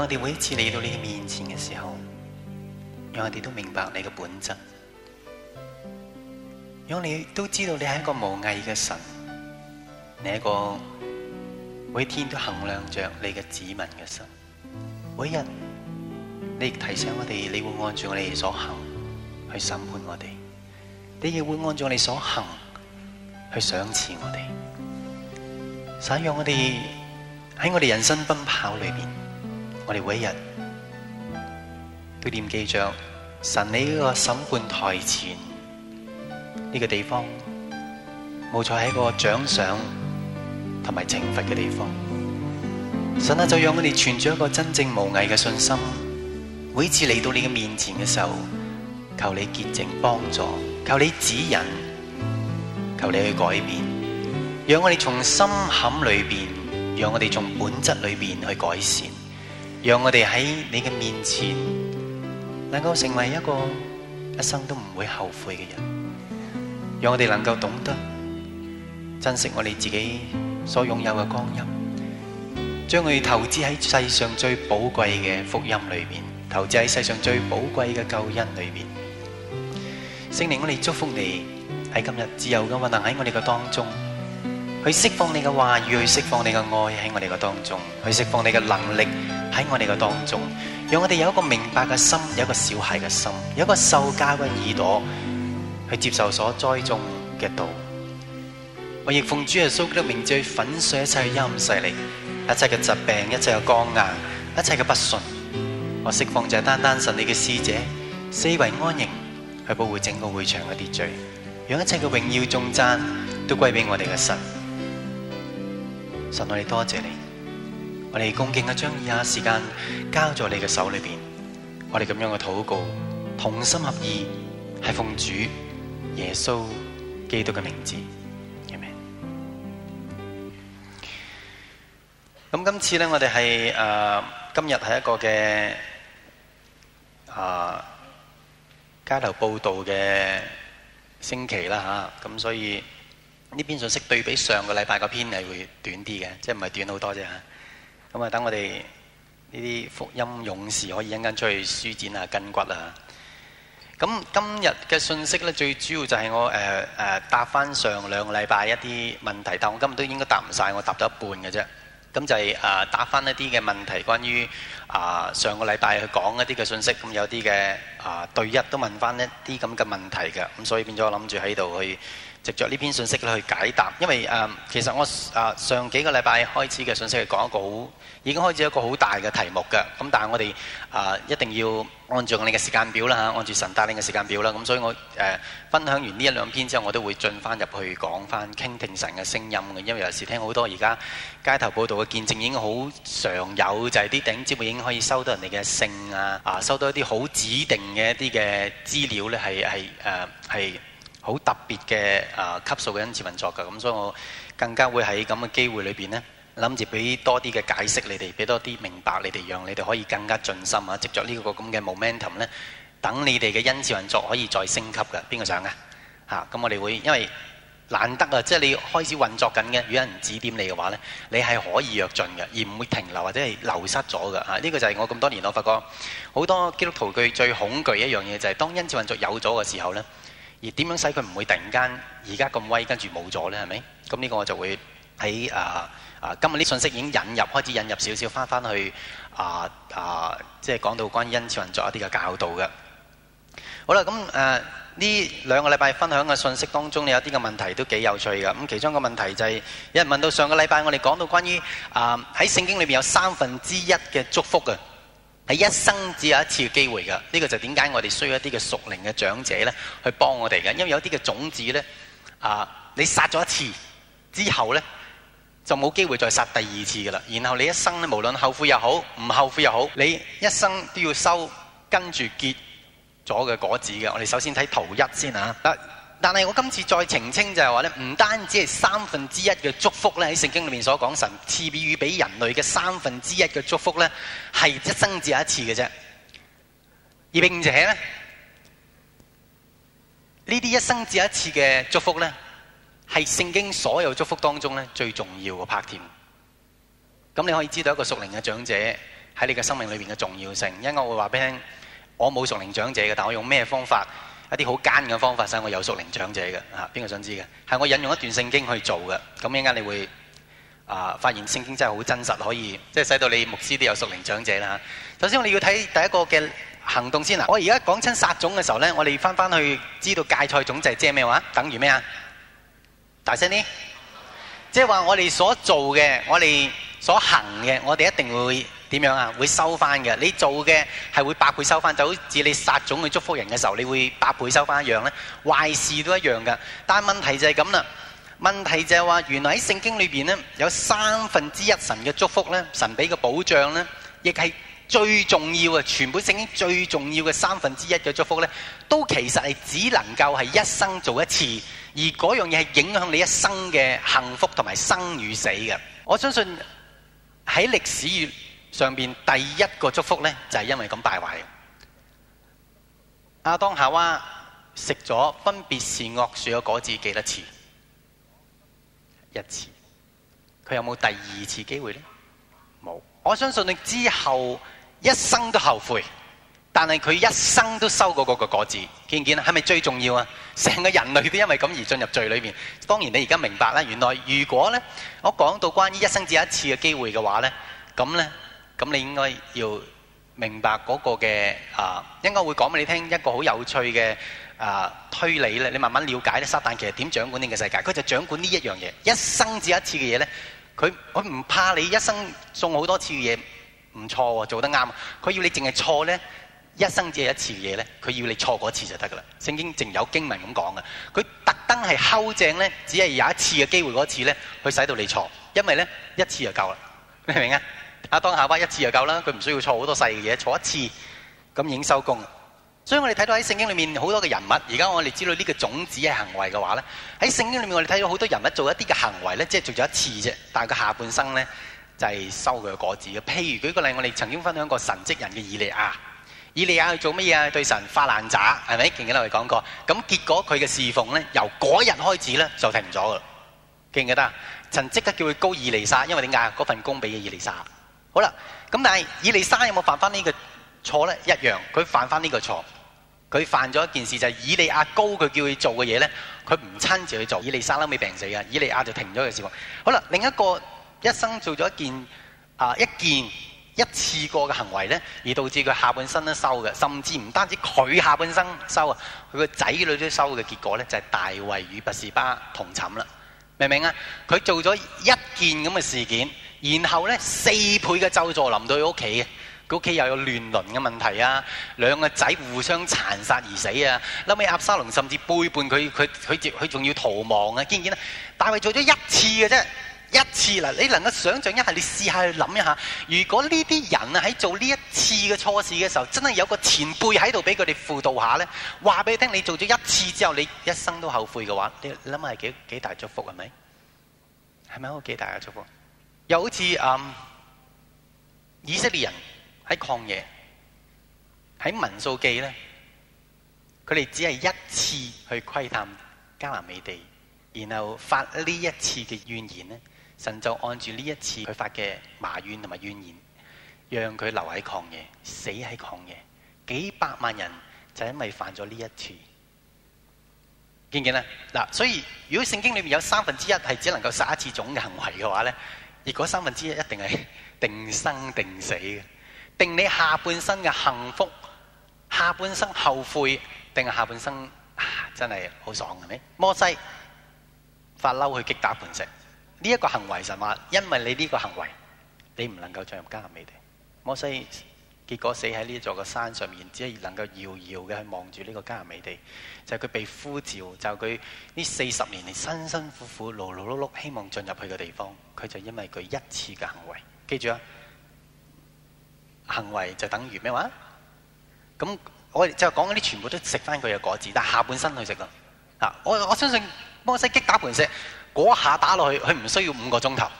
我哋每一次嚟到你的面前嘅時候，讓我哋都明白你嘅本質。如果你都知道你係一個無藝嘅神，你係一個每天都衡量着你嘅子民嘅神。每一日你亦提醒我哋，你會按照我哋所行去審判我哋，你亦會按照我哋所行去賞賜我哋。使用，讓我哋喺我哋人生奔跑裏邊。我哋每一日都念記着神你呢個審判台前呢、呢個地方，冇錯喺一個獎賞同埋懲罰嘅地方。神啊，就讓我哋存住一個真正無畏嘅信心，每次嚟到你嘅面前嘅時候，求你潔淨幫助，求你指引，求你去改變，讓我哋從心坎裏邊，讓我哋從本質裏邊去改善。讓我哋喺你嘅面前，能夠成為一個一生都唔會後悔嘅人。讓我哋能夠懂得珍惜我哋自己所擁有嘅光陰，將佢投資喺世上最寶貴嘅福音裏邊，投資喺世上最寶貴嘅救恩裏邊。聖靈，我哋祝福你喺今日自由嘅運行，喺我哋嘅當中。去釋放你嘅話語，去釋放你嘅愛喺我哋嘅當中，去釋放你嘅能力喺我哋嘅當中，讓我哋有一個明白嘅心，有一個小孩嘅心，有一個受教嘅耳朵去接受所栽種嘅道。我亦奉主耶穌基督名，粉碎一切陰勢力，一切嘅疾病，一切嘅光硬，一切嘅不順。我釋放就係單單神你嘅使者，四圍安營，去保護整個會場嘅秩序，讓一切嘅榮耀頌讚都歸俾我哋嘅神。神愛你，我哋多謝你，我哋恭敬啊，將以下時間交咗你嘅手裏邊。我哋咁樣嘅禱告，同心合意，係奉主耶穌基督嘅名字。阿門。咁今次咧，我哋係誒今日係一個嘅啊、呃、街頭布道嘅星期啦吓，咁、啊、所以。呢篇信息對比上個禮拜個篇係會短啲嘅，即係唔係短好多啫嚇。咁啊，等我哋呢啲福音勇士可以一間出去舒展下筋骨啦。咁今日嘅信息呢，最主要就係我誒誒、呃啊、答翻上兩個禮拜一啲問題，但我今日都應該答唔晒。我答咗一半嘅啫。咁就係、是、誒、啊、答翻一啲嘅問題關於，關於啊上個禮拜去講一啲嘅信息，咁有啲嘅啊對一都問翻一啲咁嘅問題嘅，咁所以變咗我諗住喺度去。藉着呢篇信息去解答，因為誒、呃、其實我誒、呃、上幾個禮拜開始嘅信息係講一個好已經開始一個好大嘅題目嘅，咁但係我哋誒、呃、一定要按照我哋嘅時間表啦嚇，按照神帶領嘅時間表啦，咁、嗯、所以我誒、呃、分享完呢一兩篇之後，我都會進翻入去講翻傾聽神嘅聲音嘅，因為有時聽好多而家街頭報道嘅見證已經好常有，就係啲頂尖已經可以收到人哋嘅姓啊，啊收到一啲好指定嘅一啲嘅資料咧，係係誒係。好特別嘅啊、呃、級數嘅恩賜運作㗎，咁所以我更加會喺咁嘅機會裏邊呢，諗住俾多啲嘅解釋你哋，俾多啲明白你哋，讓你哋可以更加盡心啊！藉著呢個咁嘅 momentum 呢。等你哋嘅恩賜運作可以再升級嘅。邊個想啊？嚇！咁我哋會因為難得啊，即、就、係、是、你開始運作緊嘅，如果有人指點你嘅話呢，你係可以躍進嘅，而唔會停留或者係流失咗㗎。嚇、啊！呢、這個就係我咁多年我發覺好多基督徒佢最恐懼的一樣嘢就係、是、當恩賜運作有咗嘅時候呢。而點樣使佢唔會突然間而家咁威，跟住冇咗咧？係咪？咁呢個我就會喺啊啊，今日啲信息已經引入，開始引入少少，翻翻去啊啊、呃呃，即係講到關於恩賜人作一啲嘅教導嘅。好啦，咁誒呢兩個禮拜分享嘅信息當中，你有啲嘅問題都幾有趣嘅。咁其中個問題就係、是、有人問到上個禮拜我哋講到關於啊喺聖經裏邊有三分之一嘅祝福啊。」係一生只有一次嘅機會㗎，呢個就點解我哋需要一啲嘅熟齡嘅長者咧，去幫我哋嘅？因為有啲嘅種子咧，啊，你撒咗一次之後咧，就冇機會再撒第二次㗎啦。然後你一生咧，無論後悔又好，唔後悔又好，你一生都要收跟住結咗嘅果子嘅。我哋首先睇圖一先嚇、啊。但係我今次再澄清就係話咧，唔單止係三分之一嘅祝福咧，喺聖經裏面所講神賜俾予俾人類嘅三分之一嘅祝福咧，係一生只有一次嘅啫。而並且咧，呢啲一生只有一次嘅祝福咧，係聖經所有祝福當中咧，最重要嘅 part。咁你可以知道一個屬靈嘅長者喺你嘅生命裏邊嘅重要性，因為我會話俾你聽，我冇屬靈長者嘅，但我用咩方法？一啲好奸嘅方法使我有熟齡長者嘅嚇，邊個想知嘅？係我引用一段聖經去做嘅，咁一間你會啊發現聖經真係好真實，可以即係使到你牧師都有熟齡長者啦。首先我哋要睇第一個嘅行動先啦。我而家講親撒種嘅時候咧，我哋翻翻去知道芥菜種就係即係咩話？等於咩啊？大聲啲！即係話我哋所做嘅，我哋所行嘅，我哋一定會。點樣啊？會收翻嘅，你做嘅係會百倍收翻，就好似你撒種去祝福人嘅時候，你會百倍收翻一樣呢。壞事都一樣噶，但問題就係咁啦。問題就係話，原來喺聖經裏面呢，有三分之一神嘅祝福呢，神俾嘅保障呢，亦係最重要嘅。全本聖經最重要嘅三分之一嘅祝福呢，都其實係只能夠係一生做一次，而嗰樣嘢係影響你一生嘅幸福同埋生與死嘅。我相信喺歷史。上面第一個祝福呢，就係因為咁敗壞嘅。阿當夏娃食咗分別是惡樹嘅果子幾多次？一次。佢有冇第二次機會呢？冇。我相信你之後一生都後悔，但係佢一生都收過嗰個果子。見唔見？係咪最重要啊？成個人類都因為咁而進入罪裏面。當然你而家明白啦。原來如果呢，我講到關於一生只有一次嘅機會嘅話呢，咁呢。咁你應該要明白嗰個嘅啊、呃，應該會講俾你聽一個好有趣嘅啊、呃、推理咧。你慢慢了解咧，撒但其實點掌管呢個世界？佢就掌管呢一樣嘢，一生只一次嘅嘢咧。佢佢唔怕你一生送好多次嘅嘢，唔錯，做得啱。佢要你淨係錯咧，一生只有一次嘅嘢咧，佢要你錯嗰次，次就得噶啦。聖經淨有經文咁講噶，佢特登係敲正咧，只係有一次嘅機會嗰一次咧，去使到你錯，因為咧一次就夠啦。你明唔明啊？啊，當下巴一次就夠啦，佢唔需要錯好多細嘅嘢，錯一次咁已經收工。所以我哋睇到喺聖經裏面好多嘅人物，而家我哋知道呢個種子係行為嘅話咧，喺聖經裏面我哋睇到好多人物做一啲嘅行為咧，即係做咗一次啫，但係佢下半生咧就係、是、收佢個果子。譬如舉一個例，我哋曾經分享過神蹟人嘅以利亞，以利亞去做乜嘢啊？對神發爛渣，係咪？記唔記得我哋講過？咁結果佢嘅侍奉咧，由嗰日開始咧就停咗嘅。記唔記得？神即刻叫佢膏以利沙，因為點解啊？嗰份工俾嘅以利沙。好啦，咁但係以利沙有冇犯翻呢個錯咧？一樣，佢犯翻呢個錯，佢犯咗一件事就係、是、以利亞高佢叫佢做嘅嘢咧，佢唔親自去做。以利沙啦未病死啊，以利亞就停咗嘅事況。好啦，另一個一生做咗一件啊一件一次過嘅行為咧，而導致佢下半身都收嘅，甚至唔單止佢下半身收啊，佢個仔女都收嘅結果咧，就係、是、大衛與拔士巴同寢啦，明唔明啊？佢做咗一件咁嘅事件。然後咧，四倍嘅咒詛臨到佢屋企，佢屋企又有亂倫嘅問題啊，兩個仔互相殘殺而死啊，後屘押沙龍甚至背叛佢，佢佢接佢仲要逃亡啊，見唔見啊？大衛做咗一次嘅啫，一次喇。你能夠想像一下，你試下去諗一下，如果呢啲人啊喺做呢一次嘅錯事嘅時候，真係有個前輩喺度俾佢哋輔導下咧，話俾你聽，你做咗一次之後，你一生都後悔嘅話，你諗下係幾幾大祝福係咪？係咪一個幾大嘅祝福？又好似嗯，以色列人喺曠野，喺民數記咧，佢哋只係一次去窺探迦南美地，然後發呢一次嘅怨言咧，神就按住呢一次佢發嘅罵怨同埋怨言，讓佢留喺曠野，死喺曠野，幾百萬人就因為犯咗呢一次，見唔見呢？嗱，所以如果聖經裏面有三分之一係只能夠撒一次種嘅行為嘅話咧？如果三分之一一定係定生定死嘅，定你下半生嘅幸福，下半生後悔，定係下半生、啊、真係好爽嘅咩？摩西發嬲去擊打磐石，呢、這、一個行為神話，因為你呢個行為，你唔能夠進入迦南美地。摩西。結果死喺呢座個山上面，只係能夠遙遙嘅去望住呢個迦南美地，就係、是、佢被呼召，就佢、是、呢四十年嚟辛辛苦苦勞勞碌碌，希望進入去嘅地方，佢就因為佢一次嘅行為，記住啊，行為就等於咩話？咁我哋就講嗰啲全部都食翻佢嘅果子，但下半身去食啦。啊，我我相信摩西擊打磐石嗰下打落去，佢唔需要五個鐘頭，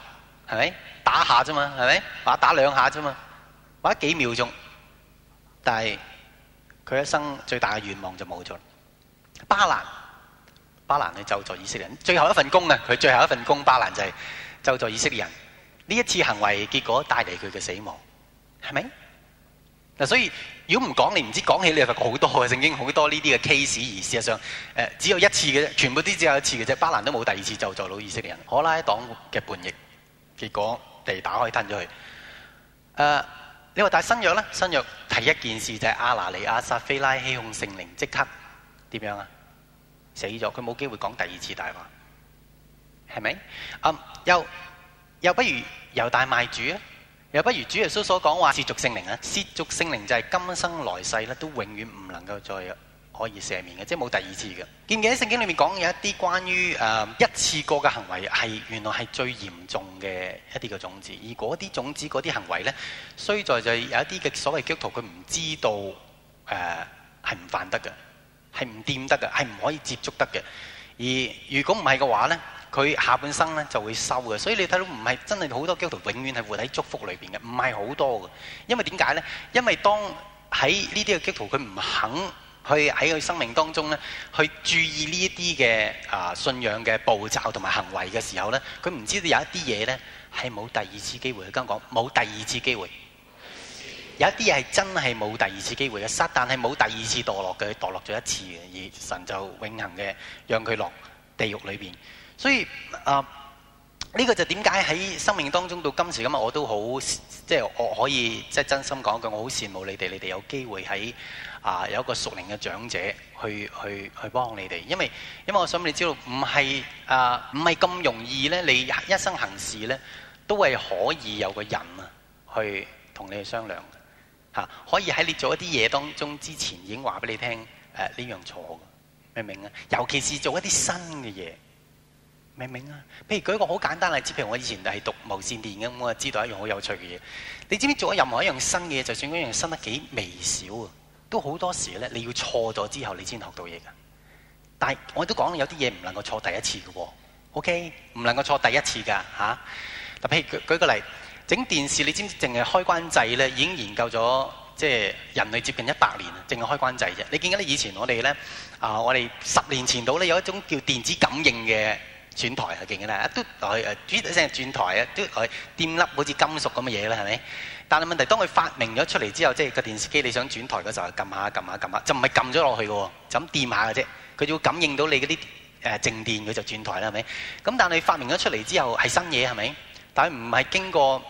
係咪打下啫嘛？係咪話打兩下啫嘛？玩咗幾秒鐘，但係佢一生最大嘅願望就冇咗。巴蘭，巴蘭就咒作以色列人最後一份工啊！佢最後一份工，巴蘭就係咒作以色列人。呢一次行為結果帶嚟佢嘅死亡，係咪？嗱，所以如果唔講你唔知，講起你又發覺好多嘅聖經好多呢啲嘅 case，而事實上、呃、只有一次嘅啫，全部都只有一次嘅啫。巴蘭都冇第二次咒作到以色列人。可拉黨嘅叛逆，結果地打開吞咗去。呃因為但係新約咧，新約第一件事就係亞拿尼亞、撒非拉欺哄聖靈，即刻點樣啊？死咗，佢冇機會講第二次大話，係咪？啊、嗯，又又不如猶大賣主，又不如主耶穌所講話，褻瀆聖靈啊，褻瀆聖靈就係今生來世咧都永遠唔能夠再可以赦免嘅，即係冇第二次嘅。記唔記喺聖經裏面講有一啲關於誒、呃、一次過嘅行為係原來係最嚴重嘅一啲嘅種子，而嗰啲種子嗰啲行為咧，衰在就有一啲嘅所謂基督徒佢唔知道誒係唔犯得嘅，係唔掂得嘅，係唔可以接觸得嘅。而如果唔係嘅話咧，佢下半生咧就會收嘅。所以你睇到唔係真係好多基督徒永遠係活喺祝福裏邊嘅，唔係好多嘅，因為點解咧？因為當喺呢啲嘅基督徒佢唔肯。去喺佢生命當中咧，去注意呢一啲嘅啊信仰嘅步驟同埋行為嘅時候咧，佢唔知道有一啲嘢咧係冇第二次機會。我跟佢講冇第二次機會，有一啲嘢係真係冇第二次機會嘅，撒但係冇第二次墮落嘅，墮落咗一次嘅，而神就永恆嘅，讓佢落地獄裏邊。所以啊。呢個就點解喺生命當中到今時咁啊？我都好即係我可以即係真心講一句，我好羨慕你哋，你哋有機會喺啊、呃、有一個熟齡嘅長者去去去幫你哋，因為因為我想你知道唔係啊唔係咁容易咧，你一生行事咧都係可以有個人啊去同你哋商量嚇、啊，可以喺你做一啲嘢當中之前已經話俾你聽誒呢樣錯嘅，明唔明啊？尤其是做一啲新嘅嘢。明明啊？譬如舉一個好簡單例子，譬如我以前係讀無線電嘅，咁我知道一樣好有趣嘅嘢。你知唔知做咗任何一樣新嘢，就算嗰樣新得幾微小，都好多時咧，你要錯咗之後，你先學到嘢㗎。但係我都講有啲嘢唔能夠錯第一次嘅喎，OK 唔能夠錯第一次㗎嚇。嗱，譬如舉舉個例，整電視，你知唔知淨係開關掣咧已經研究咗即係人類接近一百年啊，淨係開關掣啫。你見到咧，以前我哋咧啊，我哋十年前到咧有一種叫電子感應嘅。轉台係勁嘅啦，一嘟來誒，轉一聲轉台啊，嘟來掂粒好似金屬咁嘅嘢啦，係咪？但係問題當佢發明咗出嚟之後，即係個電視機你想轉台嘅時候，撳下撳下撳下，就唔係撳咗落去嘅喎，就咁掂下嘅啫。佢就會感應到你嗰啲誒靜電，佢就轉台啦，係咪？咁但係發明咗出嚟之後係新嘢，係咪？但係唔係經過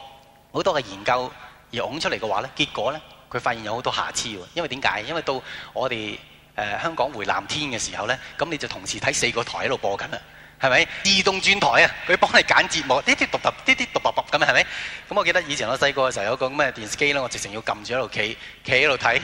好多嘅研究而㧬出嚟嘅話咧，結果咧佢發現有好多瑕疵喎。因為點解？因為到我哋誒香港回南天嘅時候咧，咁你就同時睇四個台喺度播緊啦。係咪自動轉台啊？佢幫你揀節目，滴滴答答，滴滴答答咁係咪？咁我記得以前我細個嘅時候有個咁嘅電視機咧，我直情要撳住喺度企，企喺度睇，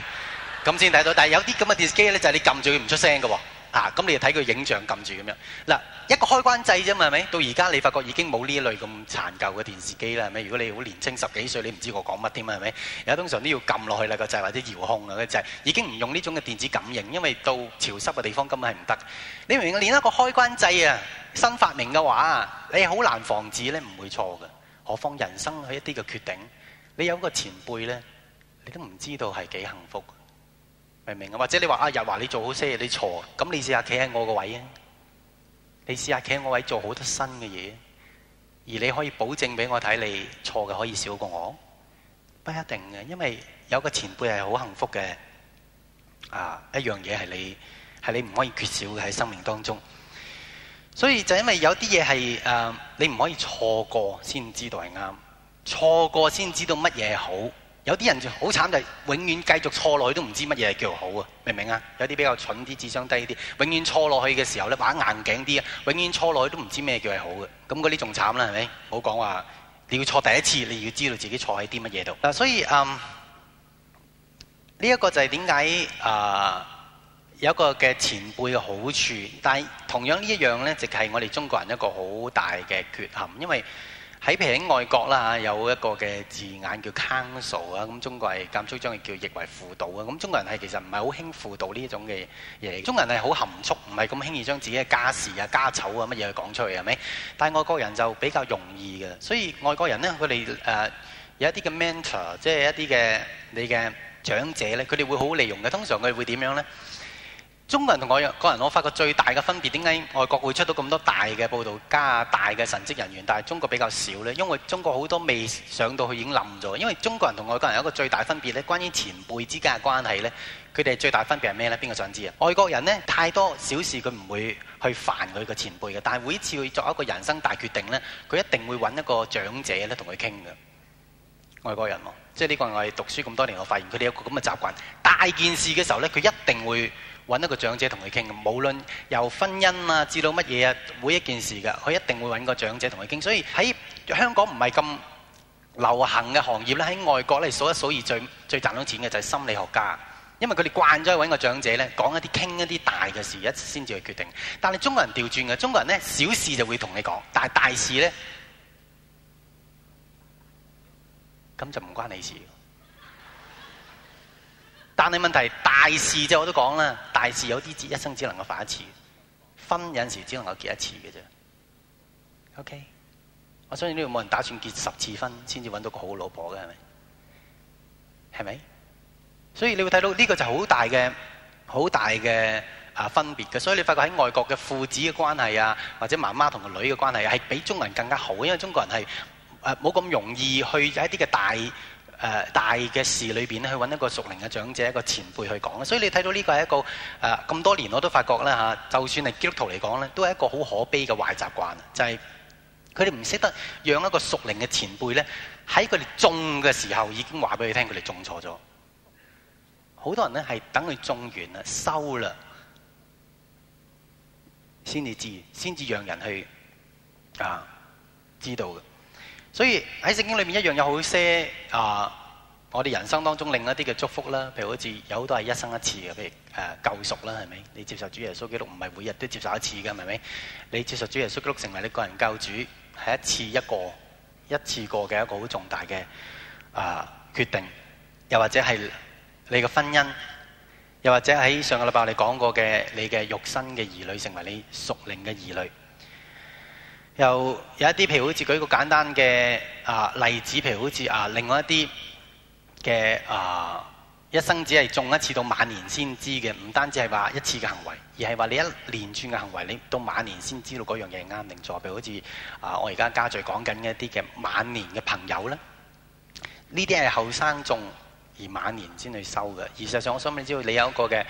咁先睇到。但係有啲咁嘅電視機咧，就係、是、你撳住佢唔出聲嘅喎。嗱，咁、啊、你又睇佢影像撳住咁樣，嗱一個開關掣啫嘛，係咪？到而家你發覺已經冇呢一類咁殘舊嘅電視機啦，係咪？如果你好年青十幾歲，你唔知我講乜添啊，係咪？而家通常都要撳落去啦個掣，或者遙控啊、這個掣，已經唔用呢種嘅電子感應，因為到潮濕嘅地方根本係唔得。你明明連一個開關掣啊新發明嘅話，你好難防止咧，唔會錯嘅。何況人生係一啲嘅決定，你有個前輩咧，你都唔知道係幾幸福。明唔明明啊？或者你話啊，日華你做好些嘢，你錯，咁你試下企喺我個位啊？你試下企喺我位做好多新嘅嘢，而你可以保證俾我睇你錯嘅可以少過我，不一定嘅，因為有個前輩係好幸福嘅，啊，一樣嘢係你係你唔可以缺少嘅喺生命當中，所以就因為有啲嘢係誒，你唔可以錯過先知道係啱，錯過先知道乜嘢係好。有啲人很就好慘，就永遠繼續錯落去都唔知乜嘢係叫好啊！明唔明啊？有啲比較蠢啲、智商低啲，永遠錯落去嘅時候咧，玩硬頸啲，啊，永遠錯落去都唔知咩叫係好嘅。咁嗰啲仲慘啦，係咪？好講話你要錯第一次，你要知道自己錯喺啲乜嘢度嗱。所以嗯，呢、這、一個就係點解啊？有一個嘅前輩嘅好處，但係同樣呢一樣咧，就係、是、我哋中國人一個好大嘅缺陷，因為。喺譬如外國啦有一個嘅字眼叫 counsel 啊，咁中國係間中將佢叫譯為輔導啊，咁中國人係其實唔係好興輔導呢一種嘅嘢，中國人係好含蓄，唔係咁輕易將自己嘅家事啊、家醜啊乜嘢講出去。係咪？但係外國人就比較容易嘅，所以外國人呢，佢哋誒有一啲嘅 mentor，即係一啲嘅你嘅長者呢，佢哋會好利用嘅。通常佢哋會點樣呢？中國人同外國人，我發覺最大嘅分別，點解外國會出到咁多大嘅報道家、大嘅神職人員，但係中國比較少呢，因為中國好多未上到去已經冧咗。因為中國人同外國人有一個最大分別咧，關於前輩之間嘅關係咧，佢哋最大分別係咩咧？邊個想知啊？外國人呢，太多小事佢唔會去煩佢個前輩嘅，但係每次去做一個人生大決定呢，佢一定會揾一個長者咧同佢傾嘅。外國人即係呢個我哋讀書咁多年，我發現佢哋有一個咁嘅習慣，大件事嘅時候呢，佢一定會揾一個長者同佢傾，無論由婚姻啊，至到乜嘢啊，每一件事嘅，佢一定會揾個長者同佢傾。所以喺香港唔係咁流行嘅行業咧，喺外國咧，數一數二最最賺到錢嘅就係心理學家，因為佢哋慣咗揾個長者咧，講一啲傾一啲大嘅事一先至去決定。但係中國人調轉嘅，中國人呢，小事就會同你講，但係大事呢，咁就唔關你事。但係問題，大事啫，我都講啦。大事有啲只一生只能夠發一次，婚有陣時只能夠結一次嘅啫。OK，我相信呢度冇人打算結十次婚先至揾到個好老婆嘅，係咪？係咪？所以你會睇到呢、呢個就好大嘅、好大嘅啊分別嘅。所以你發覺喺外國嘅父子嘅關係啊，或者媽媽同個女嘅關係係比中國人更加好，因為中國人係誒冇咁容易去一啲嘅大。誒大嘅事裏邊咧，去揾一個熟齡嘅長者、一個前輩去講。所以你睇到呢個係一個誒咁多年我都發覺啦嚇，就算係基督徒嚟講咧，都係一個好可悲嘅壞習慣，就係佢哋唔識得養一個熟齡嘅前輩咧，喺佢哋種嘅時候已經話俾佢聽，佢哋種錯咗。好多人咧係等佢種完啦、收啦，先至知，先至讓人去啊知道嘅。所以喺聖經裏面一樣有好些啊，我哋人生當中另一啲嘅祝福啦，譬如好似有好多係一生一次嘅，譬如誒、呃、救贖啦，係咪？你接受主耶穌基督唔係每日都接受一次㗎，係咪？你接受主耶穌基督成為你個人救主係一次一個，一次過嘅一個好重大嘅啊、呃、決定。又或者係你嘅婚姻，又或者喺上個禮拜我哋講過嘅，你嘅肉身嘅兒女成為你屬靈嘅兒女。又有一啲，譬如好似舉一個簡單嘅啊例子，譬如好似啊另外一啲嘅啊一生只係種一次到晚年先知嘅，唔單止係話一次嘅行為，而係話你一連串嘅行為，你到晚年先知道嗰樣嘢係啱定錯。譬如好似啊、呃、我而家加在講緊一啲嘅晚年嘅朋友咧，呢啲係後生種而晚年先去收嘅。而事實上，我想畀你知道，你有一個嘅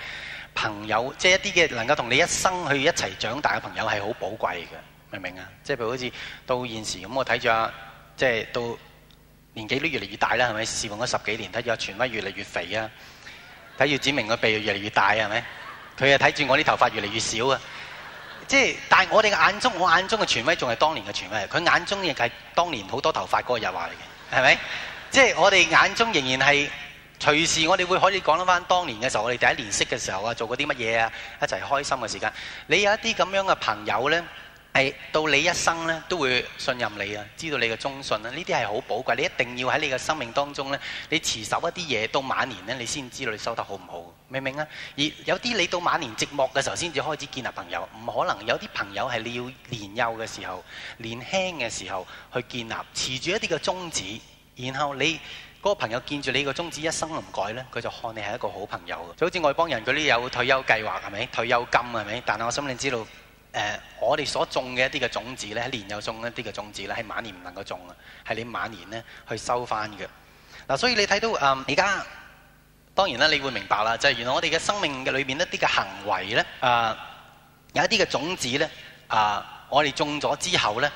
朋友，即係一啲嘅能夠同你一生去一齊長大嘅朋友係好寶貴嘅。明唔明啊？即係譬如好似到現時咁，我睇住啊，即係到年紀都越嚟越大啦，係咪？侍奉咗十幾年，睇住阿權威越嚟越肥啊！睇住子明個鼻越嚟越大啊，係咪？佢又睇住我啲頭髮越嚟越少啊！即係但係我哋嘅眼中，我眼中嘅權威仲係當年嘅權威，佢眼中亦係當年好多頭髮嗰日話嚟嘅，係咪？即係我哋眼中仍然係隨時我哋會可以講得翻當年嘅時候，我哋第一年識嘅時候啊，做過啲乜嘢啊，一齊開心嘅時間。你有一啲咁樣嘅朋友咧。係到你一生咧，都會信任你啊，知道你嘅忠信啊，呢啲係好寶貴。你一定要喺你嘅生命當中咧，你持守一啲嘢，到晚年咧，你先知道你收得好唔好，明唔明啊？而有啲你到晚年寂寞嘅時候，先至開始建立朋友，唔可能有啲朋友係你要年幼嘅時候、年輕嘅時候去建立，持住一啲嘅宗旨，然後你嗰、嗰個朋友見住你嘅宗旨一生唔改咧，佢就看你係一個好朋友。就好似外邦人嗰啲有退休計劃係咪？退休金係咪？但係我心裏知道。誒、呃，我哋所種嘅一啲嘅種子咧，年又種嘅一啲嘅種子咧，喺晚年唔能夠種啊，係你晚年咧去收翻嘅。嗱、啊，所以你睇到誒而家，當然啦，你會明白啦，就係、是、原來我哋嘅生命嘅裏面一啲嘅行為咧，啊、呃、有一啲嘅種子咧，啊、呃、我哋種咗之後咧，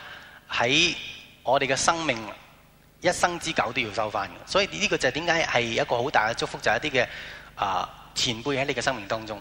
喺我哋嘅生命一生之久都要收翻嘅。所以呢個就係點解係一個好大嘅祝福，就係、是、一啲嘅啊前輩喺你嘅生命當中。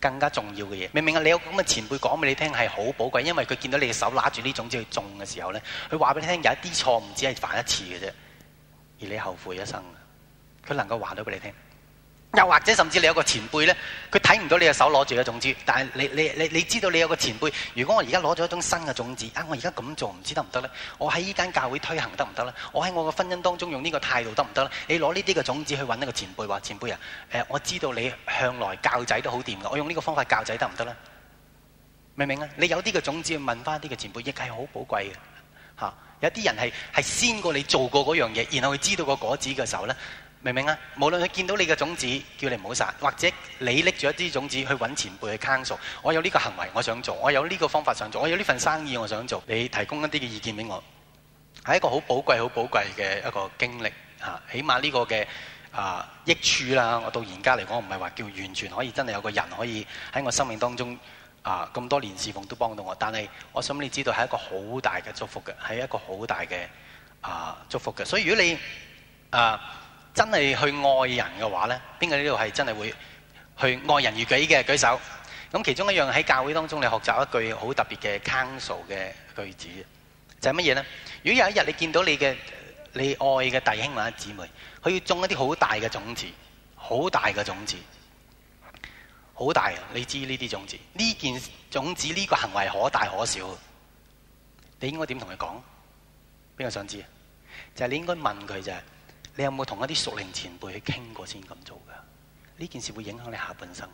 更加重要嘅嘢，明明你有噉嘅前輩講畀你聽係好寶貴，因為佢見到你嘅手拿住這種籽種嘅時候咧，佢話畀你聽有一啲錯誤只係犯一次嘅啫，而你後悔一生，佢能夠話到畀你聽。又或者甚至你有個前輩呢，佢睇唔到你嘅手攞住嘅種子，但係你你你你知道你有個前輩。如果我而家攞咗一種新嘅種子，啊我而家咁做唔知得唔得呢？我喺依間教會推行得唔得呢？我喺我嘅婚姻當中用呢個態度得唔得呢？你攞呢啲嘅種子去揾一個前輩話：前輩啊、呃，我知道你向來教仔都好掂㗎，我用呢個方法教仔得唔得呢？明唔明啊？你有啲嘅種子去問翻啲嘅前輩，亦係好寶貴嘅、啊、有啲人係係先過你做過嗰樣嘢，然後佢知道個果子嘅時候呢。明唔明啊？無論佢見到你嘅種子，叫你唔好殺，或者你拎住一啲種子去揾前輩去 c o 我有呢個行為，我想做，我有呢個方法想做，我有呢份生意我想做，你提供一啲嘅意見俾我，係一個好寶貴、好寶貴嘅一個經歷、啊、起碼呢個嘅啊益處啦，我到而家嚟講，唔係話叫完全可以真係有個人可以喺我生命當中啊咁多年侍奉都幫到我，但係我想你知道係一個好大嘅祝福嘅，係一個好大嘅啊祝福嘅。所以如果你啊～真係去愛人嘅話呢，邊個呢度係真係會去愛人如己嘅？舉手。咁其中一樣喺教會當中，你學習一句好特別嘅 counsel 嘅句子，就係乜嘢呢？如果有一日你見到你嘅你愛嘅弟兄或者姊妹，佢要種一啲好大嘅種子，好大嘅種子，好大。你知呢啲種子，呢件種、種子呢，呢個行為可大可小。你應該點同佢講？邊個想知？就係、係、你應該問佢就係。你有冇同一啲屬靈前輩去傾過先咁做噶？呢件事會影響你下半生，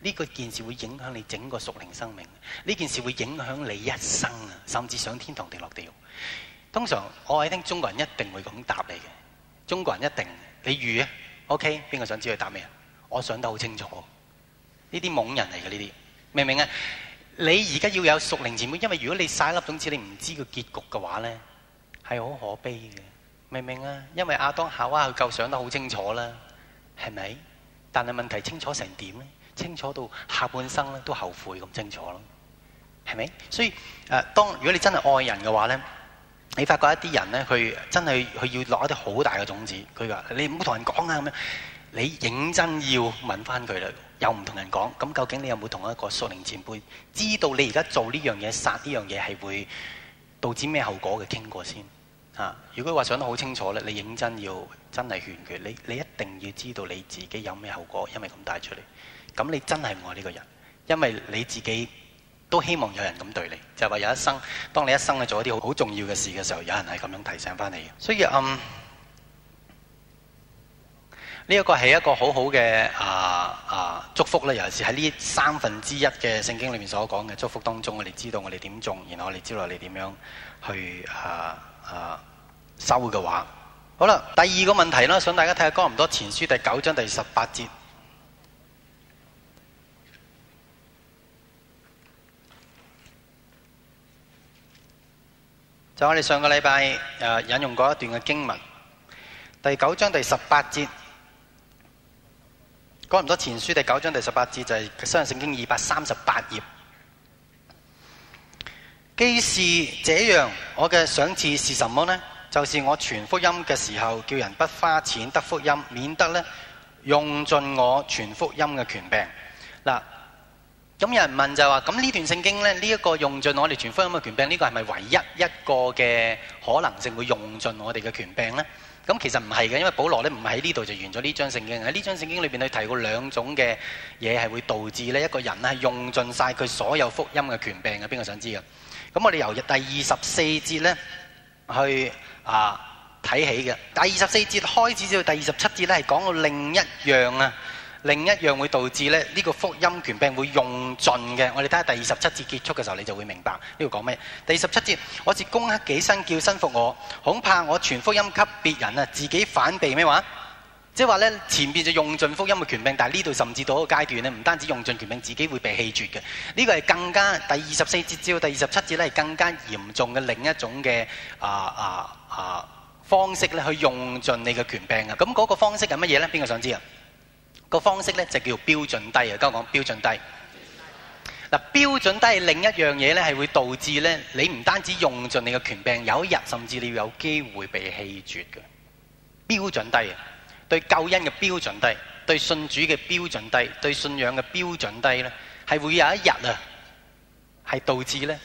呢個件事會影響你整個屬靈生命，呢件事會影響你一生啊，甚至上天堂定落地獄。通常我係聽中國人一定會咁答你嘅，中國人一定你預啊？OK，邊個想知佢答咩啊？我想得好清楚，呢啲懵人嚟嘅呢啲，明唔明啊？你而家要有屬靈前輩，因為如果你曬粒種子，你唔知個結局嘅話呢，係好可悲嘅。明唔明啊？因為阿當夏娃佢夠想得好清楚啦，係咪？但係問題清楚成點咧？清楚到下半生咧都後悔咁清楚咯，係咪？所以誒、呃，當如果你真係愛人嘅話咧，你發覺一啲人咧，佢真係佢要落一啲好大嘅種子。佢話：你唔好同人講啊咁樣，你認真要問翻佢啦。又唔同人講，咁究竟你有冇同一個屬靈前輩知道你而家做呢樣嘢殺呢樣嘢係會導致咩後果嘅傾過先？啊！如果話想得好清楚咧，你認真要真係勸佢，你你一定要知道你自己有咩後果，因為咁帶出嚟，咁你真係愛呢個人，因為你自己都希望有人咁對你，就係話有一生，當你一生嘅做一啲好重要嘅事嘅時候，有人係咁樣提醒返你嘅。所以嗯，呢一個係一個好好嘅啊啊祝福啦，尤其是喺呢三分之一嘅聖經裏面所講嘅祝福當中，我哋知道我哋點種，然後我哋知道我哋點樣去啊啊～啊收嘅話，好啦，第二個問題啦，想大家睇下，哥林多前書第九章第十八節。就我哋上個禮拜誒引用過一段嘅經文，第九章第十八節，哥林多前書第九章第十八節就係新約聖經二百三十八頁。既是這樣，我嘅賞賜是什麼呢？就是我傳福音嘅時候，叫人不花錢得福音，免得咧用盡我傳福音嘅權柄。嗱，咁有人問就話：咁呢段聖經咧，呢一個用盡我哋傳福音嘅權柄，呢個係咪唯一一個嘅可能性會用盡我哋嘅權柄呢？」咁其實唔係嘅，因為保羅咧唔喺呢度就完咗呢章聖經，喺呢章聖經裏邊佢提過兩種嘅嘢係會導致咧一個人咧用盡晒佢所有福音嘅權柄嘅，邊個想知啊？咁我哋由第二十四節咧。去啊睇起嘅，第二十四節開始至到第二十七節呢，係講到另一樣啊，另一樣會導致呢、這個福音權柄會用盡嘅。我哋睇下第二十七節結束嘅時候，你就會明白呢個講咩。第二十七節，我是攻克己身叫身服我，恐怕我傳福音給別人啊，自己反被咩話？什麼即係話咧，前邊就用盡福音嘅權柄，但係呢度甚至到一個階段咧，唔單止用盡權柄，自己會被棄絕嘅。呢、這個係更加第二十四節至到第二十七節咧，係更加嚴重嘅另一種嘅啊啊啊方式咧，去用盡你嘅權柄嘅。咁嗰個方式係乜嘢咧？邊個想知啊？個方式咧就叫標準低啊！而家我講標準低。嗱，標準低另一樣嘢咧係會導致咧，你唔單止用盡你嘅權柄，有一日甚至你要有機會被棄絕嘅。標準低啊！對救恩嘅標準低，對信主嘅標準低，對信仰嘅標準低咧，係會有一日啊，係導致咧，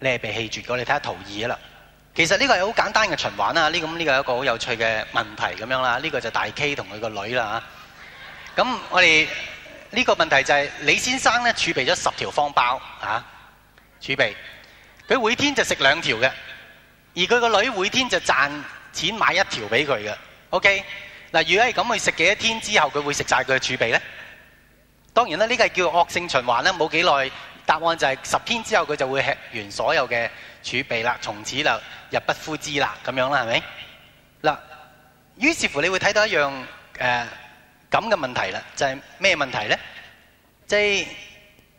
你係被棄絕嘅。你睇下圖二啊啦，其實呢個係好簡單嘅循環啦。呢，咁呢個係一個好有趣嘅問題咁樣啦。呢、呢個就大 K 同佢個女啦吓。咁我哋呢、呢個問題就係、是、李先生咧儲備咗十條方包啊，儲備佢每天就食兩條嘅，而佢個女每天就賺錢買一條俾佢嘅。O.K. 嗱，如果係咁去食幾多天之後，佢會食晒佢嘅儲備呢？當然啦，呢個係叫惡性循環啦。冇幾耐，答案就係十天之後佢就會吃完所有嘅儲備啦，從此就入不敷支啦，咁樣啦，係咪？嗱，於是乎你會睇到一樣誒咁嘅問題啦，就係咩問題呢？即係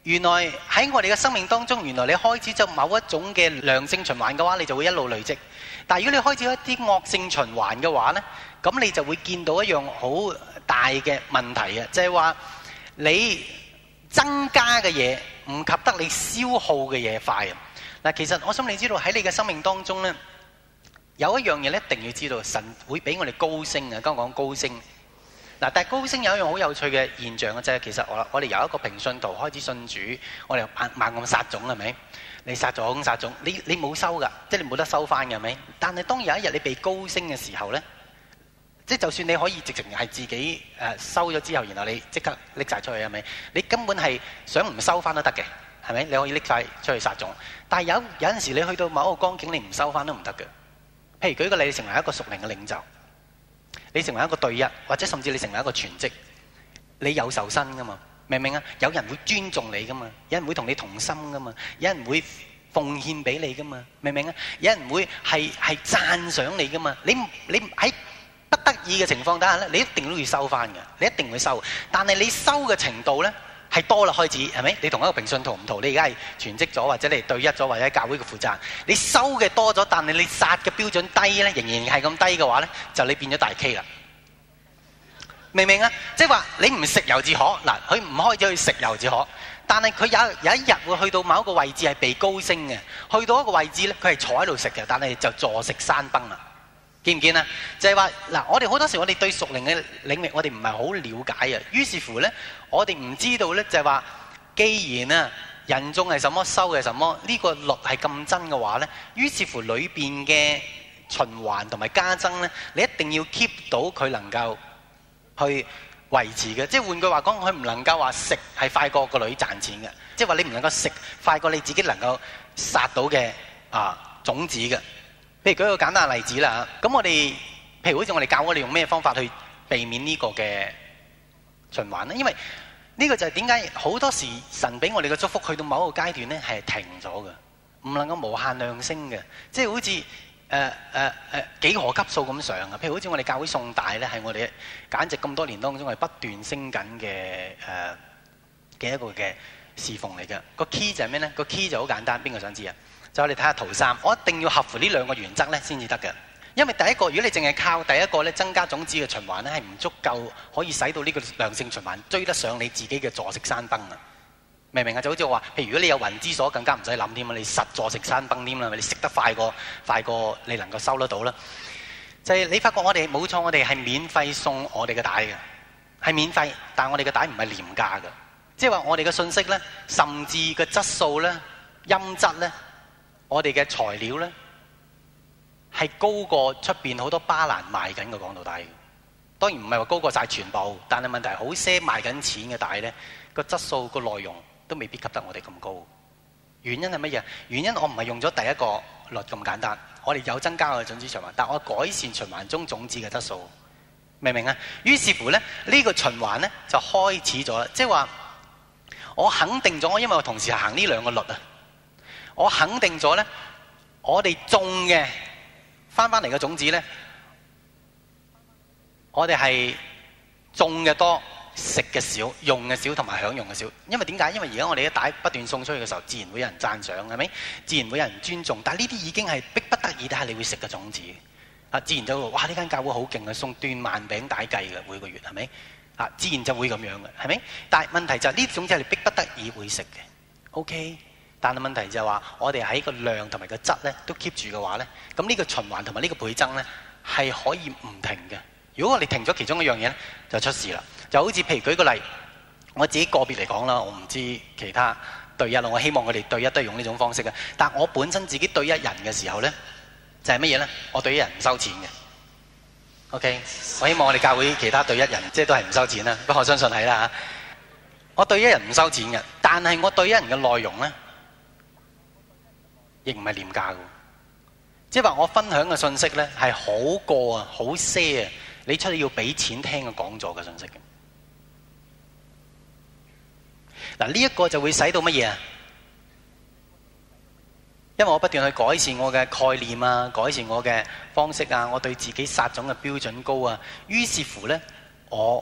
原來喺我哋嘅生命當中，原來你開始就某一種嘅良性循環嘅話，你就會一路累積；但係如果你開始一啲惡性循環嘅話呢，咁你就會見到一樣好大嘅問題嘅，就係話你增加嘅嘢，唔及得你消耗嘅嘢快。嗱，其實我想你知道喺你嘅生命當中咧，有一樣嘢一定要知道，神會俾我哋高升嘅。剛剛講高升，嗱，但係高升有一樣好有趣嘅現象嘅，即係其實我我哋由一個平信徒開始信主，我哋猛猛咁撒種，係咪？你撒咗，咁撒種，你你冇收噶，即係你冇得收翻嘅，係咪？但係當有一日你被高升嘅時候咧。即係就算你可以直情係自己誒收咗之後，然後你即刻拎曬出去，係咪？你根本係想唔收返都得嘅，係咪？你可以拎曬出去撒種。但係有有陣時，你去到某個光景，你唔收返都唔得嘅。譬如舉個例，你成為一個屬靈嘅領袖，你成為一個對一，或者甚至你成為一個全職，你有受薪噶嘛？明唔明啊？有人會尊重你噶嘛？有人會同你同心噶嘛？有人會奉獻俾你噶嘛？明唔明啊？有人會係係讚賞你噶嘛？你你喺不得已嘅情況底下呢，你一定都要收翻嘅，你一定會收。但係你收嘅程度呢，係多啦開始是了，係咪？你同一個平信徒唔同，你而家係全職咗，或者你係對一咗，或者喺教會嘅負責，你收嘅多咗，但係你殺嘅標準低呢，仍然係咁低嘅話呢，就你變咗大 K 啦。明唔明啊？即係話你唔食油自可，嗱，佢唔開始去食油自可，但係佢有有一日會去到某一個位置係被高升嘅，去到一個位置呢，佢係坐喺度食嘅，但係就坐食山崩啦。見唔見啊？就係話，嗱，我哋好多時我哋對屬靈嘅領域，我哋唔係好了解啊。於是乎呢，我哋唔知道呢，就係話，既然啊，人種係什麼，收嘅係什麼，呢個律係咁真嘅話呢，於是乎裏邊嘅循環同埋加增呢，你一定要 keep 到佢能夠去維持嘅。即係換句話講，佢唔能夠話食係快過個女賺錢嘅。即係話你唔能夠食快過你自己能夠撒到嘅啊種子嘅。譬如舉一個簡單嘅例子啦，咁我哋譬如好似我哋教我哋用咩方法去避免呢個嘅循環咧？因為呢個就係點解好多時神俾我哋嘅祝福去到某一個階段咧，係停咗嘅，唔能夠無限量升嘅，即係好似誒誒誒幾何級數咁上嘅。譬如好似我哋教會送大咧，係我哋簡直咁多年當中係不斷升緊嘅誒嘅一個嘅侍奉嚟嘅。個 key 就係咩咧？個 key 就好簡單，邊個想知啊？再嚟睇下圖三，我一定要合乎呢兩個原則咧，先至得嘅。因為第一個，如果你淨係靠第一個咧，增加種子嘅循環咧，係唔足夠，可以使到呢個良性循環追得上你自己嘅坐食山崩啊！明唔明啊？就好似我話，譬如果你有雲之鎖，更加唔使諗添啊！你實坐食山崩添啦，你食得快過快過，你能夠收得到啦。就係你發覺我哋冇錯，我哋係免費送我哋嘅帶嘅，係免費，但係我哋嘅帶唔係廉價嘅，即係話我哋嘅信息咧，甚至個質素咧、音質咧。我哋嘅材料咧，係高過出面好多巴蘭賣緊嘅講道帶。當然唔係話高過晒全部，但係問題好些賣緊錢嘅帶咧，個質素個內容都未必及得我哋咁高。原因係乜嘢？原因我唔係用咗第一個律咁簡單，我哋有增加我嘅種子循環，但我改善循環中種子嘅質素，明唔明啊？於是乎咧，呢、這個循環咧就開始咗啦。即係話，我肯定咗，我因為我同時行呢兩個律啊。我肯定咗咧，我哋種嘅返返嚟嘅種子咧，我哋係種嘅多，食嘅少，用嘅少，同埋享用嘅少。因為點解？因為而家我哋一帶不斷送出去嘅時候，自然會有人讚賞，係咪？自然會有人尊重。但呢啲已經係逼不得已，但係你會食嘅種子。啊，自然就會話：哇，呢間教會好勁啊，送斷萬餅帶計嘅每個月，係咪？啊，自然就會咁樣嘅，係咪？但問題就係、是、呢種子係逼不得已會食嘅。OK。但係問題就係話，我哋喺個量同埋個質咧都 keep 住嘅話咧，咁呢個循環同埋呢個倍增咧係可以唔停嘅。如果我哋停咗其中一樣嘢咧，就出事啦。就好似譬如舉個例，我自己個別嚟講啦，我唔知其他對一咯。我希望我哋對一都係用呢種方式嘅。但我本身自己對一人嘅時候咧，就係乜嘢咧？我對一人唔收錢嘅。OK，我希望我哋教會其他對一人即係、就是、都係唔收錢啦。不過我相信係啦嚇，我對一人唔收錢嘅，但係我對一人嘅內容咧。亦唔係廉價嘅，即係話我分享嘅信息呢係好過啊，好些啊。你出嚟要俾錢聽嘅講座嘅信息嗱，呢一個就會使到乜嘢啊？因為我不斷去改善我嘅概念啊，改善我嘅方式啊，我對自己殺種嘅標準高啊，於是乎呢，我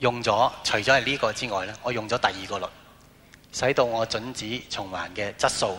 用咗除咗係呢個之外呢，我用咗第二個律，使到我准止循環嘅質素。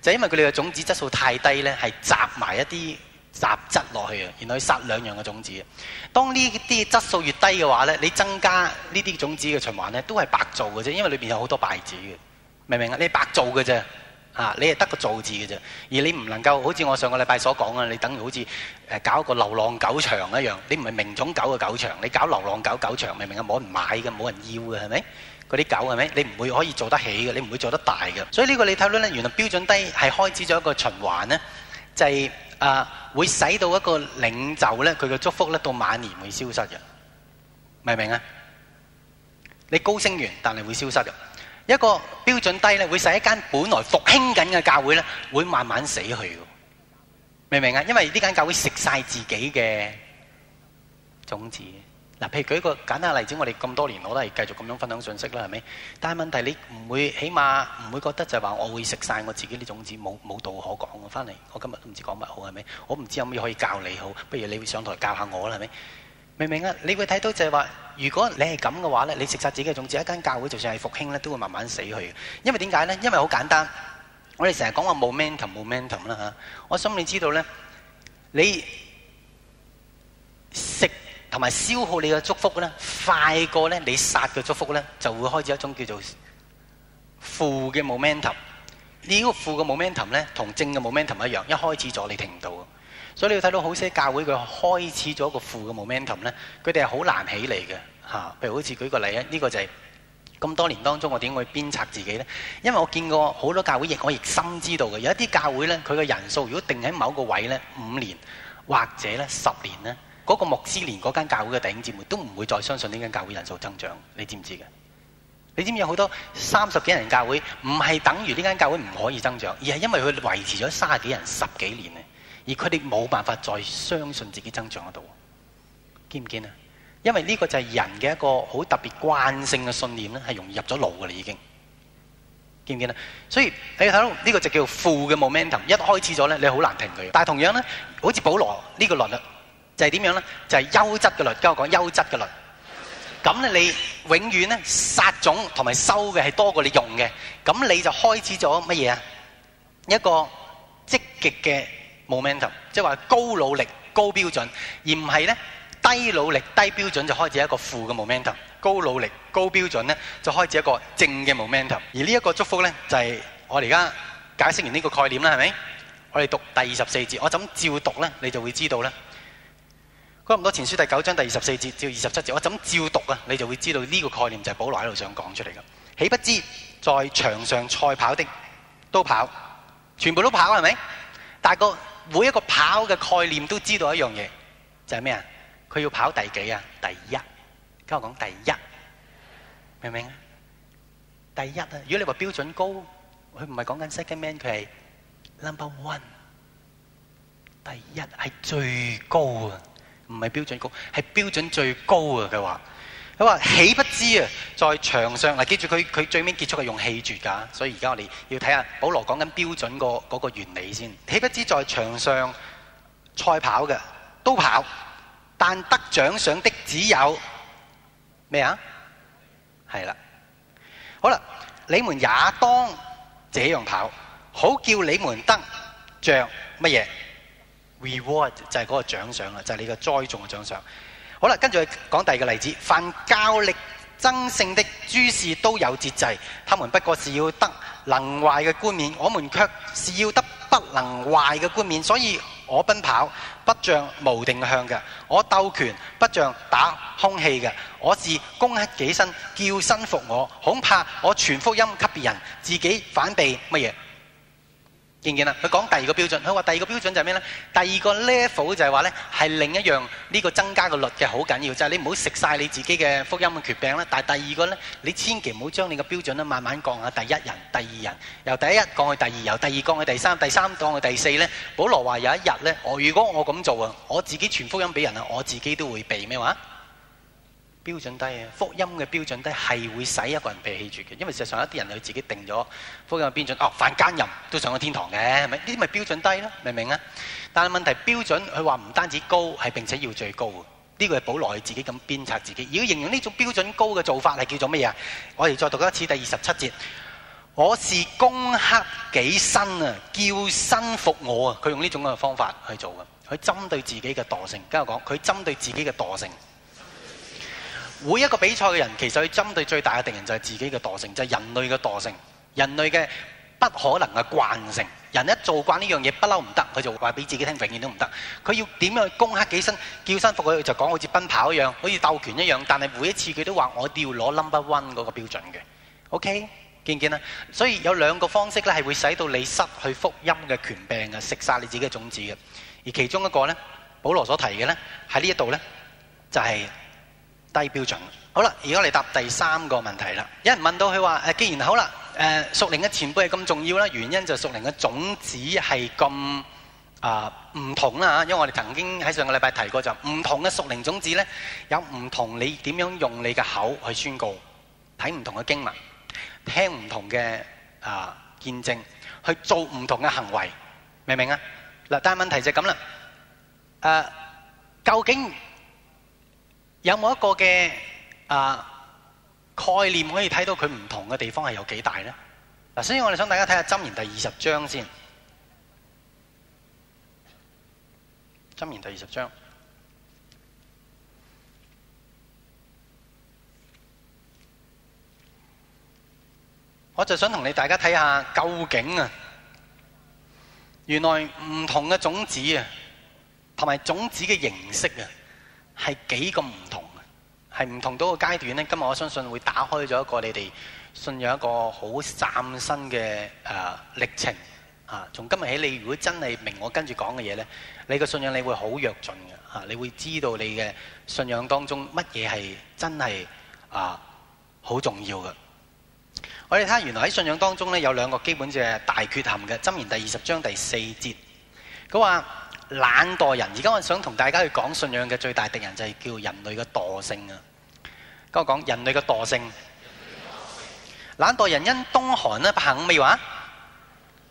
就因為佢哋嘅種子質素太低咧，係雜埋一啲雜質落去啊，然後去殺兩樣嘅種子。當呢啲質素越低嘅話咧，你增加呢啲種子嘅循環咧，都係白做嘅啫，因為裏邊有好多敗子嘅，明唔明啊？你白做嘅啫，啊，你係得個做字嘅啫，而你唔能夠好似我上個禮拜所講啊，你等於好似誒搞一個流浪狗場一樣，你唔係名種狗嘅狗場，你搞流浪狗狗場，明唔明啊？冇人買嘅，冇人要嘅，係咪？嗰啲狗係咪？你唔會可以做得起嘅，你唔會做得大嘅。所以呢個你睇到咧，原來標準低係開始咗一個循環咧，就係、是、啊、呃、會使到一個領袖咧，佢嘅祝福咧到晚年會消失嘅，明唔明啊？你高升完，但係會消失嘅。一個標準低咧，會使一間本來復興緊嘅教會咧，會慢慢死去嘅，明唔明啊？因為呢間教會食晒自己嘅種子。嗱，譬如舉一個簡單嘅例子，我哋咁多年我都係繼續咁樣分享信息啦，係咪？但係問題你唔會，起碼唔會覺得就係話我會食晒我自己啲種子，冇冇道可講嘅翻嚟。我今日都唔知講乜好，係咪？我唔知有乜可以教你好，不如你上台教下我啦，係咪？明唔明啊？你會睇到就係話，如果你係咁嘅話咧，你食晒自己嘅種子，一間教會就算係復興咧，都會慢慢死去嘅。因為點解咧？因為好簡單，我哋成日講話 momentum、momentum 啦嚇。我心裏知道咧，你食。同埋消耗你嘅祝福咧，快過咧你殺嘅祝福咧，就會開始一種叫做負嘅 momentum。這個負的 momentum、呢個負嘅 momentum 咧，同正嘅 momentum 一樣，一開始咗你停唔到。所以你要睇到好些教會，佢開始咗個負嘅 momentum 咧，佢哋係好難起嚟嘅嚇。譬、啊、如好似舉個例啊，呢、這個就係、是、咁多年當中，我點會鞭策自己咧？因為我見過好多教會，亦我亦深知道嘅。有一啲教會咧，佢嘅人數如果定喺某個位咧，五年或者咧十年咧。嗰個牧師連嗰間教會嘅弟兄姊妹都唔會再相信呢間教會人數增長，你知唔知嘅？你知唔知有好多三十幾人教會唔係等於呢間教會唔可以增長，而係因為佢維持咗三十幾人十幾年而佢哋冇辦法再相信自己增長得到。見唔見啊？因為呢個就係人嘅一個好特別慣性嘅信念咧，係容易入咗腦㗎啦，已經。見唔見啊？所以你睇到呢個就叫做負嘅 momentum，一開始咗咧你好難停佢。但係同樣咧，好似保羅呢個律律。就係點樣咧？就係優質嘅糧，跟我講優質嘅糧。咁咧，你永遠咧撒種同埋收嘅係多過你用嘅。咁你就開始咗乜嘢啊？一個積極嘅 momentum，即係話高努力、高標準，而唔係咧低努力、低標準就開始一個負嘅 momentum。高努力、高標準咧就開始一個正嘅 momentum。而呢一個祝福咧就係我哋而家解釋完呢個概念啦，係咪？我哋讀第二十四節，我噉照讀咧，你就會知道啦。差唔多《前書》第九章第二十四節至二十七節，我怎照讀啊？你就會知道呢個概念就係保羅喺度想講出嚟㗎。豈不知在場上賽跑的都跑，全部都跑係咪？大個每一個跑嘅概念都知道一樣嘢，就係咩啊？佢要跑第幾啊？第一，跟我講第一，明唔明啊？第一啊！如果你話標準高，佢唔係講緊 second Man，佢係 number one，第一係最高啊！唔係標準高，係標準最高啊！佢話，佢話，豈不知啊，在場上嗱，記住佢，佢最尾結束係用氣絕㗎，所以而家我哋要睇下保羅講緊標準個嗰個原理先。豈不知在場上賽跑嘅都跑，但得獎賞的只有咩啊？係啦，好啦，你們也當這樣跑，好叫你們得著乜嘢？Reward 就係嗰個獎賞啦，就係你個栽種嘅獎賞。好啦，跟住講第二個例子，凡較力爭勝的諸事都有節制，他們不過是要得能壞嘅冠冕，我們卻是要得不能壞嘅冠冕。所以我奔跑不像無定向嘅，我鬥拳不像打空氣嘅，我是攻克己身叫身服我，恐怕我傳福音給別人，自己反被乜嘢？見唔見了他，佢講第二個標準，佢話第二個標準就係咩呢？第二個 level 就係話咧，係另一樣呢，這個增加個率嘅好緊要，就係、是、你唔好食你自己嘅福音嘅缺病。但係第二個呢，你千祈唔好將你個標準慢慢降下。第一人、第二人，由第一降去第二，由第二降去第三，第三降去第四呢，保羅話有一日呢，我如果我麼做啊，我自己傳福音給人啊，我自己都會被咩話？什麼標準低啊！福音嘅標準低係會使一個人被棄絕嘅，因為事實上一啲人佢自己定咗福音嘅標準，哦，犯奸淫都上咗天堂嘅，係咪？呢啲咪標準低咯、啊，明唔明啊？但係問題標準，佢話唔單止高，係並且要最高。呢個係保羅佢自己咁鞭策自己。如果形容呢種標準高嘅做法係叫做乜嘢啊？我哋再讀一次第二十七節：我是攻克己身啊，叫身服我啊！佢用呢種嘅方法去做嘅，佢針對自己嘅惰性，跟住講佢針對自己嘅惰性。每一個比賽嘅人，其實佢針對最大嘅敵人就係自己嘅惰性，就係、是、人類嘅惰性，人類嘅不可能嘅慣性。人一做慣呢樣嘢，不嬲唔得，佢就話俾自己聽，永遠都唔得。佢要點樣去攻克己身叫身服佢？佢就講好似奔跑一樣，好似鬥拳一樣。但係每一次佢都話：我都要攞 number one 嗰個標準嘅。OK，見唔見啊？所以有兩個方式咧，係會使到你失去福音嘅權柄嘅，食晒你自己嘅種子嘅。而其中一個咧，保羅所提嘅咧，喺呢一度咧，就係、是。低標準。好啦，而家我哋答第三個問題啦。有人問到佢話：誒，既然好啦，誒，屬靈嘅前輩係咁重要啦，原因就係屬靈嘅種子係咁啊唔同啦嚇。因為我哋曾經喺上個禮拜提過，就唔同嘅屬靈種子咧，有唔同你點樣用你嘅口去宣告，睇唔同嘅經文，聽唔同嘅啊見證，去做唔同嘅行為，明唔明啊？嗱，但係問題就係咁啦。誒，究竟？有冇一個嘅、啊、概念可以睇到佢唔同嘅地方係有幾大呢？嗱、啊，所以我哋想大家睇下《箴言》第二十章先，《箴言》第二十章，我就想同你大家睇下究竟啊！原來唔同嘅種子啊，同埋種子嘅形式啊。係幾咁唔同，係唔同到個階段呢。今日我相信會打開咗一個你哋信仰一個好嶄新嘅誒歷程。吓，從今日起，你如果真係明我跟住講嘅嘢呢，你個信仰你會好躍進嘅。吓，你會知道你嘅信仰當中乜嘢係真係啊好重要嘅。我哋睇下，原來喺信仰當中呢，有兩個基本嘅大缺陷嘅。《箴言》第二十章第四節，佢話。懶惰人，而家我想同大家去講信仰嘅最大敵人就係叫人類嘅惰性啊！咁我講人類嘅惰性，惰性，懶惰人因冬寒呢，不肯未話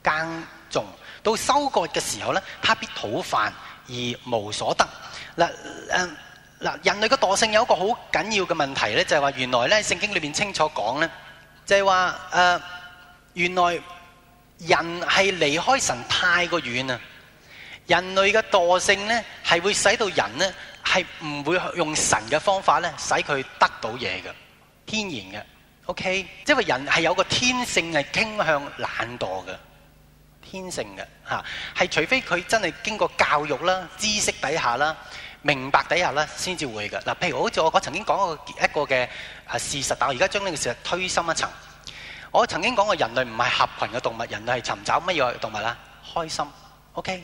耕種，到收割嘅時候呢，他必討飯而無所得。嗱誒，嗱人類嘅惰性有一個好緊要嘅問題咧，就係、是、話原來咧聖經裏邊清楚講咧，就係話誒，原來人係離開神太過遠啊！人類嘅惰性呢，係會使到人呢，係唔會用神嘅方法呢，使佢得到嘢嘅，天然嘅，OK。即係人係有個天性係傾向懶惰嘅，天性嘅吓，係除非佢真係經過教育啦、知識底下啦、明白底下啦，先至會嘅。嗱，譬如好似我講曾經講過一一個嘅事實，但我而家將呢個事實推深一層。我曾經講過人類唔係合群嘅動物，人類係尋找乜嘢動物啦？開心，OK。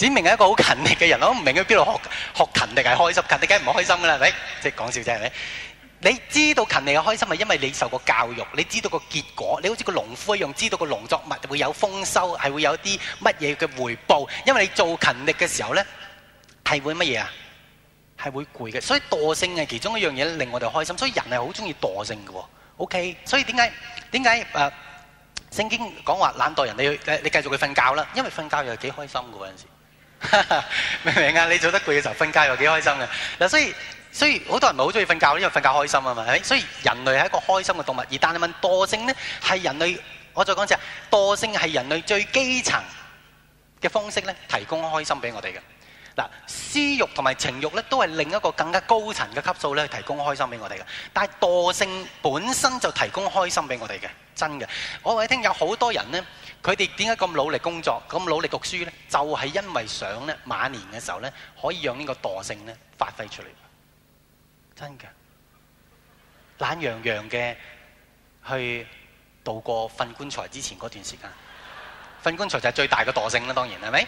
只明係一個好勤力嘅人，我都唔明佢邊度學學勤力係開心勤力，梗係唔開心㗎啦，係咪？即係講笑啫，係咪？你知道勤力嘅開心，係因為你受過教育，你知道個結果。你好似個農夫一樣，知道個農作物會有豐收，係會有啲乜嘢嘅回報。因為你做勤力嘅時候咧，係會乜嘢啊？係會攰嘅。所以惰性係其中一樣嘢令我哋開心，所以人係好中意惰性㗎喎。OK，所以點解點解誒聖經講話懶惰人，你要誒你繼續去瞓覺啦，因為瞓覺又幾開心㗎喎陣時。 明唔明啊？你做得攰嘅時候瞓覺又幾開心嘅。嗱，所以所以好多人唔係好中意瞓覺咧，因為瞓覺開心啊嘛。所以人類係一個開心嘅動物，而但係問惰性呢，係人類，我再講一次啊，惰性係人類最基層嘅方式咧，提供開心俾我哋嘅。嗱，私慾同埋情慾咧，都係另一個更加高層嘅級數咧，提供開心俾我哋嘅。但係惰性本身就提供開心俾我哋嘅。真嘅，我話你聽，有好多人呢，佢哋點解咁努力工作，咁努力讀書呢？就係、是、因為想呢，晚年嘅時候呢，可以讓呢個惰性咧發揮出嚟。真嘅，懶洋洋嘅去度過瞓棺材之前嗰段時間，瞓棺材就係最大嘅惰性啦，當然係咪？是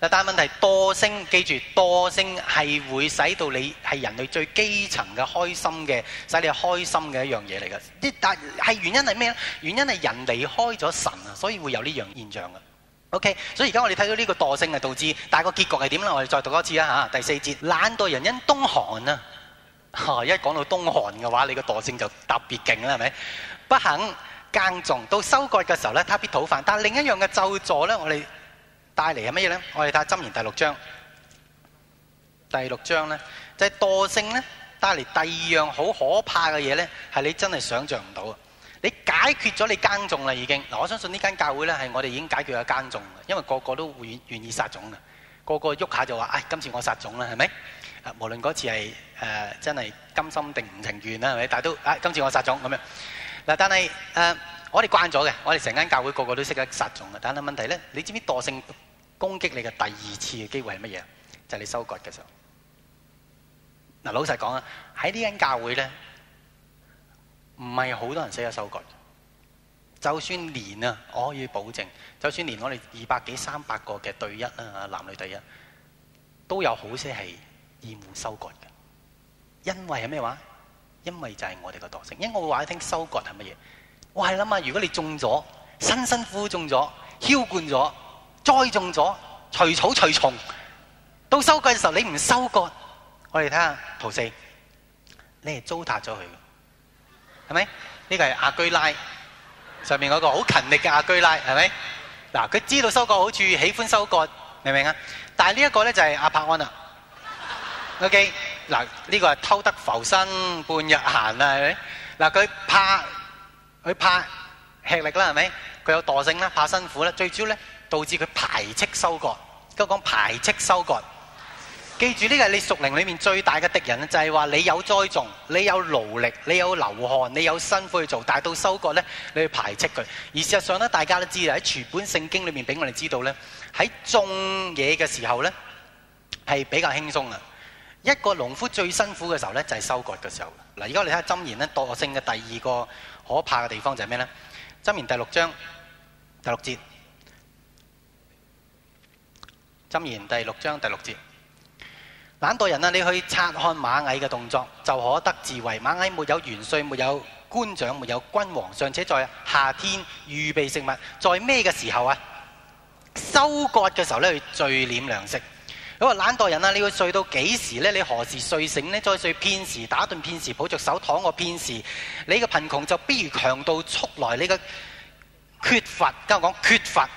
但係問題惰性，記住惰性係會使到你係人類最基層嘅開心嘅，使你開心嘅一樣嘢嚟嘅。啲但係原因係咩咧？原因係人離開咗神啊，所以會有呢樣現象嘅。OK，所以而家我哋睇到呢個惰性係，導致，但係個結局係點咧？我哋再讀多次啦。嚇，第四節，懶惰人因冬寒啊、哦，一講到冬寒嘅話，你個惰性就特別勁啦，係咪？不肯耕種，到收割嘅時候咧，他必討飯。但係另一樣嘅咒詛咧，我哋。帶嚟係乜嘢咧？我哋睇下《箴言》第六章。第六章咧，就係惰性咧帶嚟第二樣好可怕嘅嘢咧，係你真係想象唔到啊！你解決咗你耕種啦，已經嗱，我相信呢間教會咧係我哋已經解決咗耕種嘅，因為個個都會願意殺種嘅，個個喐下就話：唉，今次我殺種啦，係咪？啊，無論嗰次係誒真係甘心定唔情願啦，係咪？但係都啊，今次我殺種咁樣嗱，但係誒，我哋慣咗嘅，我哋成間教會個個都識得殺種嘅，但係問題咧，你知唔知惰性？攻擊你嘅第二次嘅機會係乜嘢？就係你收割嘅時候。老實講啊，喺呢間教會呢，唔係好多人識得收割。就算連啊，我可以保證，就算連我哋二百幾、三百個嘅對一啊，男女對一，都有好些係厭惡收割嘅。因為係咩話？因為就係我哋個惰性。因為我話你聽收割係乜嘢？我係諗啊，如果你中咗，辛辛苦苦中咗，嬌慣咗。栽種咗除草除蟲，到收割嘅時候你唔收割，我哋睇下圖四，你係糟蹋咗佢嘅，係咪？呢個係亞居拉，上面嗰個好勤力嘅亞居拉，係咪？嗱，佢知道收割好處，喜歡收割，明唔明啊？但係呢一個咧就係亞柏安啊。OK 嗱呢個係偷得浮生半日閒啊，係咪？嗱佢怕佢怕吃力啦，係咪？佢有惰性啦，怕辛苦啦，最主要咧。導致佢排斥收割，我講排斥收割。記住呢個係你屬靈裏面最大嘅敵人啊！就係話你有栽種，你有勞力，你有流汗，你有辛苦去做，但係到收割呢，你去排斥佢。而事實上呢，大家都知啊，喺全本聖經裏面俾我哋知道呢，喺種嘢嘅時候呢，係比較輕鬆啊。一個農夫最辛苦嘅時候呢，就係收割嘅時候。嗱，而家你睇下《箴言》咧，惰性嘅第二個可怕嘅地方就係咩呢？《箴言》第六章第六節。箴言第六章第六節，懶惰人啊，你去察看螞蟻嘅動作，就可得自為。螞蟻沒有元帥，沒有官長，沒有君王，尚且在夏天預備食物，在咩嘅時候啊？收割嘅時候呢去聚斂糧食。咁話懶惰人啊，你會睡到幾時呢？你何時睡醒呢？再睡片時，打盹片時，抱着手躺個片時，你嘅貧窮就必如強盜速來。你嘅缺乏，跟我講缺乏。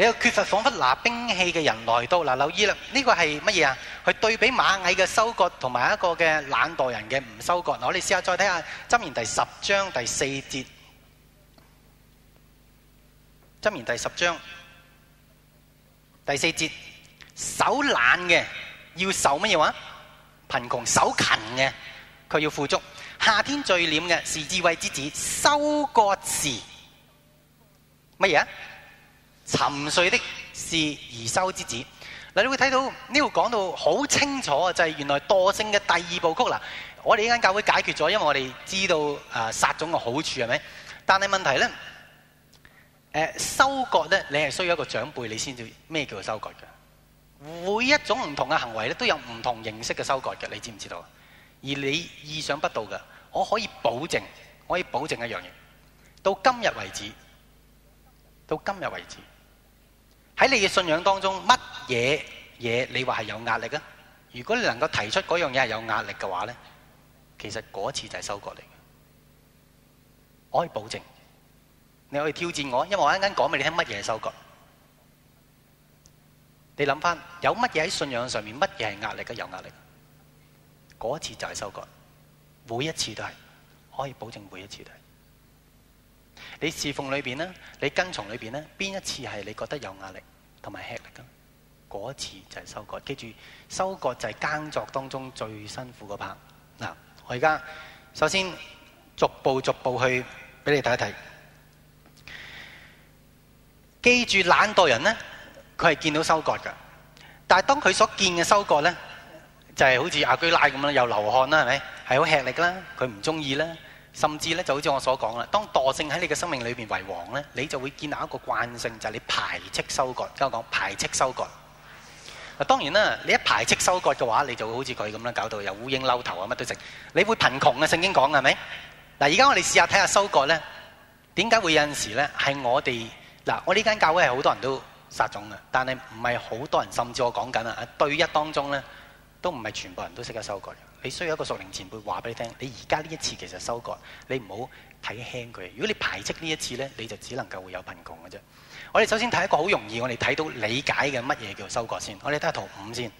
你有缺乏彷彿，彿拿兵器嘅人來到。嗱，留意啦，呢、這個係乜嘢啊？去對比螞蟻嘅收割同埋一個嘅懶惰人嘅唔收割。我哋試下再睇下《箴言》第十章第四節，《箴言》第十章第四節，手懶嘅要受乜嘢話？貧窮，手勤嘅佢要富足。夏天聚斂嘅是智慧之子，收割時，乜嘢啊？沉睡的是而修之子。嗱，你會睇到呢度，這個，講到好清楚啊，就係、是，原來惰性嘅第二部曲啦。我哋呢間教會解決咗，因為我哋知道、呃、殺種嘅好處係咪？但係問題咧，誒、呃、收割咧，你係需要一個長輩，你先至咩叫做收割嘅。每一種唔同嘅行為咧，都有唔同形式嘅收割嘅，你知唔知道啊？而你意想不到嘅，我可以保證，我可以保證一樣嘢，到今日為止，到今日為止。喺你嘅信仰當中，乜嘢嘢你話係有壓力啊？如果你能夠提出嗰樣嘢係有壓力嘅話咧，其實嗰次就係收割嚟嘅，我可以保證。你可以挑戰我，因為我一陣間講俾你聽乜嘢係收割。你諗翻有乜嘢喺信仰上面，乜嘢係壓力嘅？有壓力嗰一次就係收割，每一次都係，可以保證每一次都係。你侍奉裏邊呢，你跟從裏邊呢，邊一次係你覺得有壓力同埋吃力噶？嗰一次就係收割。記住，收割就係耕作當中最辛苦個 part。嗱，我而家首先逐步逐步去俾你睇一睇。記住，懶惰人呢，佢係見到收割噶，但係當佢所見嘅收割呢，就係、是、好似阿居拉咁樣，又流汗啦，係咪？係好吃力啦，佢唔中意啦。甚至咧就好似我所講啦，當惰性喺你嘅生命裏面為王咧，你就會建立一個慣性，就係、是、你排斥收割。聽我講，排斥收割。嗱，當然啦，你一排斥收割嘅話，你就會好似佢咁樣，搞到有烏蠅撈頭啊，乜都剩。你會貧窮呀。聖經講嘅係咪？嗱，而家我哋試下睇下收割咧，點解會有陣時咧係我哋，嗱，我呢間教會係好多人都撒種嘅，但係唔係好多人，甚至我講緊啦，對一當中咧都唔係全部人都識得收割。你需要一個屬靈前輩話俾你聽，你而家呢一次其實收割，你唔好睇輕佢。如果你排斥呢一次呢，你就只能夠會有貧窮嘅啫。我哋首先睇一個好容易，我哋睇到理解嘅乜嘢叫收割先。我哋睇下圖五先。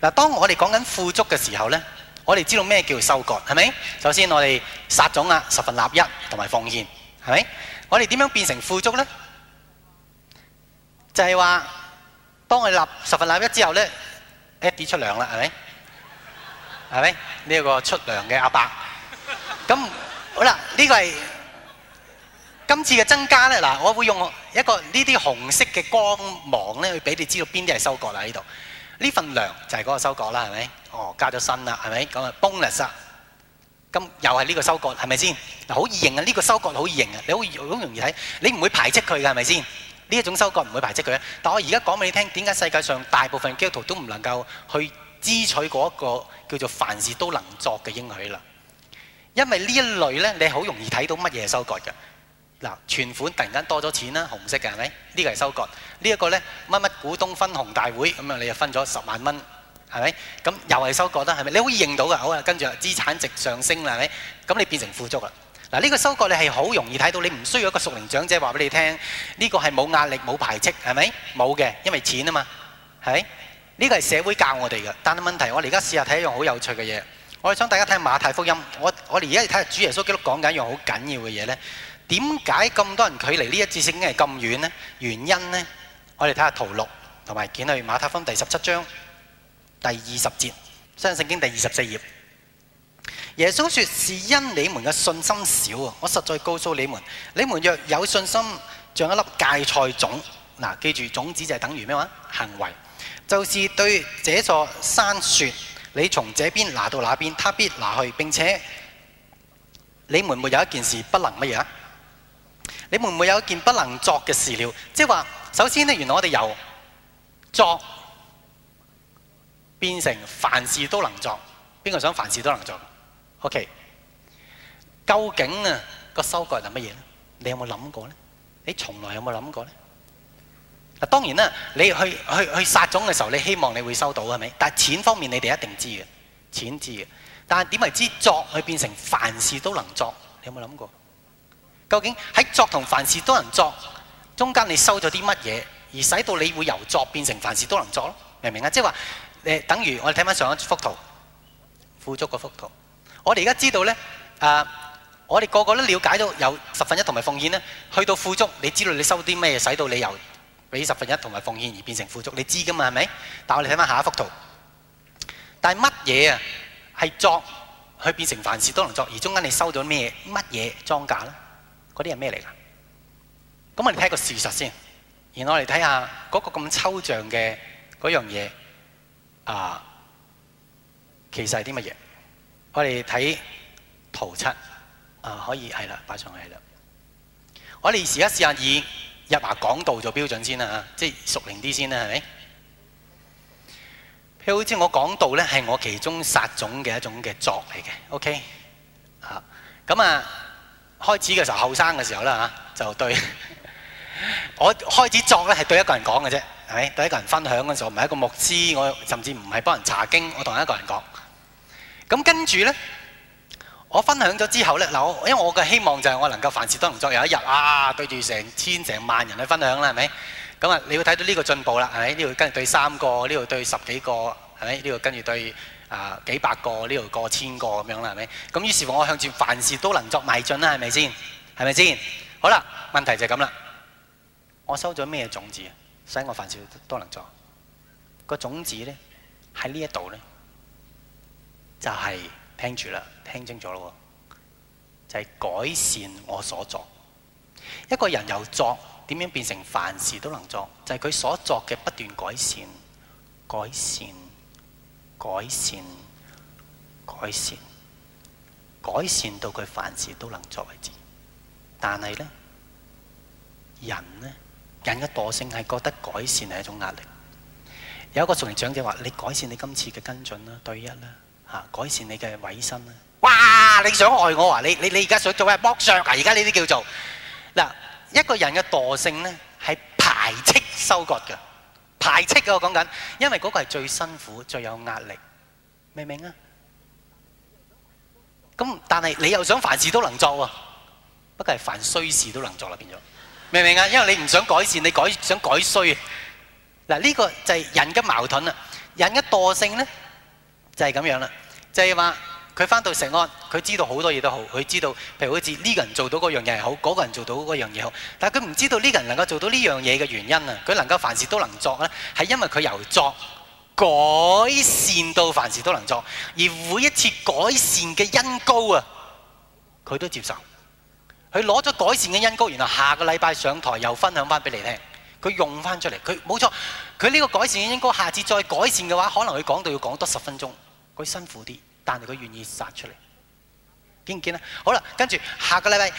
嗱，當我哋講緊富足嘅時候呢，我哋知道咩叫收割？係咪？首先我哋撒種啊，十分立一，同埋奉獻，係咪？我哋點樣變成富足呢？就係、是、話，當我哋納十分立一之後呢，a d 出糧啦，係咪？係咪呢一個出糧嘅阿伯？咁好啦，呢個係今次嘅增加咧。嗱，我會用一個呢啲紅色嘅光芒咧，去俾你知道邊啲係收割啦。呢度呢份糧就係嗰個收割啦，係咪？哦，加咗薪啦，係咪？咁啊，bonus 啊！咁又係呢個收割，係咪先？嗱，好易認啊！呢個收割好易認啊！你好容好容易睇，你唔會排斥佢㗎，係咪先？呢一種收割唔會排斥佢啊。但係我而家講俾你聽，點解世界上大部分基督徒都唔能夠去？支取嗰一個叫做凡事都能作嘅應許啦，因為呢一類咧，你好容易睇到乜嘢收割嘅。嗱，存款突然間多咗錢啦，紅色嘅係咪？呢個係收割。呢一個咧乜乜股東分紅大會，咁樣你又分咗十萬蚊，係咪？咁又係收割啦，係咪？你好易認到嘅，好啊。跟住啊，資產值上升啦，係咪？咁你變成富足啦。嗱，呢個收割你係好容易睇到，你唔需要一個熟齡長者話俾你聽，呢個係冇壓力冇排斥，係咪？冇嘅，因為錢啊嘛，係。呢個係社會教我哋嘅，但係問題，我哋而家試下睇一樣好有趣嘅嘢。我哋想大家睇馬太福音，我我哋而家睇下主耶穌基督講緊一樣好緊要嘅嘢呢，點解咁多人距離呢一節聖經係咁遠呢？原因呢，我哋睇下圖六同埋見到馬太福音第十七章第二十節，新聖經第二十四頁。耶穌說：是因你們嘅信心少啊！我實在告訴你們，你們若有信心，像一粒芥菜種，嗱，記住，種子就係等於咩話？行為。就是對這座山説，你從這邊拿到那邊，他必拿去。並且你們沒有一件事不能乜嘢啊？你們沒有一件不能作嘅事了。即係話，首先呢，原來我哋由作變成凡事都能作，邊個想凡事都能做？OK，究竟啊、嗰個收割係乜嘢咧？你有冇諗過咧？你從來有冇諗過咧？嗱，當然啦，你去去去撒種嘅時候，你希望你會收到係咪？但係錢方面，你哋一定知嘅，錢知嘅。但係點為之作？去變成凡事都能作，你有冇諗過？究竟喺作同凡事都能作中間，你收咗啲乜嘢，而使到你會由作變成凡事都能作咯？明唔明啊？即係話誒，等於我哋睇返上一幅圖，富足嗰幅圖。我哋而家知道咧，誒、啊，我哋個個都了解到有十分一同埋奉獻咧，去到富足，你知道你收啲咩，使到你由？俾十分一同埋奉獻而變成富足，你知噶嘛？係咪？但係我哋睇翻下一幅圖，但係乜嘢啊？係作去變成凡事都能作，而中間你收到咩？乜嘢莊稼咧？嗰啲係咩嚟噶？咁我哋睇個事實先，然後我哋睇下嗰個咁抽象嘅嗰樣嘢啊，其實係啲乜嘢？我哋睇圖七啊，可以係啦，擺上去係啦。我哋試一試廿二。入話講道做標準先啦，啊、嚇，即係熟練啲先啦係咪？譬如好似我講道咧，係我其中殺種嘅一種嘅作嚟嘅，OK 啊？咁啊，開始嘅時候後生嘅時候啦嚇，就對 我開始作咧，係對一個人講嘅啫，係咪對一個人分享嘅時候，唔係一個牧師，我甚至唔係幫人查經，我同一個人講。咁跟住咧。我分享咗之後咧，嗱我因為我嘅希望就係我能夠凡事都能作，有一日啊對住成千成萬人去分享啦，係咪？咁啊，你要睇到呢個進步啦，係咪？呢度跟住對三個，呢度對十幾個，係咪？呢度跟住對啊、呃、幾百個，呢度過千個咁樣啦，係咪？咁於是乎我向住凡事都能作邁進啦，係咪先？係咪先？好啦，問題就係咁啦。我收咗咩種子，所以我凡事都能作？個種子咧喺呢一度咧就係、是。聽住啦，聽清楚咯喎，就係改善我所作。一個人由作點樣變成凡事都能作，就係佢所作嘅不斷改善、改善、改善、改善、改善到佢凡事都能作為止。但係咧，人咧，人嘅惰性係覺得改善係一種壓力。有一個助理長者話：你改善你今次嘅跟進啦，對一啦。嚇、啊、改善你嘅委身咧？哇！你想害我啊？你你你而家想做咩剝削啊？而家呢啲叫做嗱，一個人嘅惰性咧係排斥收割嘅，排斥嘅、啊、我講緊，因為嗰個係最辛苦、最有壓力，明唔明啊？咁但係你又想凡事都能作喎、啊，不過係凡衰事都能作啦、啊，變咗明唔明啊？因為你唔想改善，你改想改衰。嗱呢、這個就係人嘅矛盾啦，人嘅惰性咧。就係咁樣啦，就係話佢返到石安，佢知道好多嘢都好，佢知道譬如好似呢個人做到嗰樣嘢好，嗰個人做到嗰樣嘢好，但係佢唔知道呢個人能夠做到呢樣嘢嘅原因啊！佢能夠凡事都能作咧，係因為佢由作改善到凡事都能作，而每一次改善嘅恩膏啊，佢都接受，佢攞咗改善嘅恩膏，然後下個禮拜上台又分享返畀你聽。佢用翻出嚟，佢冇錯，佢呢個改善嘅恩膏，下次再改善嘅話，可能佢講到要講多十分鐘，佢辛苦啲，但係佢願意殺出嚟，見唔見呢？好啦，跟住下個禮拜，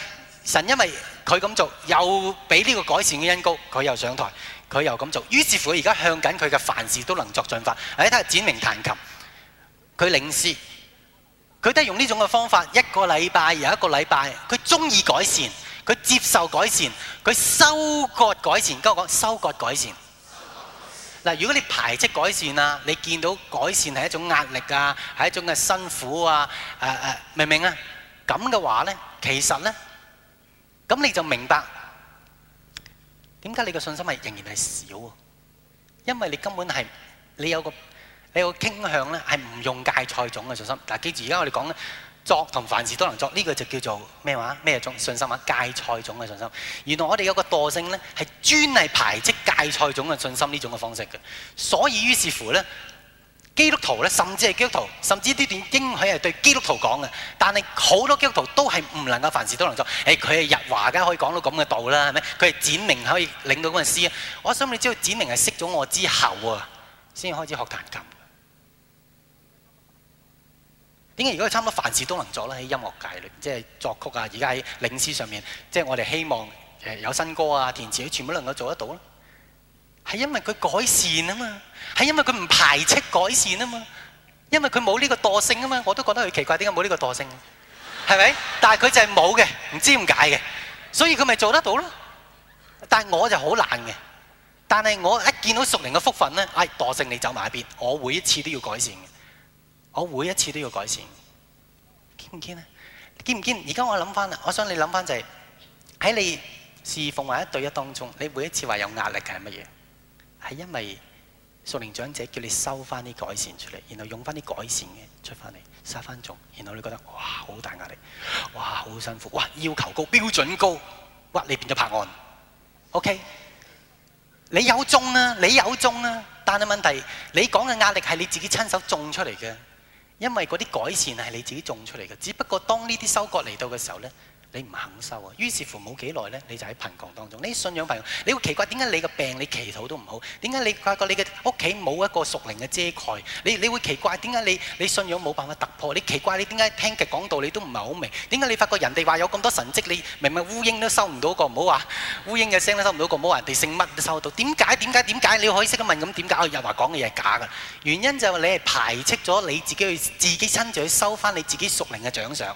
神因為佢咁做，又俾呢個改善嘅恩膏，佢又上台，佢又咁做，於是乎佢而家向緊佢嘅凡事都能作進發。睇睇展明彈琴，佢領詩，佢都係用呢種嘅方法，一個禮拜又一個禮拜，佢中意改善。佢接受改善，佢收割改善，我講收割改善。嗱，如果你排斥改善啊，你見到改善係一種壓力啊，係一種嘅辛苦啊，誒誒，明唔明啊？咁嘅話咧，其實咧，咁你就明白點解你嘅信心係仍然係少啊，因為你根本係你有個你有傾向咧，係唔用芥菜種嘅信心。嗱，記住而家我哋講咧。作同凡事都能作呢，呢個就叫做咩話？咩種信心啊？芥菜種嘅信心。原來我哋有個惰性呢，係專係排斥芥菜種嘅信心呢種嘅方式嘅。所以於是乎呢，基督徒咧，甚至係基督徒，甚至呢段經佢係對基督徒講嘅。但係好多基督徒都係唔能夠凡事都能作。誒、哎，佢係日華梗可以講到咁嘅道啦，係咪？佢係展明可以領到嗰個詩。我想你知道展明係識咗我之後啊，先開始學彈琴。點解而家佢差唔多凡事都能做啦？喺音樂界裏，即係作曲啊，而家喺領詩上面，即係我哋希望誒有新歌啊、填詞，佢全部能夠做得到咧。係因為佢改善啊嘛，係因為佢唔排斥改善啊嘛，因為佢冇呢個惰性啊嘛。我都覺得佢奇怪，點解冇呢個惰性？係咪？但係佢就係冇嘅，唔知點解嘅，所以佢咪做得到咯。但係我就好懶嘅。但係我一見到屬靈嘅福分咧，唉，惰性你走埋一邊，我每一次都要改善嘅。我每一次都要改善，堅唔堅啊？堅唔堅？而家我諗翻啦，我想你諗翻就係、是、喺你侍奉或一對一當中，你每一次話有壓力嘅係乜嘢？係因為屬靈長者叫你收翻啲改善出嚟，然後用翻啲改善嘅出翻嚟，撒翻種，然後你覺得哇好大壓力，哇好辛苦，哇要求高，標準高，哇你變咗拍案，OK？你有種啊，你有種啊，但係問題你講嘅壓力係你自己親手種出嚟嘅。因為嗰啲改善係你自己種出嚟嘅，只不過當呢啲收割嚟到嘅時候咧。你唔肯收啊，於是乎冇幾耐咧，你就喺貧窮當中。你信仰貧窮，你會奇怪點解你嘅病你祈禱都唔好？點解你發覺你嘅屋企冇一個屬靈嘅遮蓋？你你會奇怪點解你你信仰冇辦法突破？你奇怪你點解聽極講道你都唔係好明？點解你發覺人哋話有咁多神跡，你明明烏蠅都收唔到一個，唔好話烏蠅嘅聲都收唔到一個，唔好話人哋姓乜都收得到？點解？點解？點解？你可以識得問咁點解？又話講嘅嘢係假嘅，原因就係你係排斥咗你自己去自己親自去收翻你自己屬靈嘅獎賞。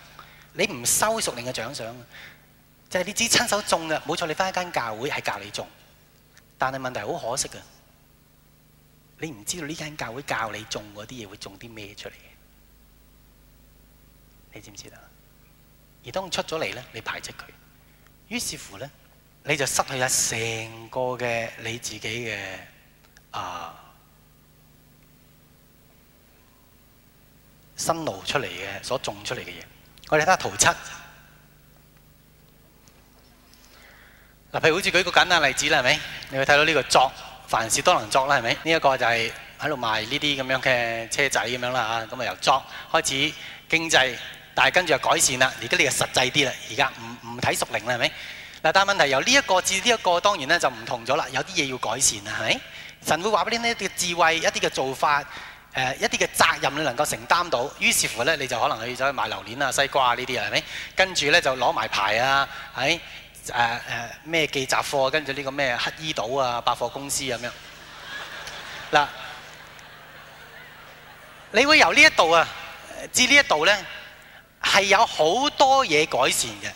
你唔收屬靈嘅獎賞，就係、是、你自己親手種嘅。冇錯，你返一間教會係教你種，但係問題好可惜嘅，你唔知道呢間教會教你種嗰啲嘢會種啲咩出嚟。你知唔知道？而當你出咗嚟，你排斥佢，於是乎呢，你就失去咗成個嘅你自己嘅啊辛勞出嚟嘅所種出嚟嘅嘢。我哋睇下圖七嗱，譬如好似舉個簡單例子啦，係咪？你會睇到呢個作，凡事都能作啦，係咪？呢一個就係喺度賣呢啲咁樣嘅車仔咁樣啦，嚇咁啊由作開始經濟，但係跟住就改善啦，而家呢個實際啲啦，而家唔唔睇熟齡啦，係咪？嗱，但係問題由呢一個至呢一個，當然咧就唔同咗啦，有啲嘢要改善啦，係咪？神會話俾你呢一啲智慧，一啲嘅做法。誒一啲嘅責任你能夠承擔到，於是乎咧你就可能去走去買榴槤啊、西瓜啊呢啲啊，係咪？跟住咧就攞埋牌啊，喺誒誒咩記雜貨，跟住呢個咩黑衣島啊、百貨公司咁樣。嗱，你會由呢一度啊至呢一度咧，係有好多嘢改善嘅，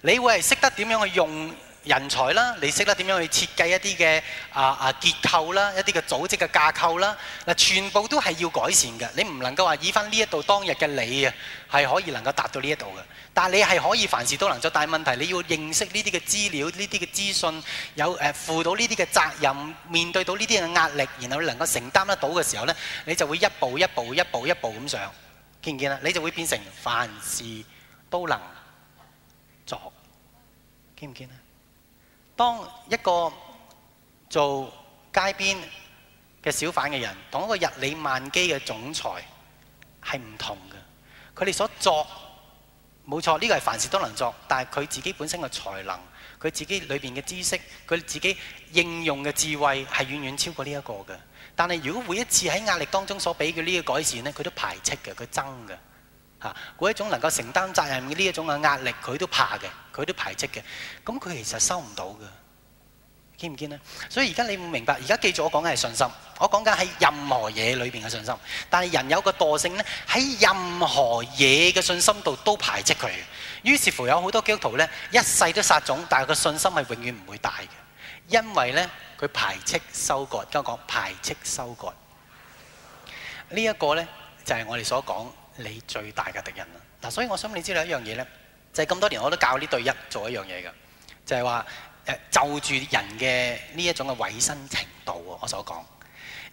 你會係識得點樣去用。人才啦，你識得點樣去設計一啲嘅啊啊結構啦，一啲嘅組織嘅架構啦，嗱全部都係要改善嘅。你唔能夠話以返呢一度當日嘅你啊，係可以能夠達到呢一度嘅。但係你係可以凡事都能做，但係問題你要認識呢啲嘅資料、呢啲嘅資訊，有誒負到呢啲嘅責任，面對到呢啲嘅壓力，然後能夠承擔得到嘅時候呢，你就會一步一步、一步一步咁上，見唔見啊？你就會變成凡事都能做，見唔見啊？當一個做街邊嘅小販嘅人，同一個日理萬機嘅總裁係唔同嘅。佢哋所作冇錯，呢、這個係凡事都能作，但係佢自己本身嘅才能，佢自己裏邊嘅知識，佢自己應用嘅智慧係遠遠超過呢一個嘅。但係如果每一次喺壓力當中所俾佢呢個改善呢，佢都排斥嘅，佢憎嘅。嚇嗰一種能夠承擔責任嘅呢一種嘅壓力，佢都怕嘅，佢都排斥嘅。咁佢其實收唔到嘅，見唔見咧？所以而家你會明白，而家記住我講緊係信心，我講緊係任何嘢裏面嘅信心。但係人有個惰性咧，喺任何嘢嘅信心度都排斥佢嘅。於是乎有好多基督徒咧，一世都撒種，但係個信心係永遠唔會大嘅，因為咧佢排斥收割，即係講排斥收割。呢一個咧就係我哋所講。你最大嘅敵人啊！嗱，所以我想你知道一樣嘢咧，就係咁多年我都教呢對一做一樣嘢嘅，就係話誒就住人嘅呢一種嘅委身程度，我所講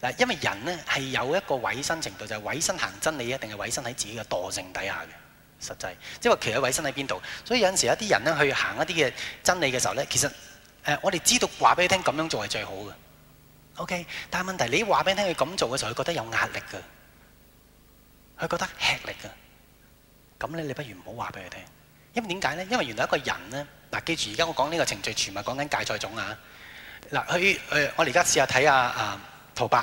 嗱，因為人咧係有一個委身程度，就係委身行真理一定係委身喺自己嘅惰性底下嘅實際，即係話其實委身喺邊度？所以有陣時一啲人咧去行一啲嘅真理嘅時候咧，其實誒我哋知道話俾你聽咁樣做係最好嘅，OK，但係問題你話俾你聽佢咁做嘅時候，佢覺得有壓力㗎。佢覺得吃力㗎。咁咧，你不如唔好話俾佢聽，因為點解咧？因為原來一個人咧，嗱，記住，而家我講呢個程序，全部係講緊界在種啊！嗱、呃，佢我哋而家試下睇下啊，圖八，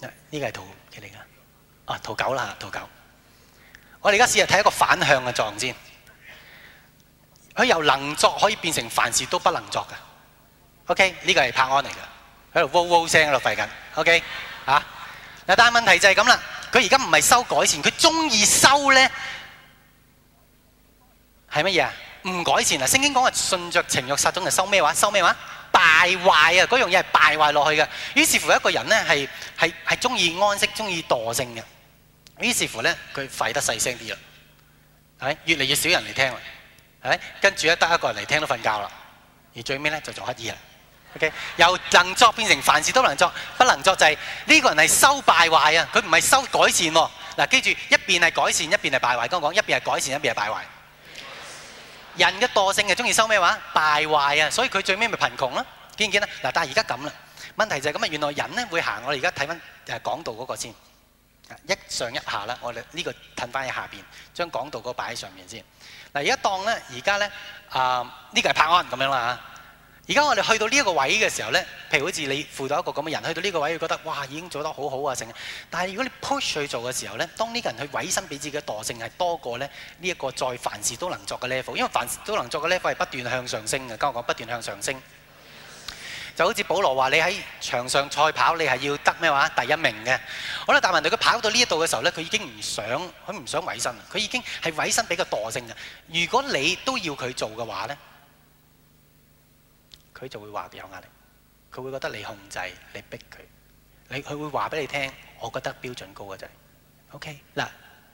呢個係圖幾嚟㗎？啊，圖九啦，圖九，我哋而家試下睇一個反向嘅狀先，佢由能作可以變成凡事都不能作㗎。OK，呢個係拍安嚟㗎，喺度喔喔聲喺度吠緊。OK，嚇、啊，嗱，但係問題就係咁啦。佢而家唔係收改善，佢中意收咧係乜嘢啊？唔改善。嗱，聖經講話順著情欲撒種係收咩話？收咩話？敗壞啊！嗰樣嘢係敗壞落去嘅。於是乎，一個人咧係係係中意安息、中意惰性嘅。於是乎咧，佢吠得細聲啲啦，係越嚟越少人嚟聽啦，係跟住咧得一個人嚟聽都瞓覺啦，而最尾咧就做乞兒啦。OK，由能作變成凡事都能作，不能作就係呢個人係收敗壞啊！佢唔係收改善喎。嗱，記住一邊係改善，一邊係敗壞。剛剛講一邊係改善，一邊係敗壞。人嘅惰性係中意收咩話？敗壞啊！所以佢最尾咪貧窮咯。見唔見啊？嗱，但係而家咁啦。問題就係咁啊！原來人咧會行，我哋而家睇翻誒，講道嗰個先，一上一下啦。我哋呢個褪翻喺下邊，將講道嗰個擺喺上面先。嗱，而家當咧，而家咧啊，呢個係拍案咁樣啦嚇。而家我哋去到呢一個位嘅時候呢，譬如好似你輔到一個咁嘅人，去到呢個位要覺得哇已經做得好好啊剩，但係如果你 push 去做嘅時候呢，當呢個人去委身俾自己嘅惰性係多過咧呢一個再凡事都能作嘅 level，因為凡事都能作嘅 level 係不斷向上升嘅，跟我講不斷向上升，就好似保羅話你喺場上賽跑，你係要得咩話第一名嘅，好啦，但係問題佢跑到呢一度嘅時候呢，佢已經唔想佢唔想委身，佢已經係委身俾個惰性嘅。如果你都要佢做嘅話呢。佢就會話有壓力，佢會覺得你控制，你逼佢，你佢會話俾你聽。我覺得標準高嘅就係，OK 嗱。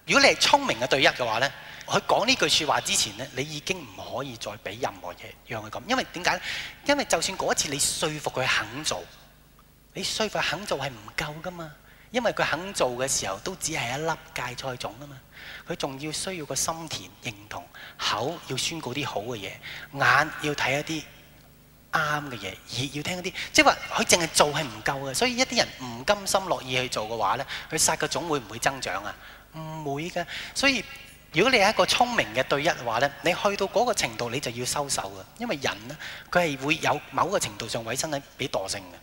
如果你係聰明嘅對一嘅話呢，佢講呢句説話之前呢，你已經唔可以再俾任何嘢讓佢咁。因為點解咧？因為就算嗰一次你說服佢肯做，你説服佢肯做係唔夠噶嘛。因為佢肯做嘅時候都只係一粒芥菜種啊嘛。佢仲要需要個心田認同，口要宣告啲好嘅嘢，眼要睇一啲。啱嘅嘢，而要聽啲，即係話佢淨係做係唔夠嘅，所以一啲人唔甘心樂意去做嘅話呢，佢撒個種會唔會增長啊？唔會嘅。所以如果你係一個聰明嘅對一嘅話呢，你去到嗰個程度，你就要收手嘅，因為人呢，佢係會有某個程度上委身喺俾惰性嘅，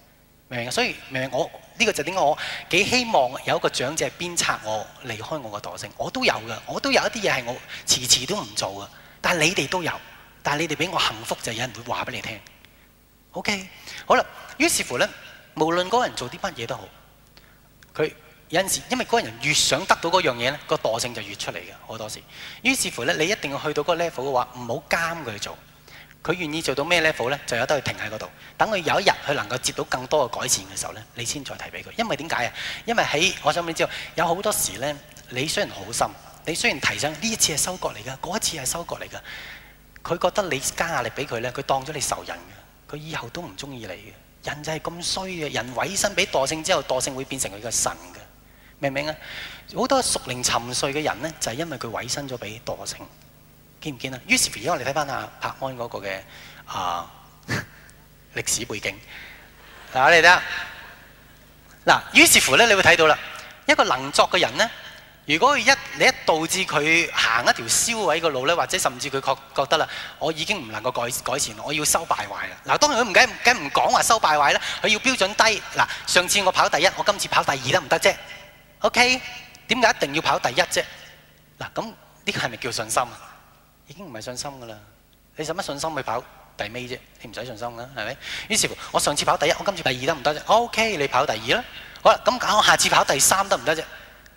明明所以明明我呢個就點解我幾希望有一個長者鞭策我離開我個惰性。我都有嘅，我都有一啲嘢係我遲遲都唔做嘅。但係你哋都有，但係你哋比我幸福就有人會話俾你聽。OK，好啦。於是乎咧，無論嗰個人做啲乜嘢都好，佢有陣時，因為嗰個人越想得到嗰樣嘢咧，個惰性就越出嚟嘅好多時。於是乎咧，你一定要去到嗰個 level 嘅話，唔好監佢做。佢願意做到咩 level 咧，就由得佢停喺嗰度。等佢有一日佢能夠接到更多嘅改善嘅時候咧，你先再提俾佢。因為點解啊？因為喺我想你知道，有好多時咧，你雖然好心，你雖然提醒呢一次係收割嚟㗎，嗰次係收割嚟㗎，佢覺得你加壓力俾佢咧，佢當咗你仇人嘅。佢以後都唔中意你嘅，人就係咁衰嘅人。委身俾惰性之後，惰性會變成佢嘅神嘅，明唔明啊？好多屬靈沉睡嘅人咧，就係、是、因為佢委身咗俾惰性，見唔見啊？於是乎，而家我哋睇翻阿柏安嗰個嘅啊歷史背景，嗱、啊、我哋睇下嗱，於是乎咧，你會睇到啦，一個能作嘅人咧。如果一你一導致佢行一條銷毀個路咧，或者甚至佢覺覺得啦，我已經唔能夠改改善，我要收敗壞啦。嗱，當然佢唔緊唔緊唔講話收敗壞咧，佢要標準低。嗱，上次我跑第一，我今次跑第二得唔得啫？OK，點解一定要跑第一啫？嗱，咁呢個係咪叫信心啊？已經唔係信心噶啦，你使乜信心去跑第尾啫？你唔使信心噶，係咪？於是乎，我上次跑第一，我今次第二得唔得啫？OK，你跑第二啦。好啦，咁講我下次跑第三得唔得啫？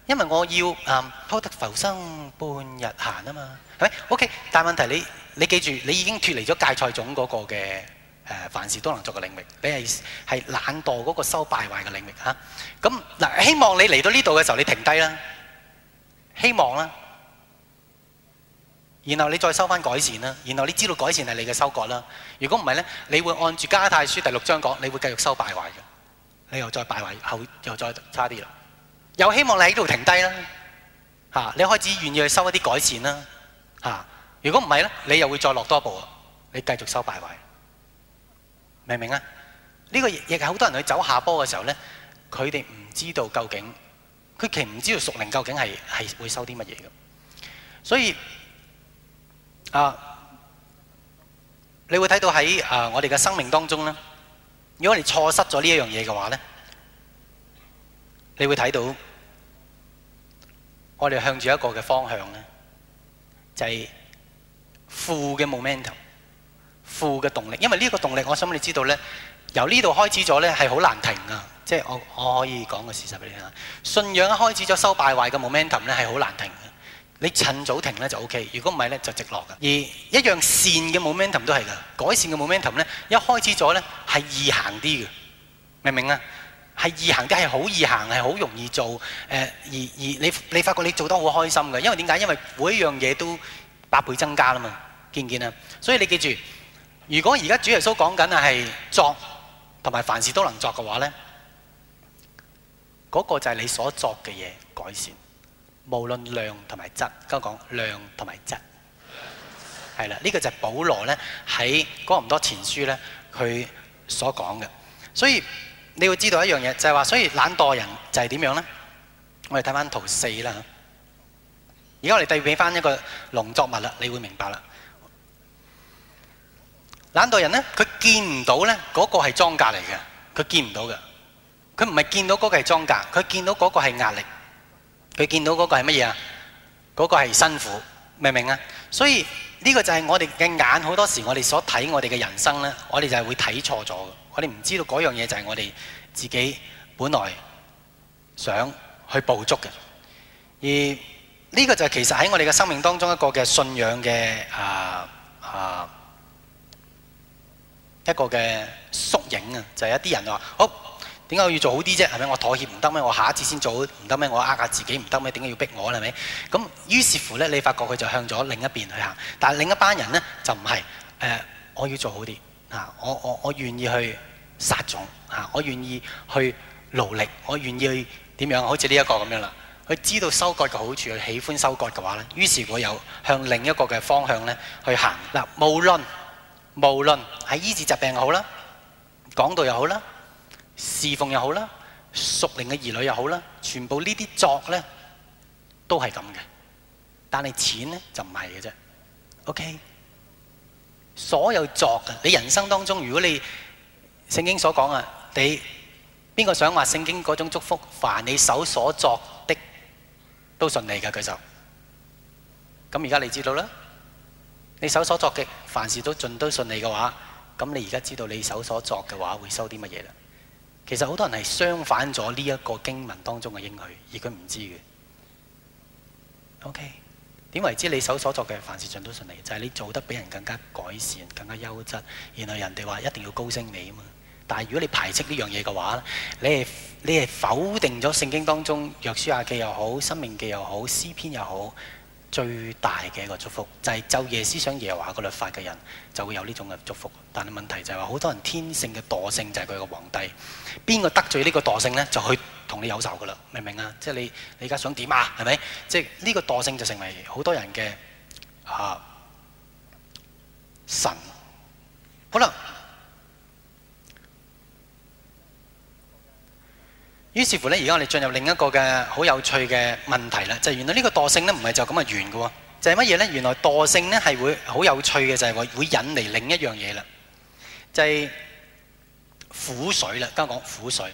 因為我要誒撈得浮生半日閒啊嘛，係咪？OK，但問題你你記住，你已經脫離咗芥菜種嗰個嘅誒、呃、凡事都能做嘅領域，你係係懶惰嗰個收敗壞嘅領域嚇。咁、啊、嗱，希望你嚟到呢度嘅時候，你停低啦，希望啦，然後你再收翻改善啦，然後你知道改善係你嘅收割啦。如果唔係呢，你會按住《加泰書》第六章講，你會繼續收敗壞嘅，你又再敗壞，後又再差啲啦。又希望你喺度停低啦，嚇你開始願意去收一啲改善啦，嚇如果唔係咧，你又會再落多一步，你繼續收敗壞，明唔明啊？呢個亦亦係好多人去走下坡嘅時候咧，佢哋唔知道究竟，佢其實唔知道屬靈究竟係係會收啲乜嘢嘅，所以啊，你會睇到喺啊我哋嘅生命當中咧，如果你錯失咗呢一樣嘢嘅話咧。你會睇到，我哋向住一個嘅方向咧，就係負嘅 momentum，負嘅動力。因為呢個動力，我想你知道咧，由呢度開始咗咧係好難停㗎。即係我我可以講個事實俾你聽。信仰一開始咗收敗壞嘅 momentum 咧係好難停嘅，你趁早停咧就 OK，如果唔係咧就直落㗎。而一樣善嘅 momentum 都係噶，改善嘅 momentum 咧一開始咗咧係易行啲嘅，明唔明啊？係易行啲，係好易行，係好容易做。誒、呃，而而你你發覺你做得好開心嘅，因為點解？因為每一樣嘢都百倍增加啦嘛，見唔見啊？所以你記住，如果而家主耶穌講緊係作同埋凡事都能作嘅話咧，嗰、那個就係你所作嘅嘢改善，無論量同埋質。剛講量同埋質，係啦，呢、這個就係保羅咧喺哥林多前書咧佢所講嘅，所以。你會知道一樣嘢，就係話，所以懶惰人就係點樣咧？我哋睇翻圖四啦。而家我哋遞畀翻一個農作物啦，你會明白啦。懶惰人咧，佢見唔到咧，嗰個係莊稼嚟嘅，佢見唔到嘅。佢唔係見到嗰個係莊稼，佢見到嗰個係壓力。佢見到嗰個係乜嘢啊？嗰個係辛苦，明唔明啊？所以呢個就係我哋嘅眼，好多時我哋所睇我哋嘅人生咧，我哋就係會睇錯咗。我哋唔知道嗰樣嘢就係我哋自己本來想去捕捉嘅，而呢個就係其實喺我哋嘅生命當中一個嘅信仰嘅啊啊一個嘅縮影啊，就係一啲人話：好，點解我要做好啲啫？係咪我妥協唔得咩？我下一次先做好唔得咩？我呃下自己唔得咩？點解要逼我咧？係咪？咁於是乎咧，你發覺佢就向咗另一邊去行，但係另一班人咧就唔係誒，我要做好啲。啊！我我我願意去撒種，啊！我願意去勞力，我願意去點樣？好似呢一個咁樣啦，佢知道收割嘅好處，佢喜歡收割嘅話咧，於是我又向另一個嘅方向咧去行。嗱，無論無論係醫治疾病又好啦，講道又好啦，侍奉又好啦，屬靈嘅兒女又好啦，全部呢啲作咧都係咁嘅，但係錢咧就唔係嘅啫。OK。所有作嘅，你人生當中，如果你聖經所講啊，你邊個想話聖經嗰種祝福，凡你手所作的都順利嘅，舉手，咁而家你知道啦。你手所作嘅凡事都盡都順利嘅話，咁你而家知道你手所作嘅話會收啲乜嘢啦？其實好多人係相反咗呢一個經文當中嘅應許，而佢唔知嘅。OK。點為之你手所作嘅凡事盡都順利，就係你做得比人更加改善、更加優質，然後人哋話一定要高升你啊嘛。但係如果你排斥呢樣嘢嘅話，你係你係否定咗聖經當中約書亞記又好、生命記又好、詩篇又好。最大嘅一個祝福就係晝夜思想耶和華個律法嘅人就會有呢種嘅祝福，但係問題就係話好多人天性嘅惰性就係佢個皇帝，邊個得罪呢個惰性呢，就去同你有仇噶啦，明唔明啊？即係你你而家想點啊？係咪？即係呢個惰性就成為好多人嘅啊神，好啦。於是乎咧，而家我哋進入另一個嘅好有趣嘅問題啦，就係原來呢個惰性咧，唔係就咁嘅圓嘅喎，就係乜嘢咧？原來惰性咧係會好有趣嘅，就係會會引嚟另一樣嘢啦，就係苦水啦。剛講苦水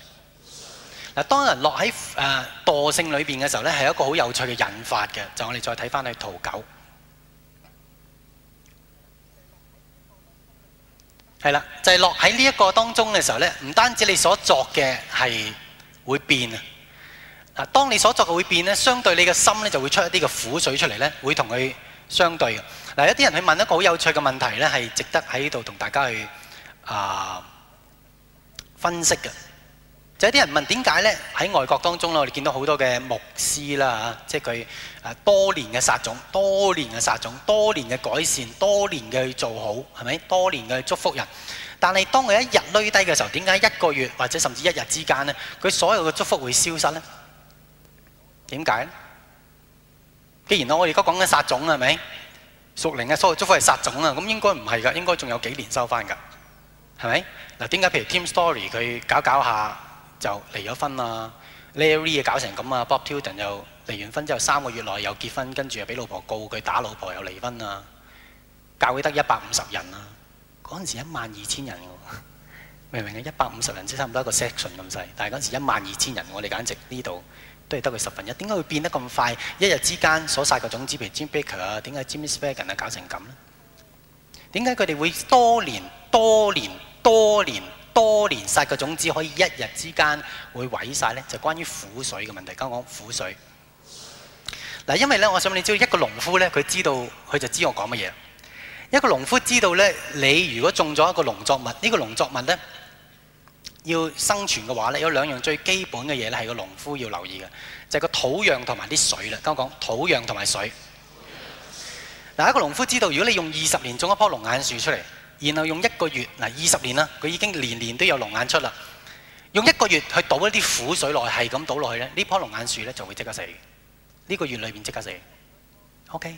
嗱，當人落喺誒惰，呃，惰性裏邊嘅時候咧，係一個好有趣嘅引發嘅，就我哋再睇翻去圖九，係啦，就係落喺呢一個當中嘅時候咧，唔單止你所作嘅係。會變啊！嗱，當你所作嘅會變咧，相對你嘅心咧就會出一啲嘅苦水出嚟咧，會同佢相對嘅。嗱，有啲人去問一個好有趣嘅問題咧，係值得喺度同大家去啊分析嘅。就有啲人問點解咧？喺外國當中咯，我哋見到好多嘅牧師啦嚇，即係佢啊多年嘅撒種，多年嘅撒種，多年嘅改善，多年嘅做好，係咪？多年嘅祝福人。但係當佢一日攰低嘅時候，點解一個月或者甚至一日之間咧，佢所有嘅祝福會消失咧？點解咧？既然我哋而家講緊殺種係咪？屬靈嘅所有祝福係殺種啊，咁應該唔係㗎，應該仲有幾年收翻㗎？係咪？嗱，點解譬如 Tim Story 佢搞搞下就離咗婚啊？Larry 搞成咁啊？Bob Tilton 又離完婚之後三個月內又結婚，跟住又俾老婆告佢打老婆又離婚啊？教會得一百五十人啊？嗰陣時一萬二千人喎，明唔明啊？一百五十人即差唔多一個 section 咁細，但係嗰陣時一萬二千人，我哋簡直呢度都係得佢十分一。點解會變得咁快？一日之間所撒嘅種子，譬如 Jim Bakker 啊，點解 Jimmy Swaggart 啊搞成咁呢？點解佢哋會多年、多年、多年、多年撒嘅種子，可以一日之間會毀晒呢？就係、關於苦水嘅問題。剛講苦水嗱，因為呢，我想你，知道一個農夫呢，佢知道，佢就知我講乜嘢。一個農夫知道呢，你如果種咗一個農作物，呢個農作物呢要生存嘅話呢有兩樣最基本嘅嘢咧，係個農夫要留意嘅，就係個土壤同埋啲水啦。咁我講土壤同埋水。嗱，一個農夫知道，如果你用二十年種一棵龍眼樹出嚟，然後用一個月，嗱二十年啦，佢已經年年都有龍眼出啦，用一個月去倒一啲苦水落去，係咁倒落去呢，呢棵龍眼樹呢就會即刻死，呢個月裏面即刻死。OK。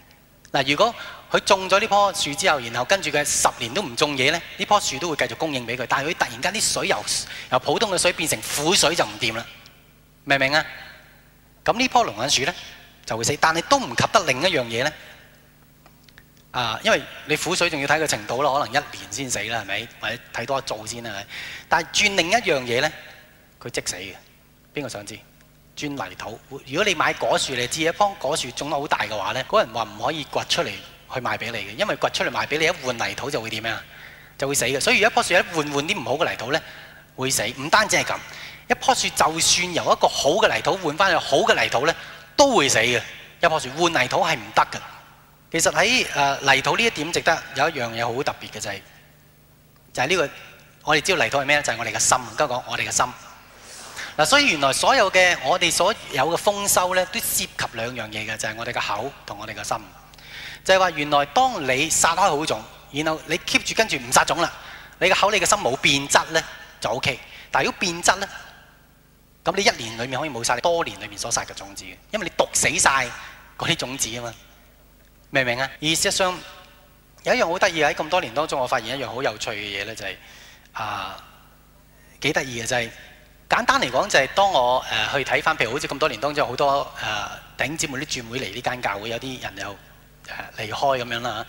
嗱，如果佢種咗呢棵樹之後，然後跟住佢十年都唔種嘢咧，呢棵樹都會繼續供應俾佢。但係佢突然間啲水由由普通嘅水變成苦水就唔掂啦，明唔明啊？咁呢棵龍眼樹咧就會死，但係都唔及得另一樣嘢咧。啊，因為你苦水仲要睇個程度啦，可能一年先死啦，係咪？或者睇多一做先啦，係咪？但係轉另一樣嘢咧，佢即死嘅。邊個想知？專泥土，如果你買果樹，你知一樖果樹種得好大嘅話咧，嗰人話唔可以掘出嚟去賣俾你嘅，因為掘出嚟賣俾你一換泥土就會點樣啊，就會死嘅。所以如果一樖樹一換換啲唔好嘅泥土咧，會死。唔單止係咁，一樖樹就算由一個好嘅泥土換翻去好嘅泥土咧，都會死嘅。一樖樹換泥土係唔得嘅。其實喺誒泥土呢一點值得有一樣嘢好特別嘅，就係就係呢個我哋知道泥土係咩咧？就係、是、我哋嘅心。唔該講我哋嘅心。所以原來所有嘅我哋所有嘅豐收咧，都涉及兩樣嘢嘅，就係我哋嘅口同我哋嘅心。就係話原來當你撒開好種，然後你 keep 住跟住唔撒種啦，你嘅口你嘅心冇變質咧就 OK。但係如果變質咧，咁你一年裏面可以冇晒多年裏面所撒嘅種子嘅，因為你毒死晒嗰啲種子啊嘛，明唔明啊？意思上有一樣好得意喺咁多年當中，我發現一樣好有趣嘅嘢咧，就係啊幾得意嘅就係。簡單嚟講，就係、是、當我誒、呃、去睇翻，譬如好似咁多年當中，好多誒、呃、頂姊妹啲轉會嚟呢間教會，有啲人又誒、呃、離開咁樣啦。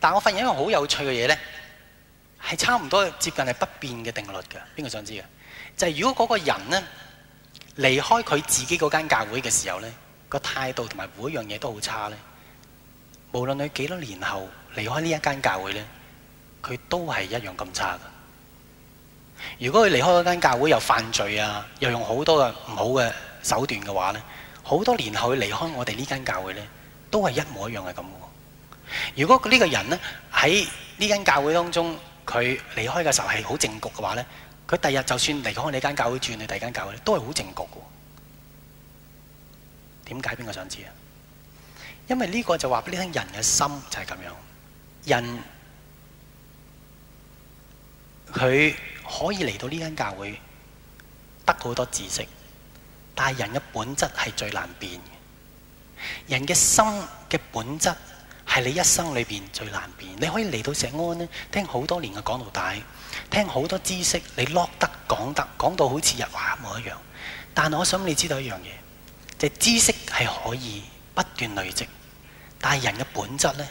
但我發現一個好有趣嘅嘢咧，係差唔多接近係不變嘅定律㗎。邊個想知嘅？就係、是、如果嗰個人咧離開佢自己嗰間教會嘅時候咧，個態度同埋每樣嘢都好差咧。無論你幾多年後離開呢一間教會咧，佢都係一樣咁差㗎。如果佢離開嗰間教會又犯罪啊，又用好多嘅唔好嘅手段嘅話呢，好多年後佢離開我哋呢間教會呢，都係一模一樣嘅噉喎。如果呢個人呢，喺呢間教會當中，佢離開嘅時候係好正局嘅話呢，佢第日就算離開喺你這間教會轉去第二間教會都係好正局嘅。點解邊個想知啊？因為呢個就話俾你聽，人嘅心就係噉樣，人佢可以嚟到呢間教會得好多知識，但係人嘅本質係最難變嘅。人嘅心嘅本質係你一生裏邊最難變。你可以嚟到石安咧，聽好多年嘅講道帶，聽好多知識，你攞得講得講到好似日華一模一樣。但我想你知道一樣嘢，就係知識係可以不斷累積，但係人嘅本質咧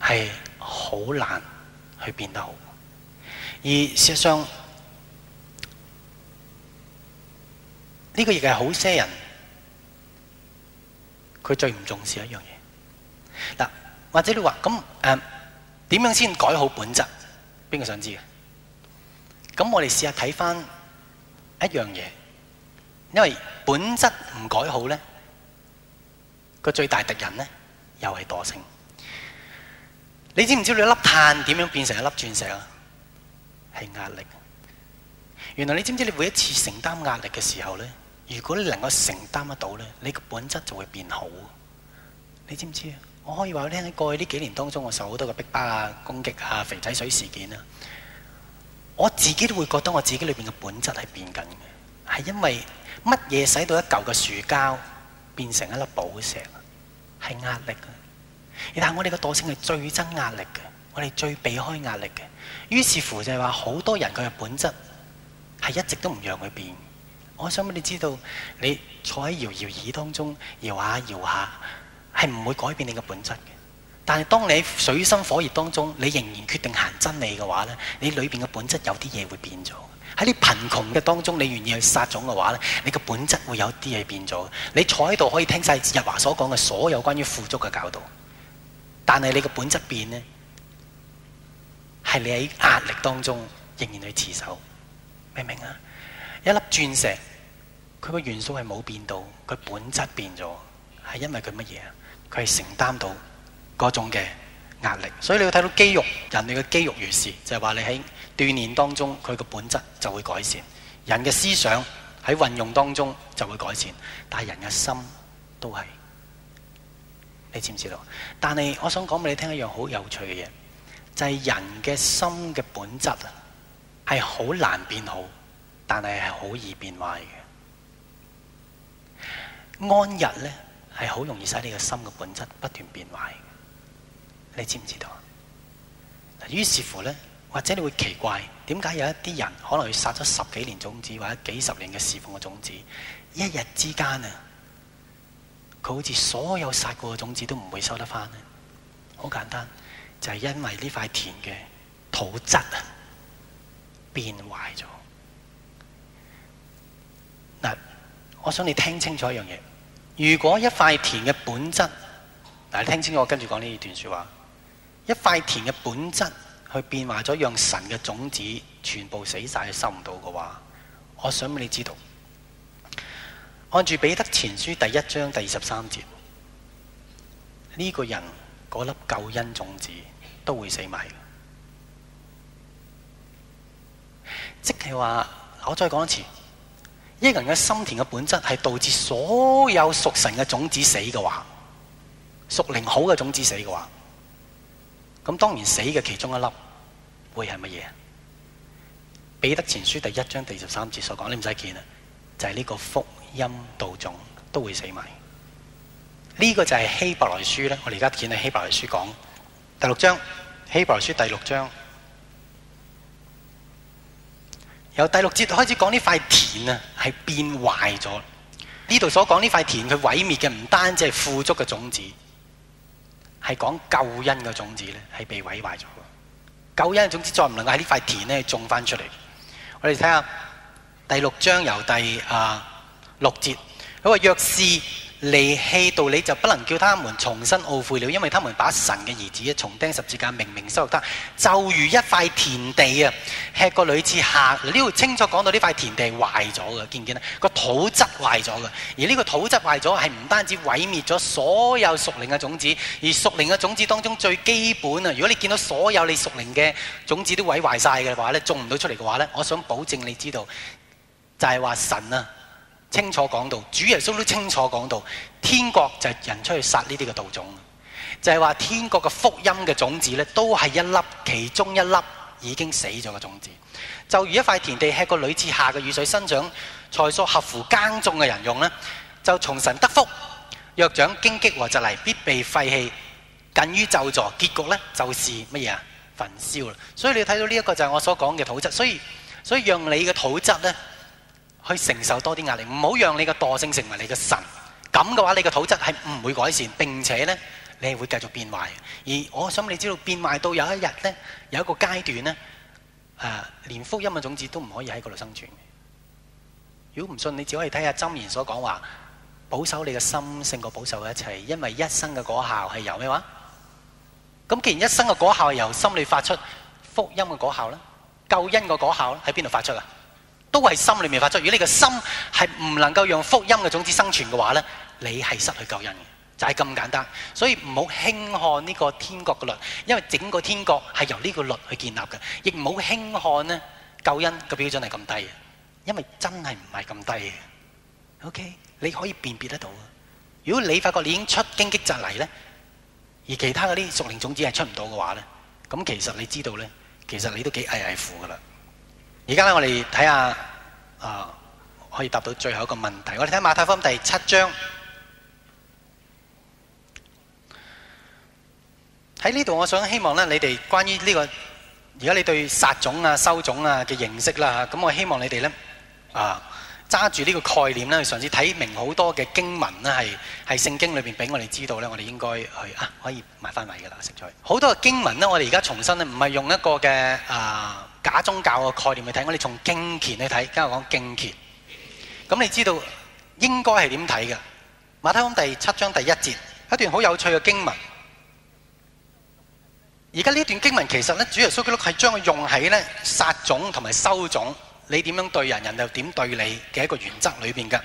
係好難。去變得好，而事實上呢個亦係好些人佢最唔重視一樣嘢。嗱，或者你話咁誒點樣先改好本質？邊個想知嘅？咁我哋試下睇返一樣嘢，因為本質唔改好呢，個最大的敵人呢，又係惰性。你知唔知你一粒碳點樣變成一粒鑽石啊？係壓力。原來你知唔知你每一次承擔壓力嘅時候呢，如果你能夠承擔得到呢，你嘅本質就會變好。你知唔知啊？我可以話你聽，喺過去呢幾年當中，我受好多嘅逼巴啊、攻擊啊、肥仔水事件啊，我自己都會覺得我自己裏邊嘅本質係變緊嘅，係因為乜嘢使到一嚿嘅樹膠變成一粒寶石啊？係壓力啊！但係我哋個惰性係最憎壓力嘅，我哋最避開壓力嘅。於是乎就係話，好多人佢嘅本質係一直都唔讓佢變。我想俾你知道，你坐喺搖搖椅當中搖下搖下，係唔會改變你嘅本質嘅。但係當你喺水深火熱當中，你仍然決定行真理嘅話咧，你裏邊嘅本質有啲嘢會變咗。喺你貧窮嘅當中，你願意去殺種嘅話咧，你嘅本質會有啲嘢變咗。你坐喺度可以聽晒日華所講嘅所有關於富足嘅教導。但係你嘅本質變呢，係你喺壓力當中仍然去持守，明唔明啊？一粒鑽石，佢個元素係冇變到，佢本質變咗，係因為佢乜嘢啊？佢係承擔到嗰種嘅壓力，所以你要睇到肌肉，人哋嘅肌肉如是，就係話你喺鍛鍊當中，佢個本質就會改善。人嘅思想喺運用當中就會改善，但係人嘅心都係。你知唔知道？但係我想講俾你聽一樣好有趣嘅嘢，就係、是、人嘅心嘅本質啊，係好難變好，但係係好易變壞嘅。安逸咧係好容易使你嘅心嘅本質不斷變壞。你知唔知道？於是乎咧，或者你會奇怪，點解有一啲人可能去撒咗十幾年種子，或者幾十年嘅侍奉嘅種子，一日之間啊？佢好似所有撒過嘅種子都唔會收得翻呢？好簡單，就係因為呢塊田嘅土質啊變壞咗。嗱，我想你聽清楚一樣嘢，如果一塊田嘅本質，嗱，你聽清楚，我跟住講呢段說話，一塊田嘅本質去變壞咗，讓神嘅種子全部死晒，收唔到嘅話，我想俾你知道。看住彼得前書第一章第二十三節，呢個人嗰粒救恩種子都會死埋嘅。即係話，我再講一次，一個人嘅心田嘅本質係導致所有屬神嘅種子死嘅話，屬靈好嘅種子死嘅話，咁當然死嘅其中一粒會係乜嘢？彼得前書第一章第二十三節所講，你唔使見啊，就係呢個福。因道種都會死埋，呢、這個就係希伯來書咧。我哋而家見到希伯來書講第六章，希伯來書第六章由第六節開始講呢塊田啊，係變壞咗。呢度所講呢塊田，佢毀滅嘅唔單止係富足嘅種子，係講救恩嘅種子咧，係被毀壞咗。救恩嘅種子再唔能夠喺呢塊田咧種翻出嚟。我哋睇下第六章由第啊，六節，佢話若是離棄道理，就不能叫他們重新懊悔了，因為他們把神嘅兒子從釘十字架明明收入他，就如一塊田地啊，吃過屢次客，呢度清楚講到呢塊田地壞咗嘅，見唔見啊？土了個土質壞咗嘅，而呢個土質壞咗係唔單止毀滅咗所有屬靈嘅種子，而屬靈嘅種子當中最基本啊，如果你見到所有你屬靈嘅種子都毀壞晒嘅話呢，種唔到出嚟嘅話呢，我想保證你知道，就係、是、話神啊！清楚講到，主耶穌都清楚講到，天國就係人出去殺呢啲嘅道種，就係、是、話天國嘅福音嘅種子呢，都係一粒其中一粒已經死咗嘅種子。就如一塊田地，吃過屢次下嘅雨水生長菜蔬，合乎耕種嘅人用呢，就從神得福；若長荊棘和蒺藜，必被廢棄，近於咒詛，結局呢，就是乜嘢啊？焚燒啦！所以你睇到呢一個就係我所講嘅土質，所以所以讓你嘅土質呢。去承受多啲壓力，唔好讓你嘅惰性成為你嘅神。咁嘅話，你嘅土質係唔會改善，並且咧你係會繼續變壞。而我想你知道變壞到有一日咧，有一個階段咧，誒、啊、連福音嘅種子都唔可以喺嗰度生存。如果唔信，你只可以睇下《箴言》所講話：保守你嘅心勝過保守一切，因為一生嘅果效係由咩話？咁既然一生嘅果效係由心裏發出，福音嘅果效咧，救恩嘅果效咧，喺邊度發出啊？都係心裏面發出。如果你個心係唔能夠讓福音嘅種子生存嘅話呢，你係失去救恩嘅，就係、是、咁簡單。所以唔好輕看呢個天國嘅律，因為整個天國係由呢個律去建立嘅。亦唔好輕看呢救恩嘅標準係咁低，嘅，因為真係唔係咁低嘅。OK，你可以辨別得到。如果你發覺你已經出荊棘蒺藜呢，而其他嗰啲屬靈種子係出唔到嘅話呢，咁其實你知道呢，其實你都幾危危乎噶啦。而家咧，我哋睇下啊，可以答到最後一個問題。我哋睇馬太福音第七章，喺呢度，我想希望咧，你哋關於呢個而家你對撒種啊、收種啊嘅認識啦，咁我希望你哋咧啊，揸住呢個概念咧，去嘗試睇明好多嘅經文咧，係係聖經裏邊俾我哋知道咧，我哋應該去啊，可以買翻嚟噶啦，食咗好多嘅經文咧，我哋而家重新咧，唔係用一個嘅啊。假宗教個概念去睇，我哋從敬虔去睇。今日講敬虔，咁你知道應該係點睇嘅？馬太福音第七章第一節，一段好有趣嘅經文。而家呢段經文其實咧，主耶穌基督係將佢用喺咧撒種同埋收種，你點樣對人，人又點對你嘅一個原則裏邊嘅。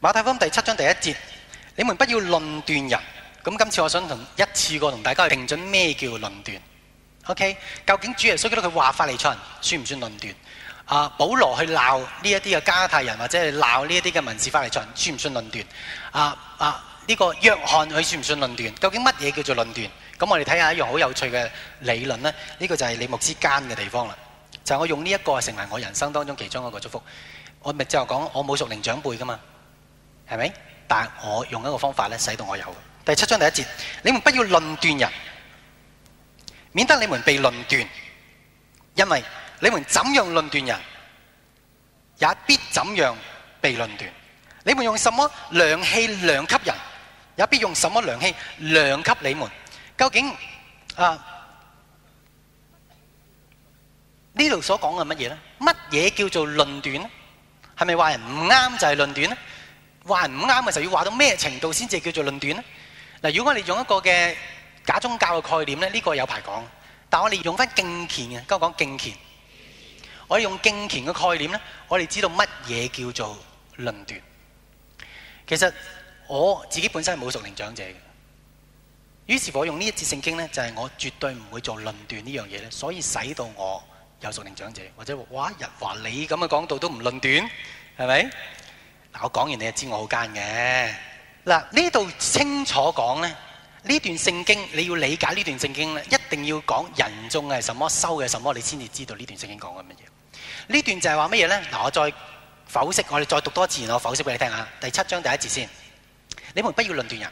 馬太福音第七章第一節，你們不要論斷人。咁今次我想同一次過同大家定準咩叫論斷。OK，究竟主耶穌佢話法利賽人，算唔算論斷？啊，保羅去鬧呢一啲嘅加太人，或者係鬧呢一啲嘅文士法利賽人，算唔算論斷？啊啊，呢、這個約翰佢算唔算論斷？究竟乜嘢叫做論斷？咁我哋睇下一樣好有趣嘅理論呢。呢、這個就係你我之間嘅地方啦。就是、我用呢一個係成為我人生當中其中一個祝福。我咪就講我冇屬靈長輩噶嘛，係咪？但我用一個方法咧，使到我有。第七章第一節，你們不要論斷人。免得你們被論斷，因為你們怎樣論斷人，也必怎樣被論斷。你們用什麼量器量給人，也必用什麼量器量給你們。究竟啊，呢度所講嘅乜嘢咧？乜嘢叫做論斷咧？係咪話人唔啱就係論斷咧？話人唔啱嘅就要話到咩程度先至叫做論斷咧？嗱，如果我哋用一個嘅假宗教嘅概念咧，呢個有排講。但係我哋用翻敬虔呀，今日講敬虔，我哋用敬虔嘅概念咧，我哋知道乜嘢叫做論斷。其實我自己本身係冇屬靈長者嘅，於是乎我用呢一節聖經咧，就係我絕對唔會做論斷呢樣嘢咧，所以使到我有屬靈長者，或者話一日話你咁嘅講到都唔論斷，係咪？嗱，我講完你就知我好奸嘅。嗱，呢度清楚講咧。呢段聖經你要理解呢段聖經咧，一定要講人種係什麼、收嘅什麼，你先至知道呢段聖經講緊乜嘢。呢段就係話乜嘢咧？嗱，我再剖析，我哋再讀多次，我剖析俾你聽下。第七章第一節先，你們不要論斷人，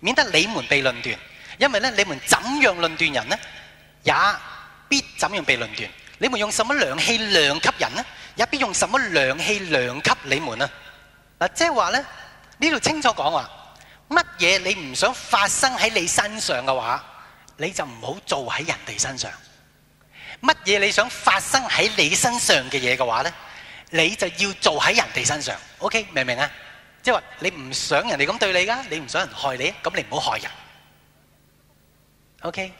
免得你們被論斷。因為咧，你們怎樣論斷人咧，也必怎樣被論斷。你們用什麼量器量給人咧，也必用什麼量器量給你們啊。嗱，即係話咧，呢度清楚講話。乜嘢你唔想發生喺你身上嘅話，你就唔好做喺人哋身上。乜嘢你想發生喺你身上嘅嘢嘅話咧，你就要做喺人哋身上。OK，明唔明啊？即係話你唔想人哋咁對你噶，你唔想人害你，咁你唔好害人。OK，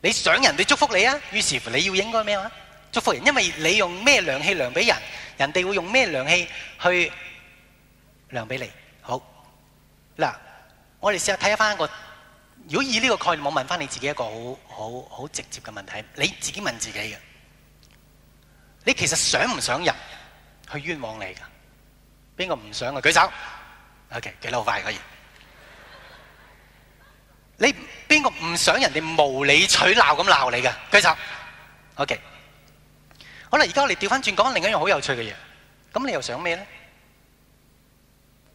你想人哋祝福你啊？於是乎你要應該咩話？祝福人，因為你用咩量器量俾人，人哋會用咩量器去量俾你。嗱，我哋試下睇翻一個，如果以呢個概念，我問翻你自己一個好好好直接嘅問題，你自己問自己嘅，你其實想唔想人去冤枉你噶？邊個唔想啊？舉手。O.K. 舉得好快，可以。你邊個唔想人哋無理取鬧咁鬧你噶？舉手。O.K. 好啦，而家我哋調翻轉講另一樣好有趣嘅嘢。咁你又想咩咧？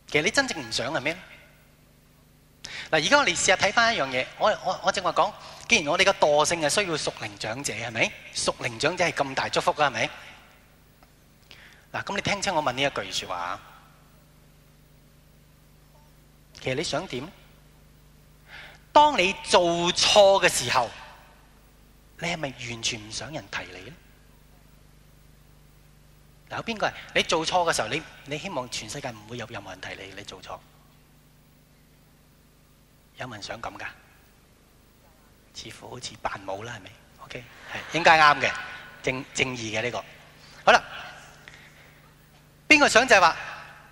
其實你真正唔想係咩咧？嗱，而家我哋試下睇翻一樣嘢，我我我正話講，既然我哋嘅惰性係需要屬靈長者，係咪？屬靈長者係咁大祝福嘅，係咪？嗱，咁你聽清我問呢一句說話。其實你想點？當你做錯嘅時候，你係咪完全唔想人提你咧？嗱，有邊個係？你做錯嘅時候，你你希望全世界唔會有任何人提你？你做錯。有冇人想咁噶，似乎好似扮冇啦，係咪？OK，係，應該啱嘅，正正義嘅呢個。好啦，邊個想就係話，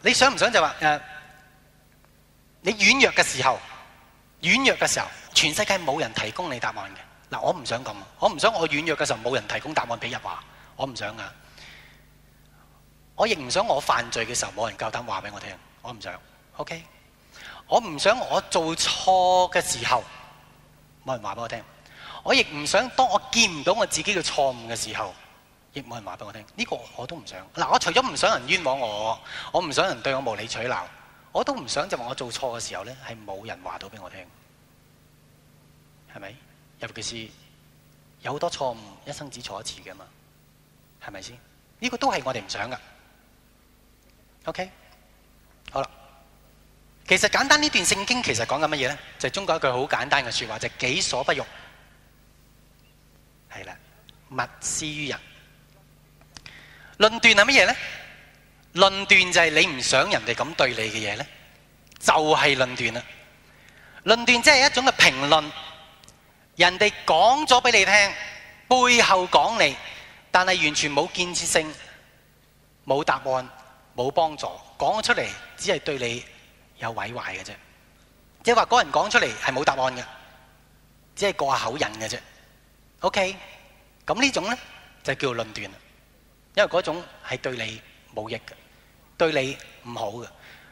你想唔想就係話，誒，你軟弱嘅時候，軟弱嘅時候，全世界冇人提供你答案嘅。嗱，我唔想咁，我唔想我軟弱嘅時候冇人提供答案俾日華，我唔想噶。我亦唔想我犯罪嘅時候冇人夠膽話俾我聽，我唔想。OK。我唔想我做錯嘅時候冇人話俾我聽，我亦唔想當我見唔到我自己嘅錯誤嘅時候，亦冇人話俾我聽。呢個我都唔想。嗱，我除咗唔想人冤枉我，我唔想人對我無理取鬧，我都唔想就話我做錯嘅時候呢係冇人話到俾我聽。係咪？尤其是有好多錯誤一生只錯一次嘅嘛，係咪先？呢個都係我哋唔想㗎。OK。其實簡單，呢段聖經其實講緊乜嘢呢？就係、是、中國一句好簡單嘅說話，就係、是、己所不欲，係啦，勿施於人。論斷係乜嘢呢？論斷就係你唔想人哋咁對你嘅嘢呢，就係、是、論斷啦。論斷即係一種嘅評論，人哋講咗俾你聽，背後講你，但係完全冇建設性，冇答案，冇幫助，講咗出嚟只係對你。有毀壞嘅啫，即係話嗰人講出嚟係冇答案嘅，只係過下口癮嘅啫。OK，咁呢種咧就叫做論斷啦，因為嗰種係對你冇益嘅，對你唔好嘅。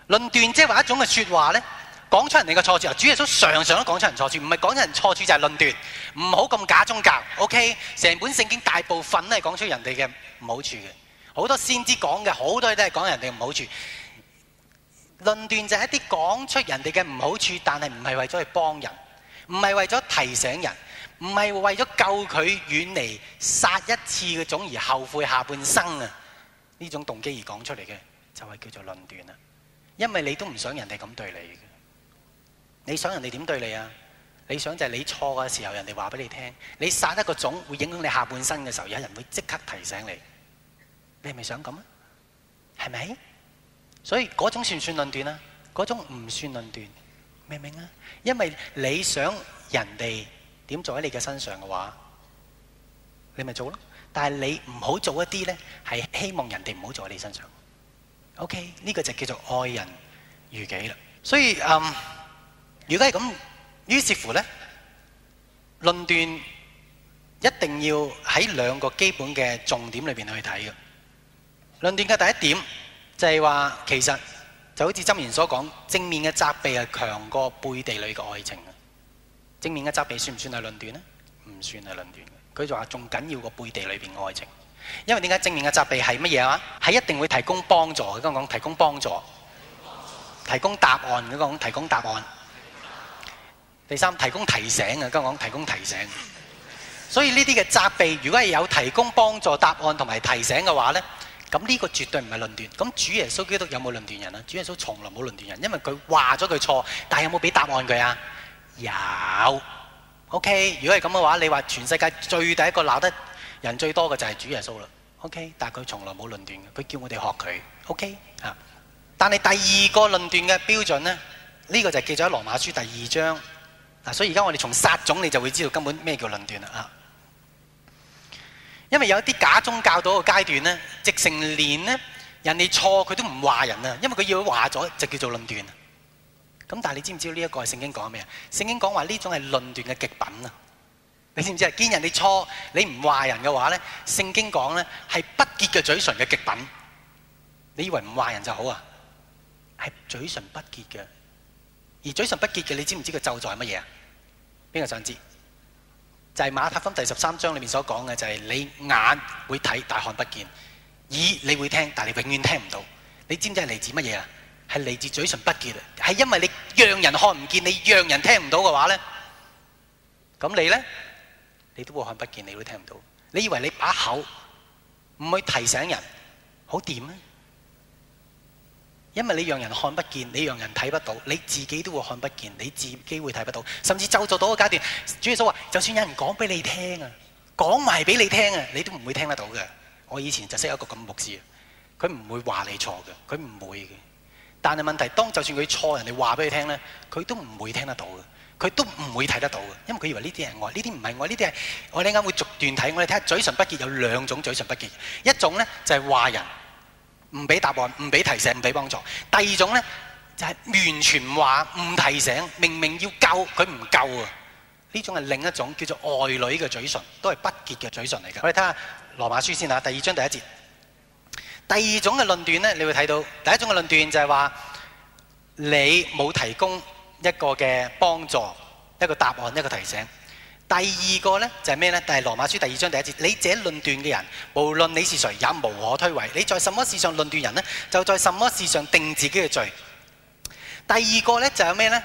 論斷即係話一種嘅説話咧，講出人哋嘅錯處。主耶穌常常都講出人哋錯處，唔係講人錯處就係論斷。唔好咁假宗教。OK，成本聖經大部分都係講出人哋嘅唔好處嘅，好多先知講嘅好多嘢都係講人哋唔好處。論斷就係一啲講出人哋嘅唔好處，但係唔係為咗去幫人，唔係為咗提醒人，唔係為咗救佢遠離殺一次嘅種而後悔下半生啊！呢種動機而講出嚟嘅，就係叫做論斷啦。因為你都唔想人哋咁對你嘅，你想人哋點對你啊？你想就係你錯嘅時候，人哋話俾你聽，你殺一個種會影響你下半生嘅時候，有人會即刻提醒你，你係咪想咁啊？係咪？所以嗰種算唔算論斷啊？嗰種唔算論斷，明唔明啊？因為你想人哋點做喺你嘅身上嘅話，你咪做咯。但係你唔好做一啲咧，係希望人哋唔好做喺你身上。OK，呢個就叫做愛人如己啦。所以嗯，如果係咁，於是乎咧，論斷一定要喺兩個基本嘅重點裏邊去睇嘅。論斷嘅第一點。就係話，其實就好似箴言所講，正面嘅責備係強過背地裏嘅愛情啊！正面嘅責備算唔算係論斷呢？唔算係論斷。佢就話仲緊要過背地裏嘅愛情。因為點解正面嘅責備係乜嘢啊？係一定會提供幫助。剛剛講提供幫助，提供答案。佢剛講提供答案。第三，提供提醒啊！剛剛講提供提醒。所以呢啲嘅責備，如果係有提供幫助、答案同埋提醒嘅話咧，咁呢個絕對唔係論斷。咁主耶穌基督有冇論斷人啊？主耶穌從來冇論斷人，因為佢話咗句錯，但係有冇俾答案佢啊？有。OK，如果係咁嘅話，你話全世界最第一個鬧得人最多嘅就係主耶穌啦。OK，但係佢從來冇論斷嘅，佢叫我哋學佢。OK，嚇。但係第二個論斷嘅標準咧，呢、這個就係記咗喺羅馬書第二章。嗱，所以而家我哋從殺種你就會知道根本咩叫論斷啦。嚇！因為有一啲假宗教到嘅階段呢直成年呢，人哋錯佢都唔話人啊，因為佢以為話咗就叫做論斷。咁但係你知唔知呢一個係聖經講咩啊？聖經講話呢種係論斷嘅極品啊！你知唔知道見人哋錯你唔話人嘅話呢？聖經講呢，係不潔嘅嘴唇嘅極品。你以為唔話人就好啊？係嘴唇不潔嘅。而嘴唇不潔嘅你知唔知個咒在係乜嘢啊？邊個想知？就係、是、馬太福音第十三章裏面所講嘅，就係你眼會睇但看大不見，耳你會聽但你永遠聽唔到。你知唔知係嚟自乜嘢啊？係嚟自嘴唇不潔啊！係因為你讓人看唔見，你讓人聽唔到嘅話咧，咁你咧，你都會看不見，你都聽唔到。你以為你把口唔去提醒人，好掂啊？因為你讓人看不見，你讓人睇不到，你自己都會看不見，你自己會睇不到，甚至就做到個階段。主耶穌話：就算有人講俾你聽啊，講埋俾你聽啊，你都唔會聽得到嘅。我以前就識一個咁牧師，佢唔會話你錯嘅，佢唔會嘅。但係問題當就算佢錯，人哋話俾佢聽咧，佢都唔會聽得到嘅，佢都唔會睇得到嘅，因為佢以為呢啲係愛，呢啲唔係愛，呢啲係。我哋陣間會逐段睇，我哋睇嘴唇不潔有兩種嘴唇不潔，一種咧就係、是、話人。唔俾答案，唔俾提醒，唔俾幫助。第二種呢，就係、是、完全話唔提醒，明明要救佢唔救啊！呢種係另一種叫做愛女嘅嘴唇，都係不潔嘅嘴唇嚟嘅。我哋睇下羅馬書先啦，第二章第一節。第二種嘅論斷呢，你會睇到第一種嘅論斷就係話你冇提供一個嘅幫助，一個答案，一個提醒。第二個咧就係咩咧？就係羅馬書第二章第一節，你這論斷嘅人，無論你是誰，也無可推諉。你在什麼事上論斷人咧？就在什麼事上定自己嘅罪。第二個咧就係咩咧？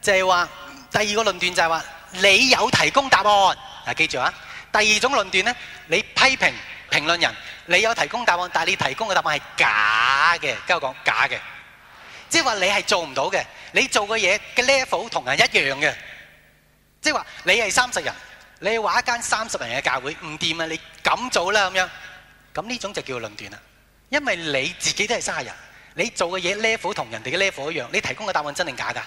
就係話第二個論斷就係話你有提供答案。嗱，記住啊，第二種論斷咧，你批評評論人，你有提供答案，但係你提供嘅答案係假嘅。繼續講假嘅，即係話你係做唔到嘅，你做嘅嘢嘅 level 同人一樣嘅。即係話，你係三十人，你話一間三十人嘅教會唔掂啊！你咁做啦，咁樣，咁呢種就叫做論斷啦。因為你自己都係三十人，你做嘅嘢 level 同人哋嘅 level 一樣，你提供嘅答案真定假噶？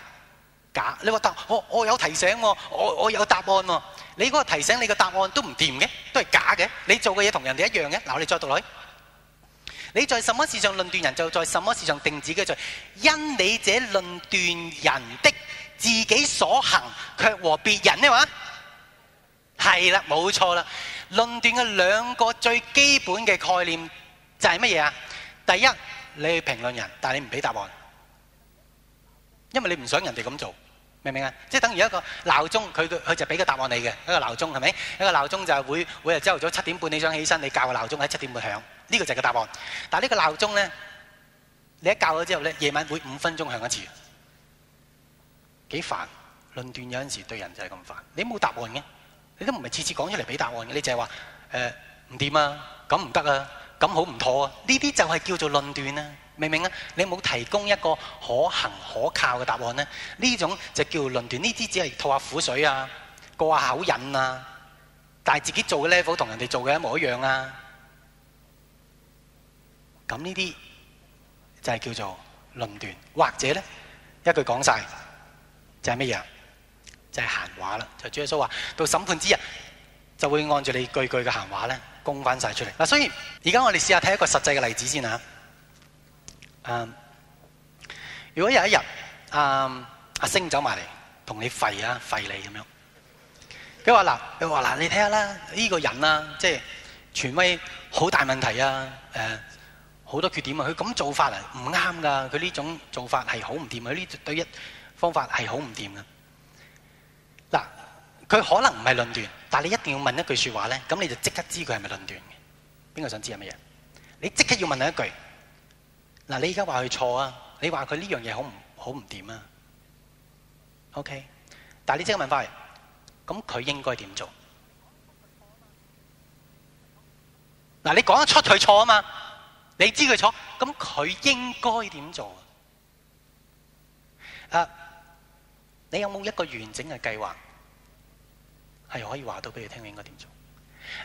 假！你話答我，我有提醒喎，我我有答案喎。你嗰個提醒，你個答案都唔掂嘅，都係假嘅。你做嘅嘢同人哋一樣嘅。嗱，我哋再讀落去，你在什麼事上論斷人，就在什麼事上定自己的罪。因你這論斷人的。自己所行卻和別人呢，話，係啦，冇錯啦。論斷嘅兩個最基本嘅概念就係乜嘢啊？第一，你去評論人，但係你唔俾答案，因為你唔想人哋咁做，明唔明啊？即係等於一個鬧鐘，佢佢就俾個答案你嘅一個鬧鐘係咪？一個鬧鐘就係會每日朝頭早七點半你想起身，你校個鬧鐘喺七點半響，呢、這個就係個答案。但係呢個鬧鐘咧，你一校咗之後咧，夜晚會五分鐘響一次。幾煩，論斷有陣時對人就係咁煩，你冇答案嘅，你都唔係次次講出嚟畀答案嘅，你就係話誒唔掂啊，咁唔得啊，咁好唔妥啊，呢啲就係叫做論斷啦、啊，明唔明啊？你冇提供一個可行可靠嘅答案呢，呢種就叫做論斷，呢啲只係吐下苦水啊，過下口癮啊，但係自己做嘅 level 同人哋做嘅一模一樣啊，咁呢啲就係叫做論斷，或者咧一句講晒。就係乜嘢？就係閒話啦。就係、主耶穌話：到審判之日，就會按住你句句嘅閒話咧，供翻晒出嚟嗱、啊。所以而家我哋試下睇一個實際嘅例子先嚇、啊。嗯、啊，如果有一日，阿、啊、阿、啊、星走埋嚟，同你吠啊吠你咁樣，佢話嗱，佢話嗱，你睇下啦，呢、這個人啊，即係權威，好大問題啊！誒、啊，好多缺點啊，佢咁做法啊，唔啱噶，佢呢種做法係好唔掂啊，呢對一。方法係好唔掂嘅。嗱，佢可能唔係論斷，但你一定要問一句說話咧，咁你就即刻知佢係咪論斷嘅。邊個想知係乜嘢？你即刻要問佢一句。嗱，你而家話佢錯啊，你話佢呢樣嘢好唔好唔掂啊？OK，但你即刻問翻嚟，咁佢應該點做？嗱，你講得出佢錯啊嘛？你知佢錯，咁佢應該點做啊？啊！你有冇一個完整嘅計劃，係可以話到俾你聽應該點做？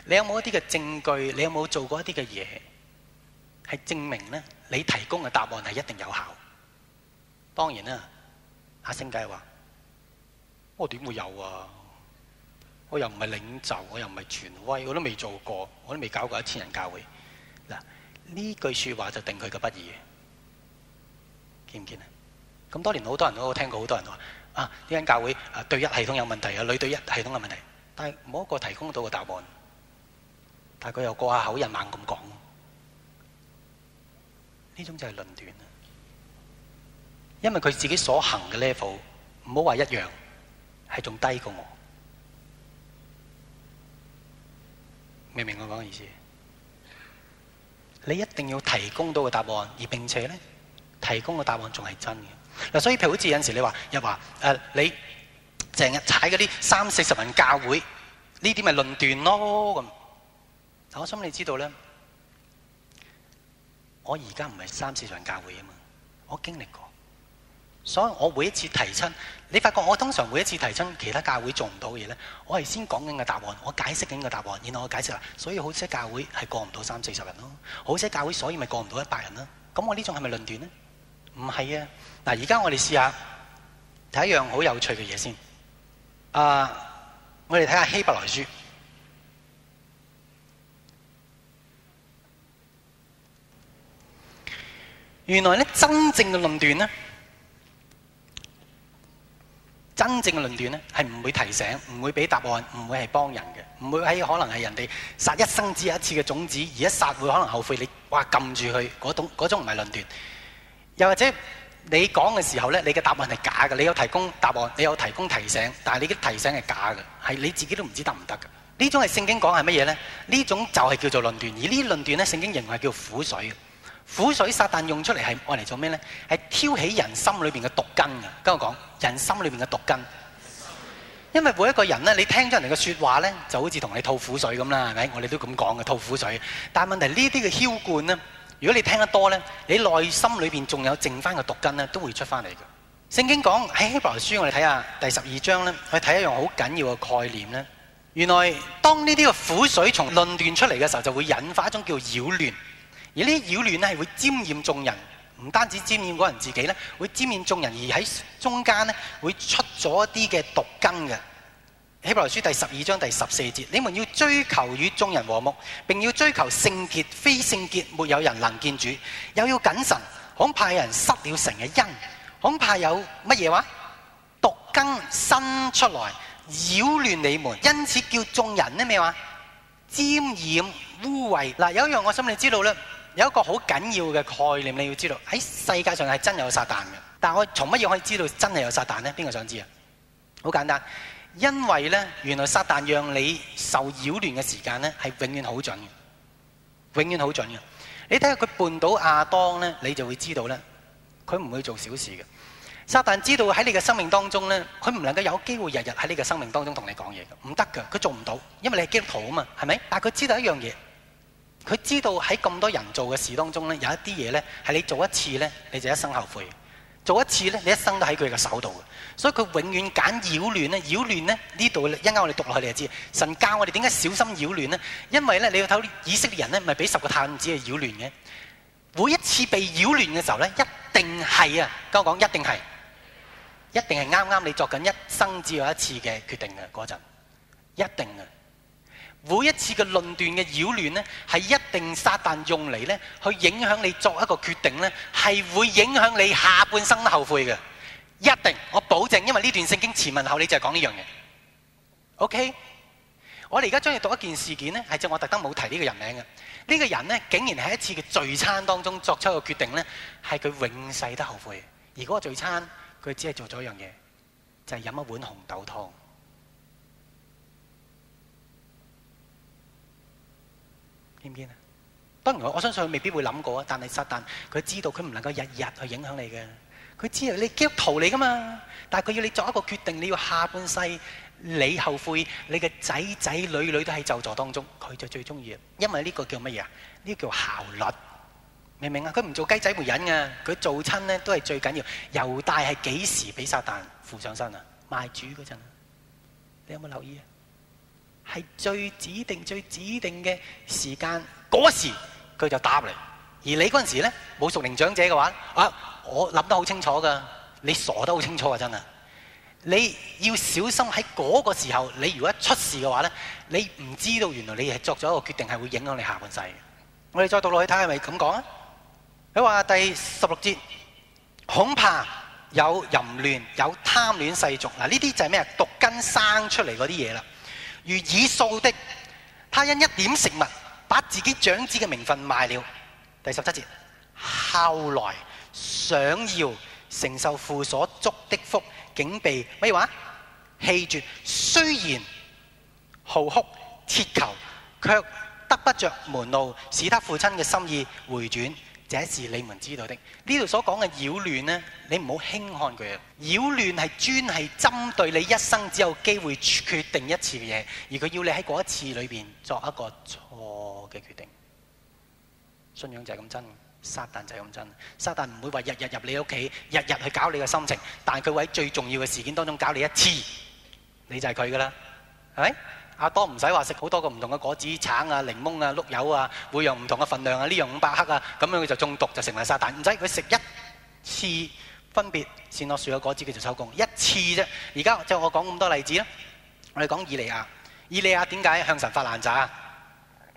你有冇一啲嘅證據？你有冇做過一啲嘅嘢，係證明咧你提供嘅答案係一定有效？當然啦，阿星的計話：我點會有啊？我又唔係領袖，我又唔係權威，我都未做過，我都未搞過一千人教會。嗱，呢句説話就定佢嘅不義，見唔見啊？咁多年好多人都聽過，好多人都話。啊！呢間教會啊，對一系統有問題啊，女對一系統有問題，但係冇一個提供到個答案，但係佢又過下口人猛咁講，呢種就係論斷啦。因為佢自己所行嘅 level 唔好話一樣，係仲低過我，明唔明我講嘅意思？你一定要提供到個答案，而並且咧，提供嘅答案仲係真嘅。嗱，所以譬如好似有陣時你話又話誒，你成日踩嗰啲三四十人教會，呢啲咪論斷咯咁。但我想你知道咧，我而家唔係三四十人教會啊嘛，我經歷過，所以我每一次提親，你發覺我通常每一次提親其他教會做唔到嘅嘢咧，我係先講緊個答案，我解釋緊個答案，然後我解釋話，所以好些教會係過唔到三四十人咯，好些教會所以咪過唔到一百人啦。咁我呢種係咪論斷咧？唔係啊。嗱，而家我哋試下睇一樣好有趣嘅嘢先。啊、uh，我哋睇下希伯來書。原來咧，真正嘅論斷咧，真正嘅論斷咧，係唔會提醒，唔會俾答案，唔會係幫人嘅，唔會喺可能係人哋殺一生只有一次嘅種子，而一殺會可能後悔你，哇撳住佢，嗰種嗰種唔係論斷，又或者。你講嘅時候呢，你嘅答案係假嘅。你有提供答案，你有提供提醒，但係你嘅提醒係假嘅，係你自己都唔知得唔得嘅。呢種係聖經講係乜嘢呢？呢種就係叫做論斷，而呢啲論斷呢，聖經認為叫苦水。苦水，撒旦用出嚟係愛嚟做咩呢？係挑起人心裏面嘅毒根嘅。跟我講，人心裏面嘅毒根。因為每一個人呢，你聽咗人哋嘅説話呢，就好似同你吐苦水咁啦，係咪？我哋都咁講嘅，吐苦水。但係問題呢啲嘅轟罐呢。如果你聽得多呢，你內心裏面仲有剩翻個毒根呢，都會出翻嚟嘅。聖經講喺希伯來書，我哋睇下第十二章呢，去睇一樣好緊要嘅概念呢，原來當呢啲嘅苦水從論斷出嚟嘅時候，就會引發一種叫擾亂，而呢啲擾亂呢，係會沾染眾人，唔單止沾染嗰人自己咧，會沾染眾人，而喺中間咧會出咗一啲嘅毒根嘅。希伯來書第十二章第十四節：你們要追求與眾人和睦，並要追求聖潔。非聖潔，沒有人能見主。又要謹慎，恐怕有人失了成嘅恩。恐怕有乜嘢話？毒根生出來，擾亂你們。因此叫眾人呢咩話？沾染污穢。嗱，有一樣我想你知道咧，有一個好緊要嘅概念你要知道喺世界上係真有撒旦嘅。但係我從乜嘢可以知道真係有撒旦呢？邊個想知啊？好簡單。因為呢，原來撒旦讓你受擾亂嘅時間呢，係永遠好準嘅，永遠好準嘅。你睇下佢絆倒亞當呢，你就會知道呢，佢唔會做小事嘅。撒旦知道喺你嘅生命當中呢，佢唔能夠有機會日日喺你嘅生命當中同你講嘢，唔得㗎，佢做唔到，因為你係基督徒嘛，係咪？但係佢知道一樣嘢，佢知道喺咁多人做嘅事當中呢，有一啲嘢呢，係你做一次呢，你就一生後悔；做一次呢，你一生都喺佢嘅手度。所以佢永遠揀擾亂咧，擾亂咧，呢度一啱我哋讀落去你就知，神教我哋點解小心擾亂咧？因為咧你要睇以色列人咧，咪俾十個探子去擾亂嘅。每一次被擾亂嘅時候咧，一定係啊，剛剛講一定係，一定係啱啱你作緊一生只有一次嘅決定嘅嗰陣，一定啊！每一次嘅論斷嘅擾亂咧，係一定撒但用嚟咧去影響你作一個決定咧，係會影響你下半生後悔嘅。一定，我保證，因為呢段聖經前文後理就係講呢樣嘢。OK，我哋而家將要讀一件事件咧，係我特登冇提呢個人名嘅。呢、這個人咧，竟然喺一次嘅聚餐當中作出嘅決定咧，係佢永世都後悔。而嗰個聚餐，佢只係做咗一樣嘢，就係、是、飲一碗紅豆湯。見唔見啊？當然我，我我相信佢未必會諗過啊，但係實，但佢知道佢唔能夠日日去影響你嘅。佢知啊，你基督徒嚟噶嘛，但係佢要你作一個決定，你要下半世你後悔，你嘅仔仔女女都喺就坐當中，佢就最中意。因為呢個叫乜嘢啊？呢個叫效率，明唔明啊？佢唔做雞仔媒人噶，佢做親呢都係最緊要。猶大係幾時俾撒旦扶上身啊？賣主嗰陣，你有冇留意啊？係最指定、最指定嘅時間嗰時，佢就打你。而你嗰陣時咧，冇熟齡長者嘅話，啊，我諗得好清楚㗎，你傻得好清楚啊！真係，你要小心喺嗰個時候，你如果一出事嘅話咧，你唔知道原來你係作咗一個決定，係會影響你下半世嘅。我哋再讀落去睇下，係咪咁講啊？佢話第十六節，恐怕有淫亂、有貪戀世俗嗱，呢啲就係咩啊？毒根生出嚟嗰啲嘢啦，如以掃的，他因一點食物，把自己長子嘅名分賣了。第十七節，後來想要承受父所祝的福，竟被咩話棄絕。雖然號哭切求，卻得不着門路，使他父親嘅心意回轉。這是你們知道的。呢度所講嘅擾亂呢，你唔好輕看佢啊！擾亂係專係針對你一生只有機會決定一次嘅嘢，而佢要你喺嗰一次裏邊作一個錯嘅決定。信仰就係咁真，沙旦就係咁真。沙旦唔會話日日入你屋企，日日去搞你嘅心情，但係佢會喺最重要嘅事件當中搞你一次，你就係佢㗎啦。係咪，阿多唔使話食好多個唔同嘅果子，橙啊、檸檬啊、碌柚啊，每樣唔同嘅份量啊，呢樣五百克啊，咁樣佢就中毒就成為沙旦，唔使佢食一次分別善惡樹嘅果子，佢就收工一次啫。而家即係我講咁多例子啦，我哋講以利亞，以利亞點解向神發爛渣？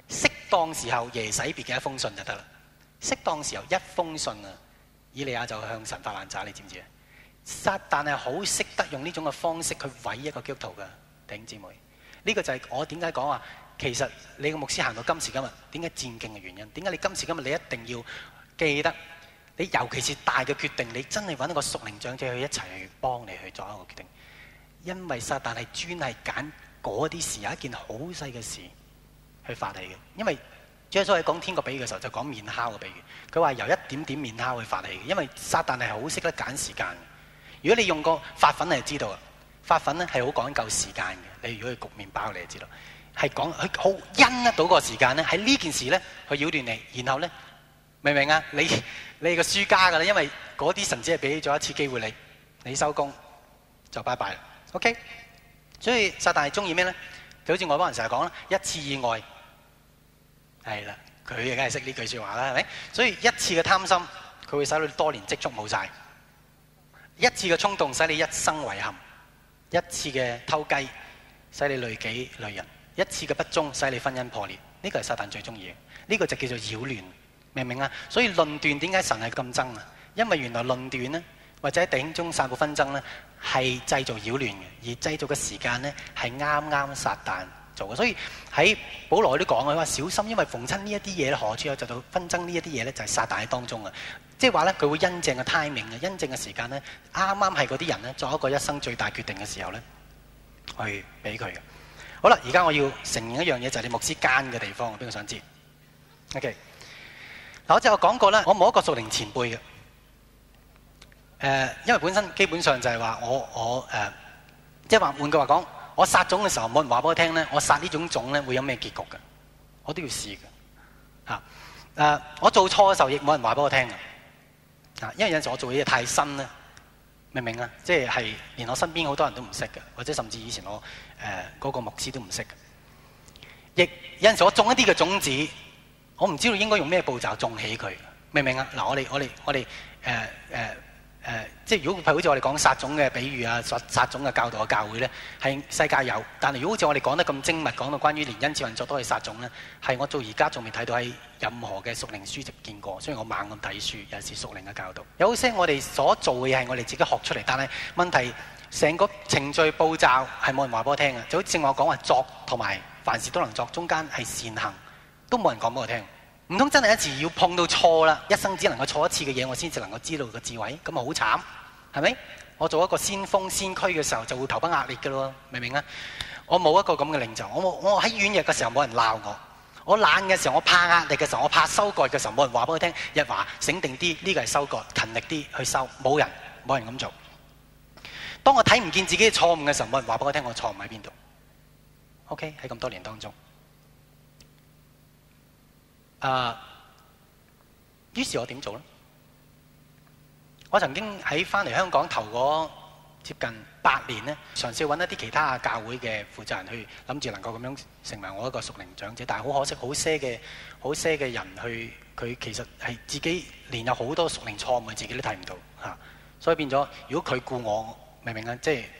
適當時候耶洗別嘅一封信就得啦。適當時候一封信啊，以利亞就向神發爛渣，你知唔知啊？撒旦係好識得用呢種嘅方式去毀一個基督徒嘅弟兄姊妹。呢、這個就係我點解講話，其實你個牧師行到今時今日，點解戰勁嘅原因？點解你今時今日你一定要記得，你尤其是大嘅決定，你真係揾個屬靈長者去一齊幫你去做一個決定，因為撒旦係專係揀嗰啲事，有一件好細嘅事。去發起嘅，因為耶穌喺講天國比喻嘅時候就講麵酵嘅比喻，佢話由一點點麵酵去發起嘅，因為撒旦係好識得揀時間嘅。如果你用過發粉你就知道啦，發粉咧係好講究時間嘅。你如果去焗麵包你就知道，係講佢好因得到個時間咧，喺呢件事咧去擾亂你，然後咧明唔明啊？你你係個輸家㗎啦，因為嗰啲神只係俾咗一次機會你，你收工就拜拜啦。OK，所以撒旦係中意咩咧？就好似外邦人成日講啦，一次意外。係啦，佢嘅梗係識呢句説話啦，係咪？所以一次嘅貪心，佢會使你多年積蓄冇晒；一次嘅衝動，使你一生遺憾；一次嘅偷雞，使你累己累人；一次嘅不忠，使你婚姻破裂。呢個係撒旦最中意嘅，呢個就叫做擾亂，明唔明啊？所以論斷點解神係咁憎啊？因為原來論斷呢，或者弟兄中布散紛爭呢，係製造擾亂嘅，而製造嘅時間呢，係啱啱撒旦。做所以喺保羅都講啊，佢話小心，因為逢親呢一啲嘢咧，何處有就到紛爭呢一啲嘢咧，就係撒但喺當中啊！即係話咧，佢會因正嘅 timing，因正嘅時間咧，啱啱係嗰啲人咧，作一個一生最大決定嘅時候咧，去俾佢嘅。好啦，而家我要承認一樣嘢就係你牧師奸嘅地方，我邊個想知道？O.K. 嗱，我之前我講過啦，我冇一個屬靈前輩嘅。誒、呃，因為本身基本上就係話我我誒、呃，即係話換句話講。我撒種嘅時候冇人話俾我聽咧，我撒呢種種咧會有咩結局嘅，我都要試嘅嚇。誒、啊，我做錯嘅時候亦冇人話俾我聽嘅，啊，因為有陣時我做嘢太新啦，明唔明啊？即係係連我身邊好多人都唔識嘅，或者甚至以前我誒嗰個牧師都唔識嘅。亦有陣時我種一啲嘅種子，我唔知道應該用咩步驟種起佢，明唔明啊？嗱，我哋我哋我哋誒誒。呃呃誒、呃，即係如果係好似我哋講撒種嘅比喻啊，撒撒種嘅教導嘅教會咧，係世界有。但係如果好似我哋講得咁精密，講到關於連恩智運作都可以撒種咧，係我到而家仲未睇到喺任何嘅屬靈書籍見過。雖然我猛咁睇書，又是屬靈嘅教導。有啲我哋所做嘅嘢係我哋自己學出嚟，但係問題成個程序步驟係冇人話俾我聽嘅。就好似我講話作同埋凡事都能作，中間係善行，都冇人講俾我聽。唔通真係一次要碰到錯啦，一生只能夠錯一次嘅嘢，我先至能夠知道個智慧，咁啊好慘，係咪？我做一個先鋒先驅嘅時候就會頭崩壓力嘅咯，明唔明啊？我冇一個咁嘅領袖，我我喺軟弱嘅時候冇人鬧我，我懶嘅時候我怕壓力嘅時候我怕收割嘅時候冇人話俾我聽，日華醒定啲，呢、這個係收割，勤力啲去收，冇人冇人咁做。當我睇唔見自己錯誤嘅時候，冇人話俾我聽我錯誤喺邊度。OK 喺咁多年當中。啊！於、uh, 是，我點做呢？我曾經喺翻嚟香港頭嗰接近八年呢，嘗試揾一啲其他教會嘅負責人去諗住能夠咁樣成為我一個屬靈長者，但係好可惜，好些嘅好些嘅人去，佢其實係自己連有好多屬靈錯誤嘅，自己都睇唔到嚇，所以變咗，如果佢顧我，我明唔明啊？即、就、係、是。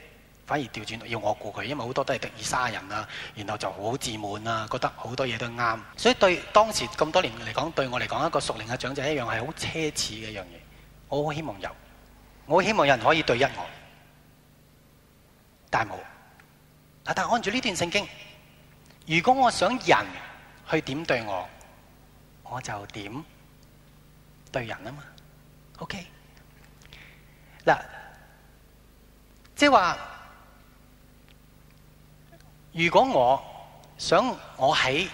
反而調轉要我顧佢，因為好多都係得意沙人啦，然後就好自滿啦，覺得好多嘢都啱。所以對當時咁多年嚟講，對我嚟講，一個熟齡嘅長者一樣係好奢侈嘅一樣嘢。我好希望有，我好希望有人可以對我，但係冇。嗱，但按住呢段聖經，如果我想人去點對我，我就點對人啊嘛。OK，嗱，即係話。如果我想我喺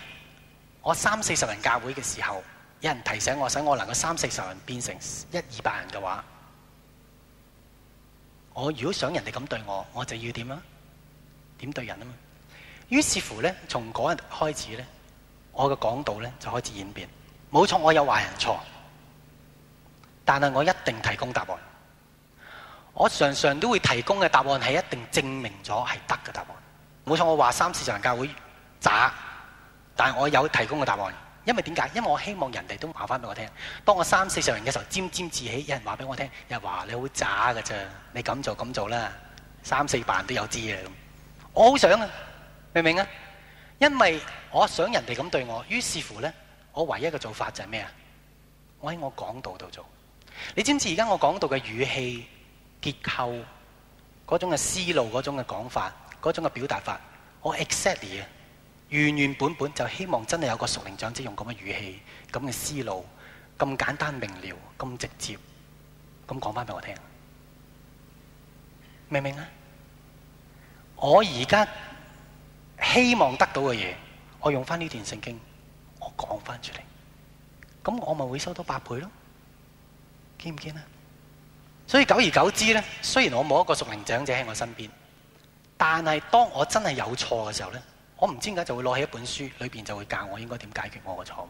我三四十人教會嘅時候，有人提醒我，使我能夠三四十人變成一二百人嘅話，我如果想人哋咁對我，我就要點啊？點對人啊？嘛，於是乎咧，從嗰日開始咧，我嘅講道咧就開始演變。冇錯，我有壞人錯，但係我一定提供答案。我常常都會提供嘅答案係一定證明咗係得嘅答案。冇錯，我話三四十人教會渣，但我有提供個答案，因為點解？因為我希望人哋都話翻俾我聽。當我三四十人嘅時候，沾沾自喜，有人話俾我聽，又話你好渣㗎啫，你咁做咁做啦，三四百人都有知嚟。咁。我好想啊，明唔明啊？因為我想人哋咁對我，於是乎咧，我唯一嘅做法就係咩啊？我喺我講道度做。你知唔知而家我講道嘅語氣、結構、嗰種嘅思路、嗰種嘅講法、嗰種嘅表達法，我 exactly 啊，原原本本就希望真係有個屬靈長者用咁嘅語氣、咁嘅思路、咁簡單明瞭、咁直接咁講翻俾我聽，明唔明啊？我而家希望得到嘅嘢，我用翻呢段聖經，我講翻出嚟，咁我咪會收到八倍咯？見唔見啊？所以久而久之咧，雖然我冇一個屬靈長者喺我身邊。但係，當我真係有錯嘅時候呢，我唔知點解就會攞起一本書，裏邊就會教我應該點解決我嘅錯誤。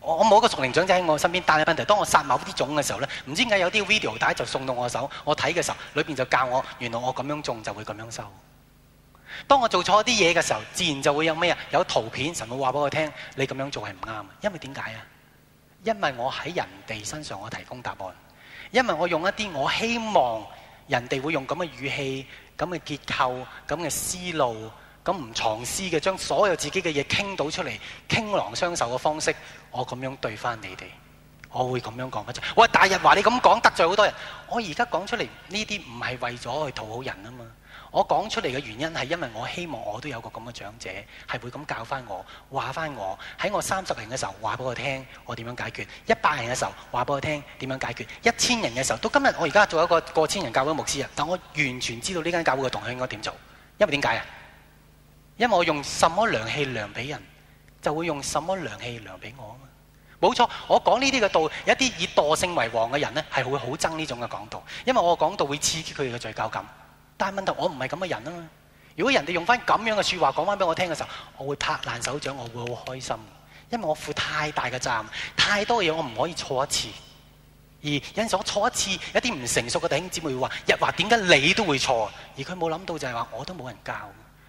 我我冇一個屬靈長者喺我身邊，但係問題，當我殺某啲種嘅時候呢，唔知點解有啲 video 帶就送到我的手，我睇嘅時候，裏邊就教我，原來我咁樣種就會咁樣收。當我做錯啲嘢嘅時候，自然就會有咩啊？有圖片，神會話俾我聽，你咁樣做係唔啱。因為點解啊？因為我喺人哋身上我提供答案，因為我用一啲我希望人哋會用咁嘅語氣。咁嘅結構，咁嘅思路，咁唔藏私嘅，將所有自己嘅嘢傾倒出嚟，傾囊相授嘅方式，我咁樣對翻你哋，我會咁樣講嘅啫。我大日話你咁講得罪好多人，我而家講出嚟呢啲唔係為咗去討好人啊嘛。我講出嚟嘅原因係因為我希望我都有個咁嘅長者係會咁教翻我，話翻我，喺我三十人嘅時候話俾我聽我點樣解決，一百人嘅時候話俾我聽點樣解決，一千人嘅時候到今日我而家做一個過千人教會嘅牧師啊，但我完全知道呢間教會嘅動向應該點做，因為點解啊？因為我用什麼量器量俾人，就會用什麼量器量俾我啊嘛。冇錯，我講呢啲嘅道，有一啲以惰性為王嘅人咧，係會好憎呢種嘅講道，因為我講道會刺激佢哋嘅罪疚感。但係問題，我唔係咁嘅人啊嘛！如果人哋用翻咁樣嘅説話講翻俾我聽嘅時候，我會拍爛手掌，我會好開心。因為我負太大嘅責任，太多嘢我唔可以錯一次。而有陣時我錯一次，有啲唔成熟嘅弟兄姊妹會話：「日華點解你都會錯？」而佢冇諗到就係話我都冇人教，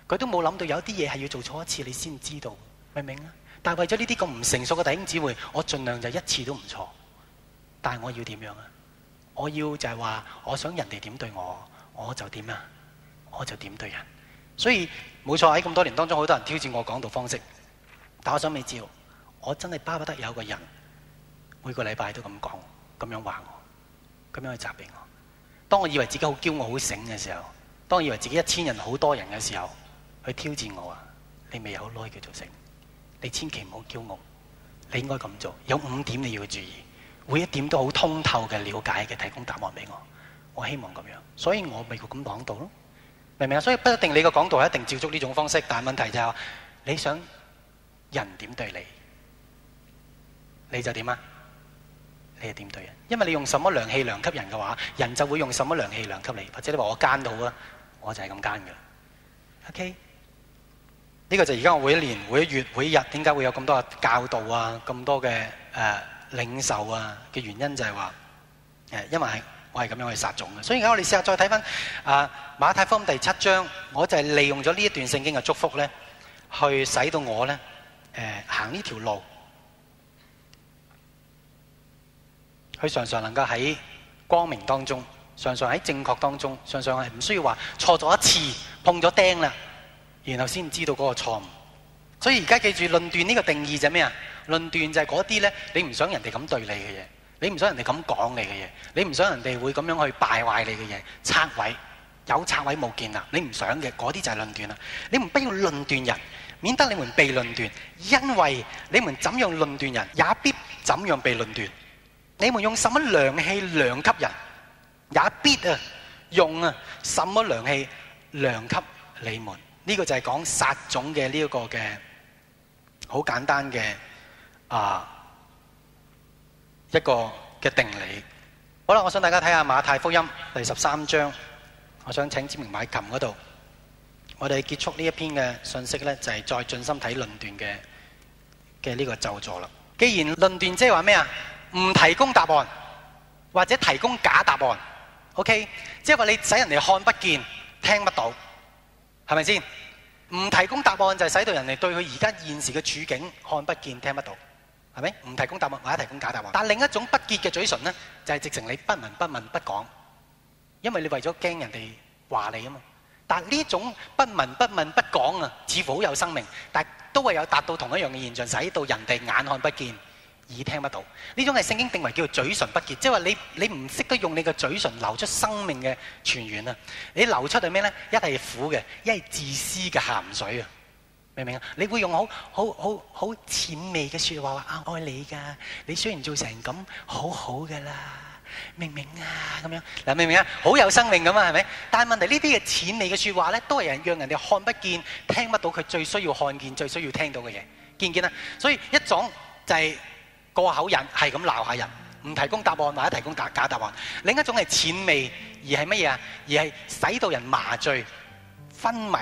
佢都冇諗到有啲嘢係要做錯一次你先知道，明唔明啊？但係為咗呢啲咁唔成熟嘅弟兄姊妹，我儘量就一次都唔錯。但係我要點樣啊？我要就係話，我想人哋點對我。我就點啊，我就點對人，所以冇錯。喺咁多年當中，好多人挑戰我講道方式，但我想你知道，我真係巴不得有個人每個禮拜都咁講，咁樣話我，咁樣去責備我。當我以為自己好驕傲、好醒嘅時候，當我以為自己一千人好多人嘅時候，去挑戰我啊，你未有耐叫做醒？你千祈唔好驕傲，你應該咁做。有五點你要注意，每一點都好通透嘅了解嘅提供答案俾我。我希望咁樣，所以我咪咁講道咯，明唔明啊？所以不一定你嘅講道係一定照足呢種方式，但係問題就係話，你想人點對你，你就點啊？你係點對人？因為你用什麼量器量給人嘅話，人就會用什麼量器量給你。或者你話我奸到啊，我就係咁奸嘅。OK，呢個就而家我每一年、每一月、每一日點解會有咁多嘅教導啊、咁多嘅誒領受啊嘅原因就係話，誒，因為係。我係咁樣去撒種嘅，所以而家我哋試下再睇返啊馬太福音第七章，我就係利用咗呢一段聖經嘅祝福咧，去使到我咧誒行呢條路，去常常能夠在光明當中，常常在正確當中，常常係唔需要話錯咗一次碰咗釘啦，然後先知道嗰個錯誤。所以而家記住論斷呢個定義就咩啊？論斷就係嗰啲咧，你唔想人哋咁對你嘅嘢。你唔想人哋咁講你嘅嘢，你唔想人哋會咁樣去敗壞你嘅嘢，拆毀有拆毀冇見啦。你唔想嘅嗰啲就係論斷啦。你們不要論斷人，免得你們被論斷。因為你們怎樣論斷人，也必怎樣被論斷。你們用什麼量器量給人，也必啊用啊什麼量器量給你們。呢個就係講殺種嘅呢一個嘅好簡單嘅啊。一個嘅定理，好啦，我想大家睇下馬太福音第十三章，我想請知明買琴嗰度，我哋結束呢一篇嘅信息咧，就係、是、再盡心睇論斷嘅嘅呢個就助啦。既然論斷即係話咩啊？唔提供答案，或者提供假答案，OK，即係話你使人哋看不見、聽不到，係咪先？唔提供答案就係使到人哋對佢而家現時嘅處境看不見、聽不到。係咪？唔提供答案，或者提供假答案。但另一種不潔嘅嘴唇呢，就係、是、直情你不聞不問不講，因為你為咗驚人哋話你啊嘛。但呢種不聞不問不講啊，似乎好有生命，但都係有達到同一樣嘅現象，使到人哋眼看不見、耳聽不到。呢種係聖經定為叫做嘴唇不潔，即係話你你唔識得用你個嘴唇流出生命嘅泉源啊！你流出係咩呢？一係苦嘅，一係自私嘅鹹水啊！明唔明啊？你會用好好好好諂媚嘅説話話啊，愛你㗎。你雖然做成咁，好好㗎啦。明唔明啊？咁樣嗱，明唔明啊？好有生命咁啊，係咪？但係問題呢啲嘅諂媚嘅説話咧，都係人讓人哋看不見、聽不到，佢最需要看見、最需要聽到嘅嘢，見唔見啊？所以一種就係過口癮，係咁鬧下人，唔提供答案或者提供假假答案。另一種係諂媚，而係乜嘢啊？而係使到人麻醉、昏迷。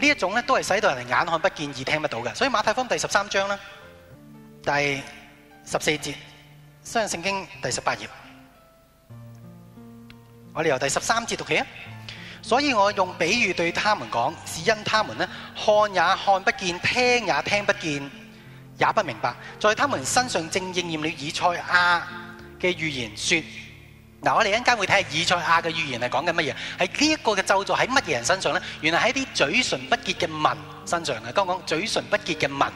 呢一種咧，都係使到人哋眼看不見，耳聽不到嘅。所以馬太福音第十三章啦，第十四節，相信聖經第十八頁，我哋由第十三節讀起啊。所以我用比喻對他們講，是因他們看也看不見，聽也聽不見，也不明白，在他們身上正應驗了以賽亞嘅預言說。嗱，我哋一陣間會睇下以賽亞嘅預言係講緊乜嘢？係呢一個嘅咒詛喺乜嘢人身上咧？原來喺啲嘴唇不潔嘅民身上嘅。剛講嘴唇不潔嘅民，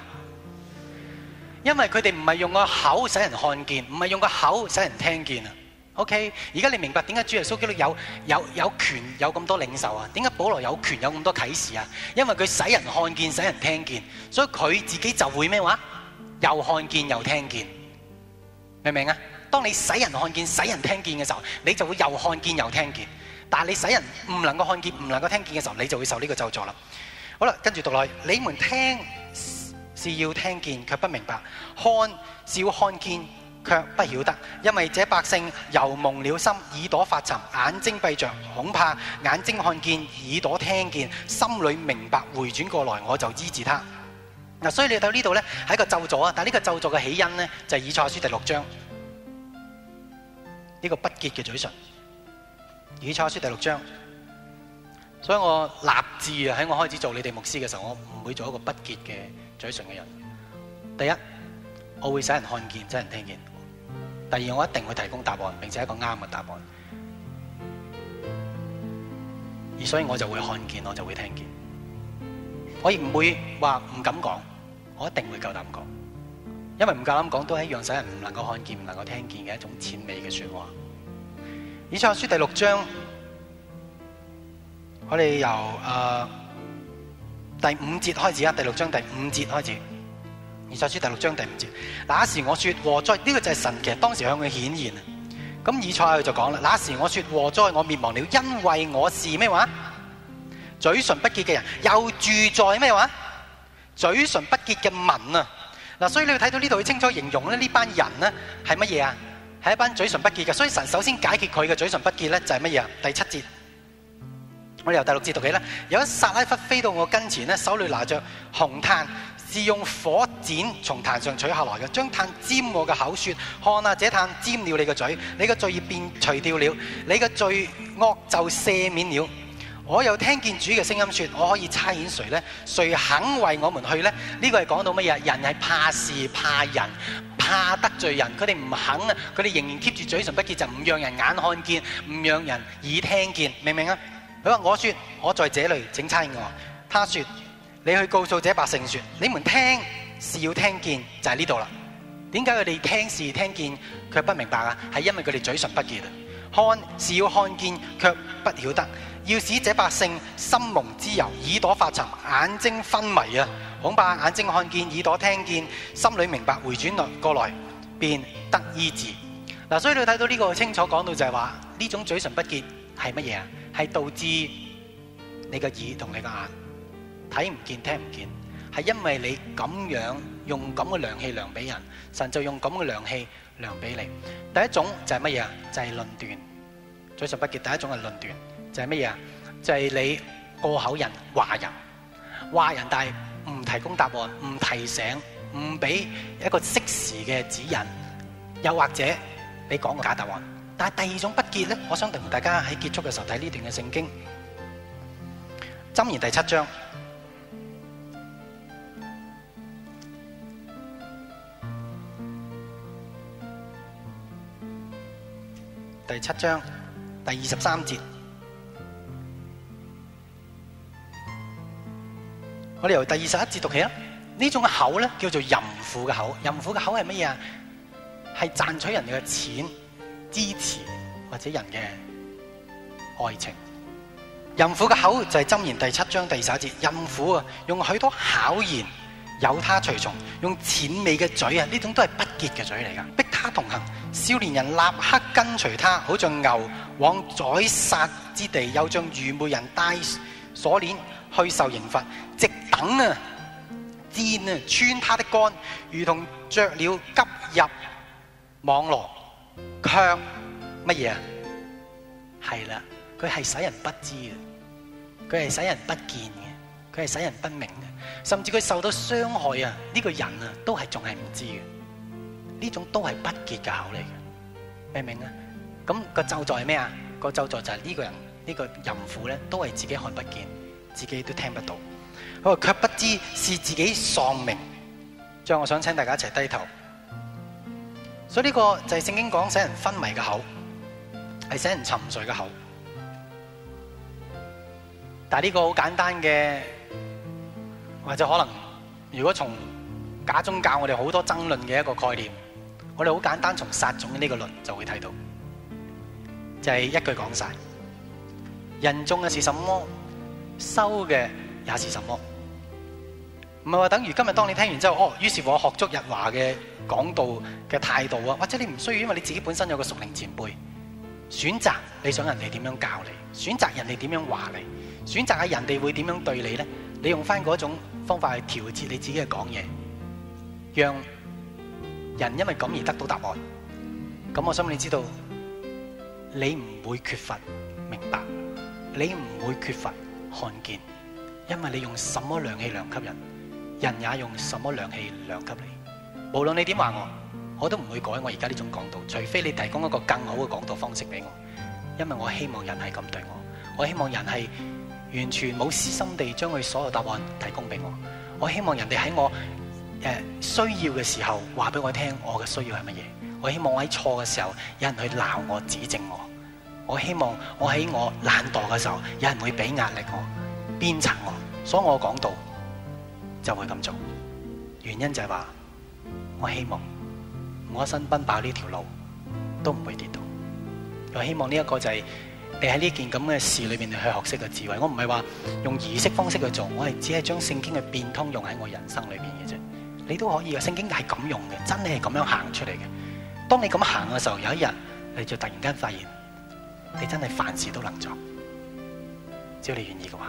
因為佢哋唔係用個口使人看見，唔係用個口使人聽見啊。OK，而家你明白點解主耶穌基督有有有權有咁多領受啊？點解保羅有權有咁多啟示啊？因為佢使人看見，使人聽見，所以佢自己就會咩話？又看見又聽見，明唔明啊？當你使人看見、使人聽見嘅時候，你就會又看見又聽見；但係你使人唔能夠看見、唔能夠聽見嘅時候，你就會受呢個咒詛啦。好啦，跟住讀落去，嗯、你們聽是要聽見，卻不明白；看是要看見，卻不曉得。因為這百姓油蒙了心，耳朵發沉，眼睛閉着，恐怕眼睛看見，耳朵聽見，心裏明白，回轉過來我就醫治他。嗱、嗯，所以你到呢度呢，係一個咒詛啊！但係呢個咒詛嘅起因呢，就係、是、以賽書第六章。呢個不潔嘅嘴唇，以賽亞書第六章，所以我立志啊，喺我開始做你哋牧師嘅時候，我唔會做一個不潔嘅嘴唇嘅人。第一，我會使人看見，使人聽見；第二，我一定會提供答案，並且一個啱嘅答案。而所以我就會看見，我就會聽見，我亦唔會話唔敢講，我一定會夠膽講。因為唔夠膽講，都係一樣使人唔能夠看見、唔能夠聽見嘅一種淺昧嘅說話。以賽亞書第六章，我哋由、呃、第五節開始啊，第六章第五節開始。以賽亞書第六章第五節，那時我說禍哉，呢、這個就係神其實當時向佢顯現啊。咁以賽就講啦，那時我說禍哉，我滅亡了，因為我是咩話？嘴唇不潔嘅人，又住在咩話？嘴唇不潔嘅民啊。所以你睇到呢度，要清楚形容咧，呢班人呢，係乜嘢啊？係一班嘴唇不潔嘅，所以神首先解決佢嘅嘴唇不潔咧，就係乜嘢啊？第七節，我哋由第六節讀起啦。有一撒拉弗飛到我跟前，手裏拿着紅炭，是用火剪從壇上取下來嘅，將炭沾我嘅口說，看啊，這炭沾了你的嘴，你的罪孽便除掉了，你的罪惡就赦免了。我又聽見主嘅聲音說：我可以差遣誰呢？誰肯為我們去呢？呢、這個係講到乜嘢？人係怕事、怕人、怕得罪人，佢哋唔肯啊！佢哋仍然 keep 住嘴唇不潔，就唔、是、讓人眼看見，唔讓人耳聽見，明唔明啊？佢話我說，我在這裏請差遣我。他說：你去告訴這百姓說，你們聽是要聽見，就係呢度啦。點解佢哋聽是要聽見，卻不明白啊？係因為佢哋嘴唇不潔啊。看是要看見，卻不曉得。要使這百姓心蒙脂油，耳朵發沉，眼睛昏迷啊！恐怕眼睛看見，耳朵聽見，心裏明白，回轉來過來，便得醫治。嗱、嗯，所以你睇到呢個清楚講到就係話，呢種嘴唇不潔係乜嘢啊？係導致你個耳同你個眼睇唔見、聽唔見，係因為你咁樣用咁嘅量器量俾人，神就用咁嘅量器量俾你。第一種就係乜嘢啊？就係、是、論斷，嘴唇不潔，第一種係論斷。就係咩嘢啊？就係你過口人話人話人，但係唔提供答案，唔提醒，唔俾一個適時嘅指引，又或者你講個假答案。但係第二種不潔咧，我想同大家喺結束嘅時候睇呢段嘅聖經，箴言第七章第七章第二十三節。我哋由第二十一節讀起啦。這種口，呢種嘅口咧，叫做淫婦嘅口。淫婦嘅口係乜嘢啊？係賺取人哋嘅錢、支持或者人嘅愛情。淫婦嘅口就係箴言第七章第十一節。淫婦啊，用許多巧言誘他隨從，用淺味嘅嘴啊，呢種都係不潔嘅嘴嚟噶。逼他同行，少年人立刻跟隨他，好像牛往宰殺之地；又像愚昧人帶鎖鏈去受刑罰。直等啊，箭啊穿他的肝，如同雀鳥急入網羅。卻乜嘢啊？係啦，佢係使人不知嘅，佢係使人不見嘅，佢係使人不明嘅，甚至佢受到傷害啊！呢、這個人啊，都係仲係唔知嘅，呢種都係不結教嚟嘅，明唔明啊？咁、那個咒詛係咩啊？那個咒詛就係呢個人呢、這個淫婦咧，都係自己看不見，自己都聽不到。佢卻不知是自己喪命，將，我想請大家一齊低頭。所以呢個就係聖經講，使人昏迷嘅口，係使人沉睡嘅口。但係呢個好簡單嘅，或者可能如果從假宗教我哋好多爭論嘅一個概念，我哋好簡單從撒種嘅呢個論就會睇到，就係、是、一句講晒，人種嘅是什麼，收嘅也是什麼。唔係話等於今日當你聽完之後，哦，於是我學足日華嘅講道嘅態度啊，或者你唔需要，因為你自己本身有個屬靈前輩選擇你想人哋點樣教你，選擇人哋點樣話你，選擇下人哋會點樣對你咧，你用翻嗰種方法去調節你自己嘅講嘢，讓人因為咁而得到答案。咁我想你知道，你唔會缺乏明白，你唔會缺乏看見，因為你用什麼量器量給人。人也用什麼量器量給你？無論你點話，我，我都唔會改我而家呢種講道，除非你提供一個更好嘅講道方式俾我。因為我希望人係咁對我，我希望人係完全冇私心地將佢所有答案提供俾我。我希望人哋喺我需要嘅時候話俾我聽我嘅需要係乜嘢？我希望我喺錯嘅時候有人去鬧我、指正我。我希望我喺我懶惰嘅時候有人會俾壓力我，我、鞭策我。所以我講道就會咁做，原因就係話，我希望我一身奔跑呢條路都唔會跌倒。我希望呢一個就係你喺呢件咁嘅事裏邊去學識個智慧。我唔係話用儀式方式去做，我係只係將聖經嘅變通用喺我人生裏邊嘅啫。你都可以，聖經係咁用嘅，真係咁樣行出嚟嘅。當你咁行嘅時候，有一日你就突然間發現，你真係凡事都能做，只要你願意嘅話。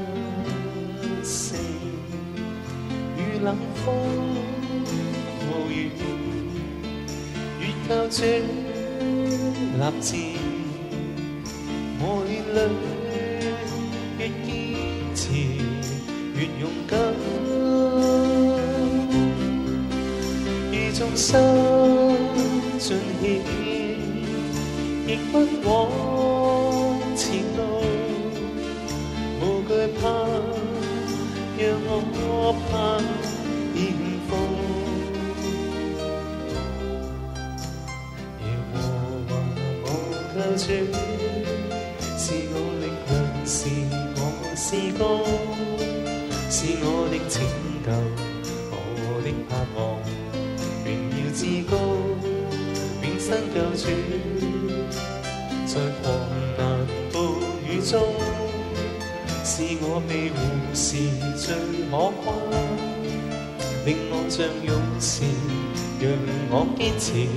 冷風暴雨，越靠這立字，我裏越堅持越勇敢。遇眾生盡險，亦不枉前路，無懼怕，讓我。至高，是我的拯救，我的盼望，榮耀至高，永生救主，在狂瀾暴雨中，是我未忘時最可怕，令我像勇士，讓我堅持，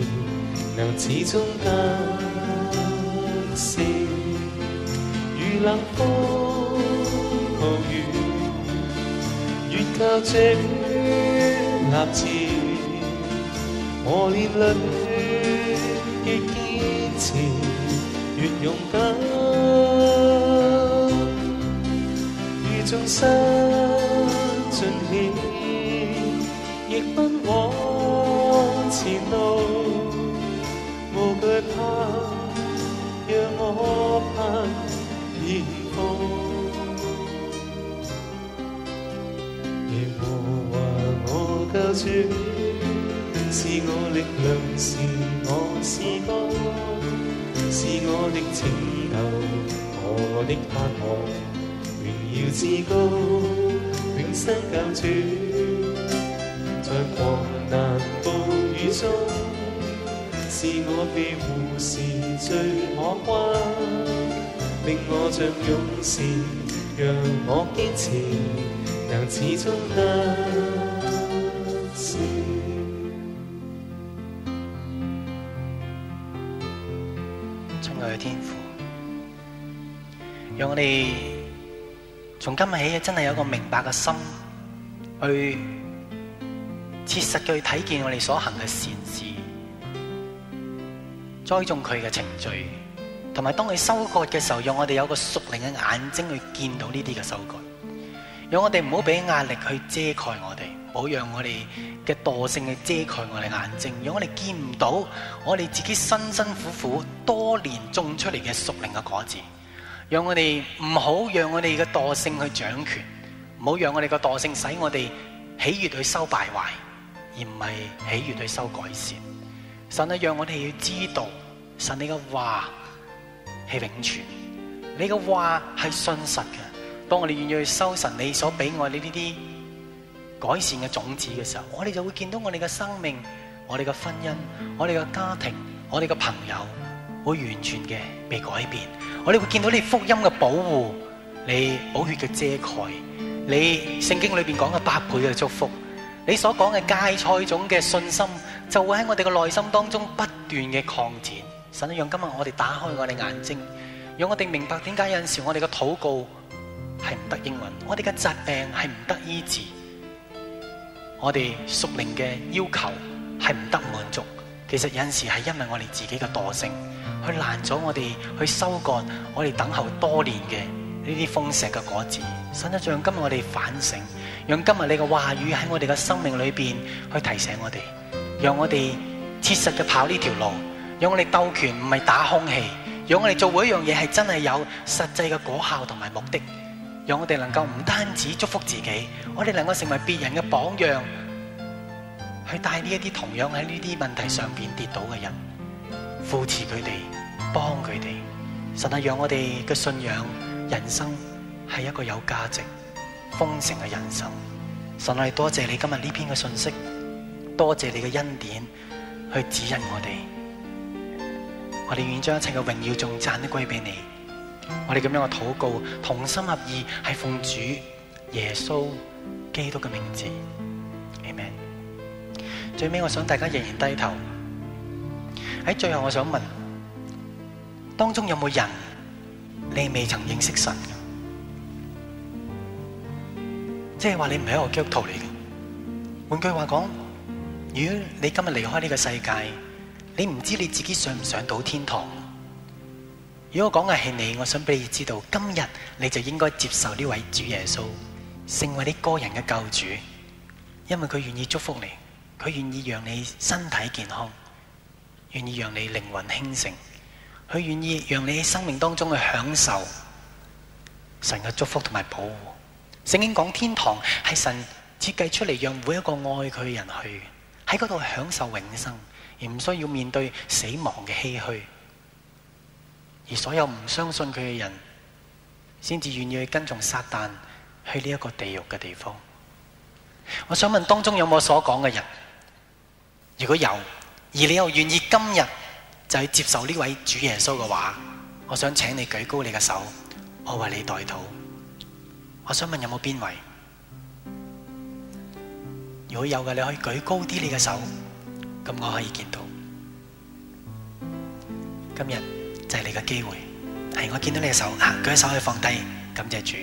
能始終得行如冷風。教這顆立志，磨練的堅持，越勇敢，與眾生盡獻。是我力量，是我詩歌，是我的拯救，我的盼望，榮耀至高，永生救主。在狂難暴雨中，是我庇護時最可關，令我像勇士，讓我堅持，能始終得。我哋從今日起，真係有個明白嘅心，去切實去睇見我哋所行嘅善事，栽種佢嘅程序。同埋當佢收割嘅時候，讓我哋有個屬靈嘅眼睛去見到呢啲嘅收割。讓我哋唔好俾壓力去遮蓋我哋，唔好讓我哋嘅惰性去遮蓋我哋眼睛，讓我哋見唔到我哋自己辛辛苦苦多年種出嚟嘅屬靈嘅果子。讓我哋唔好讓我哋嘅惰性去掌權，唔好讓我哋嘅惰性使我哋喜悅去修敗壞，而唔係喜悅去修改善。神啊，讓我哋要知道，神你嘅話係永存，你嘅話係信實嘅。當我哋願意去收神你所俾我哋呢啲改善嘅種子嘅時候，我哋就會見到我哋嘅生命、我哋嘅婚姻、我哋嘅家庭、我哋嘅朋友。會完全嘅被改變，我哋會見到你福音嘅保護，你寶血嘅遮蓋，你聖經裏面講嘅八倍嘅祝福，你所講嘅芥菜種嘅信心，就會喺我哋嘅內心當中不斷嘅擴展。神讓今日我哋打開我哋眼睛，讓我哋明白點解有陣時我哋嘅禱告係唔得應允，我哋嘅疾病係唔得醫治，我哋屬靈嘅要求係唔得滿足。其實有時係因為我哋自己嘅惰性，去攔阻我哋去收割我哋等候多年嘅呢啲豐碩嘅果子。神啊，向今日我哋反省，用今日你嘅話語喺我哋嘅生命裏邊去提醒我哋，讓我哋切實嘅跑呢條路，讓我哋鬥拳唔係打空氣，讓我哋做每一樣嘢係真係有實際嘅果效同埋目的，讓我哋能夠唔單止祝福自己，我哋能夠成為別人嘅榜樣。去帶呢一啲同樣喺呢啲問題上邊跌倒嘅人，扶持佢哋，幫佢哋。神啊，讓我哋嘅信仰人生係一個有價值、豐盛嘅人生。神啊，多謝你今日呢篇嘅信息，多謝你嘅恩典，去指引我哋。我哋願意將一切嘅榮耀、頌讚都歸俾你。我哋咁樣嘅禱告，同心合意，係奉主耶穌基督嘅名字。最尾我想大家仍然低頭。喺最後我想問，當中有冇人你未曾認識神？即係話你唔係一個基督徒嚟嘅。換句話講，如果你今日離開呢個世界，你唔知你自己上唔上到天堂。如果我講嘅係你，我想俾你知道，今日你就應該接受呢位主耶穌，成為你個人嘅救主，因為佢願意祝福你。佢願意讓你身體健康，願意讓你靈魂興盛，佢願意讓你喺生命當中去享受神嘅祝福同埋保護。聖經講，天堂係神設計出嚟，讓每一個愛佢嘅人去喺嗰度享受永生，而唔需要面對死亡嘅唏噓。而所有唔相信佢嘅人，先至願意去跟從撒旦去呢一個地獄嘅地方。我想問當中有冇所講嘅人？如果有，而你又願意今日就接受呢位主耶穌嘅話，我想請你舉高你嘅手，我為你代禱。我想問有冇邊位？如果有嘅，你可以舉高啲你嘅手，咁我可以見到。今日就係你嘅機會，係我見到你嘅手，啊，舉手可以放低，感謝主。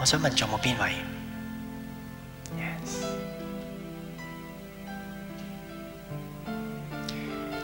我想問仲有冇邊位？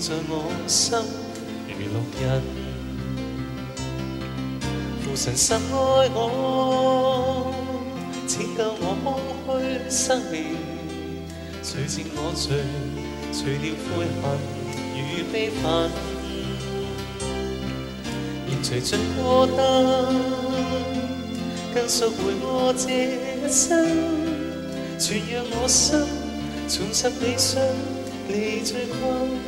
在我心如路人，父神深愛我，請救我空虛生命，除盡我罪，除掉悔恨與悲憤，願除盡孤單，更贖回我這一生，全讓我心重拾理想，你最困。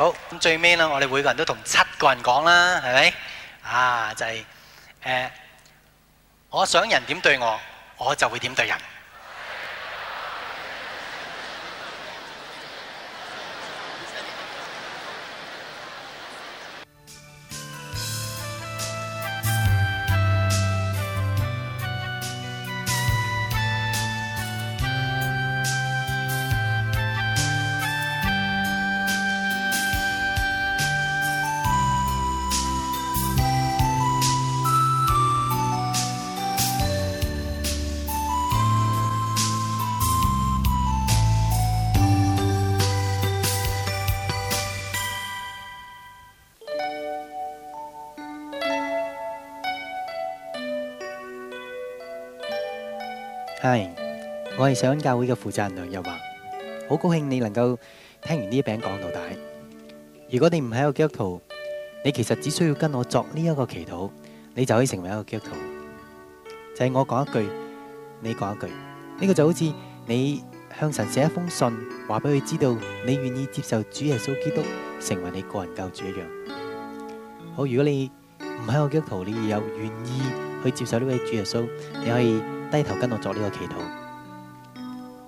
好，咁最尾啦，我哋每個人都同七個人講啦，係咪啊？就係、是、誒、呃，我想人點對我，我就會點對人。上教會嘅負責人梁日華，好高興你能夠聽完呢一餅講道帶。如果你唔係一個基督徒，你其實只需要跟我作呢一個祈禱，你就可以成為一個基督徒。就係我講一句，你講一句，呢個就好似你向神寫一封信，話俾佢知道你願意接受主耶穌基督成為你個人救主一樣。好，如果你唔係一個基督徒，你又願意去接受呢位主耶穌，你可以低頭跟我作呢個祈禱。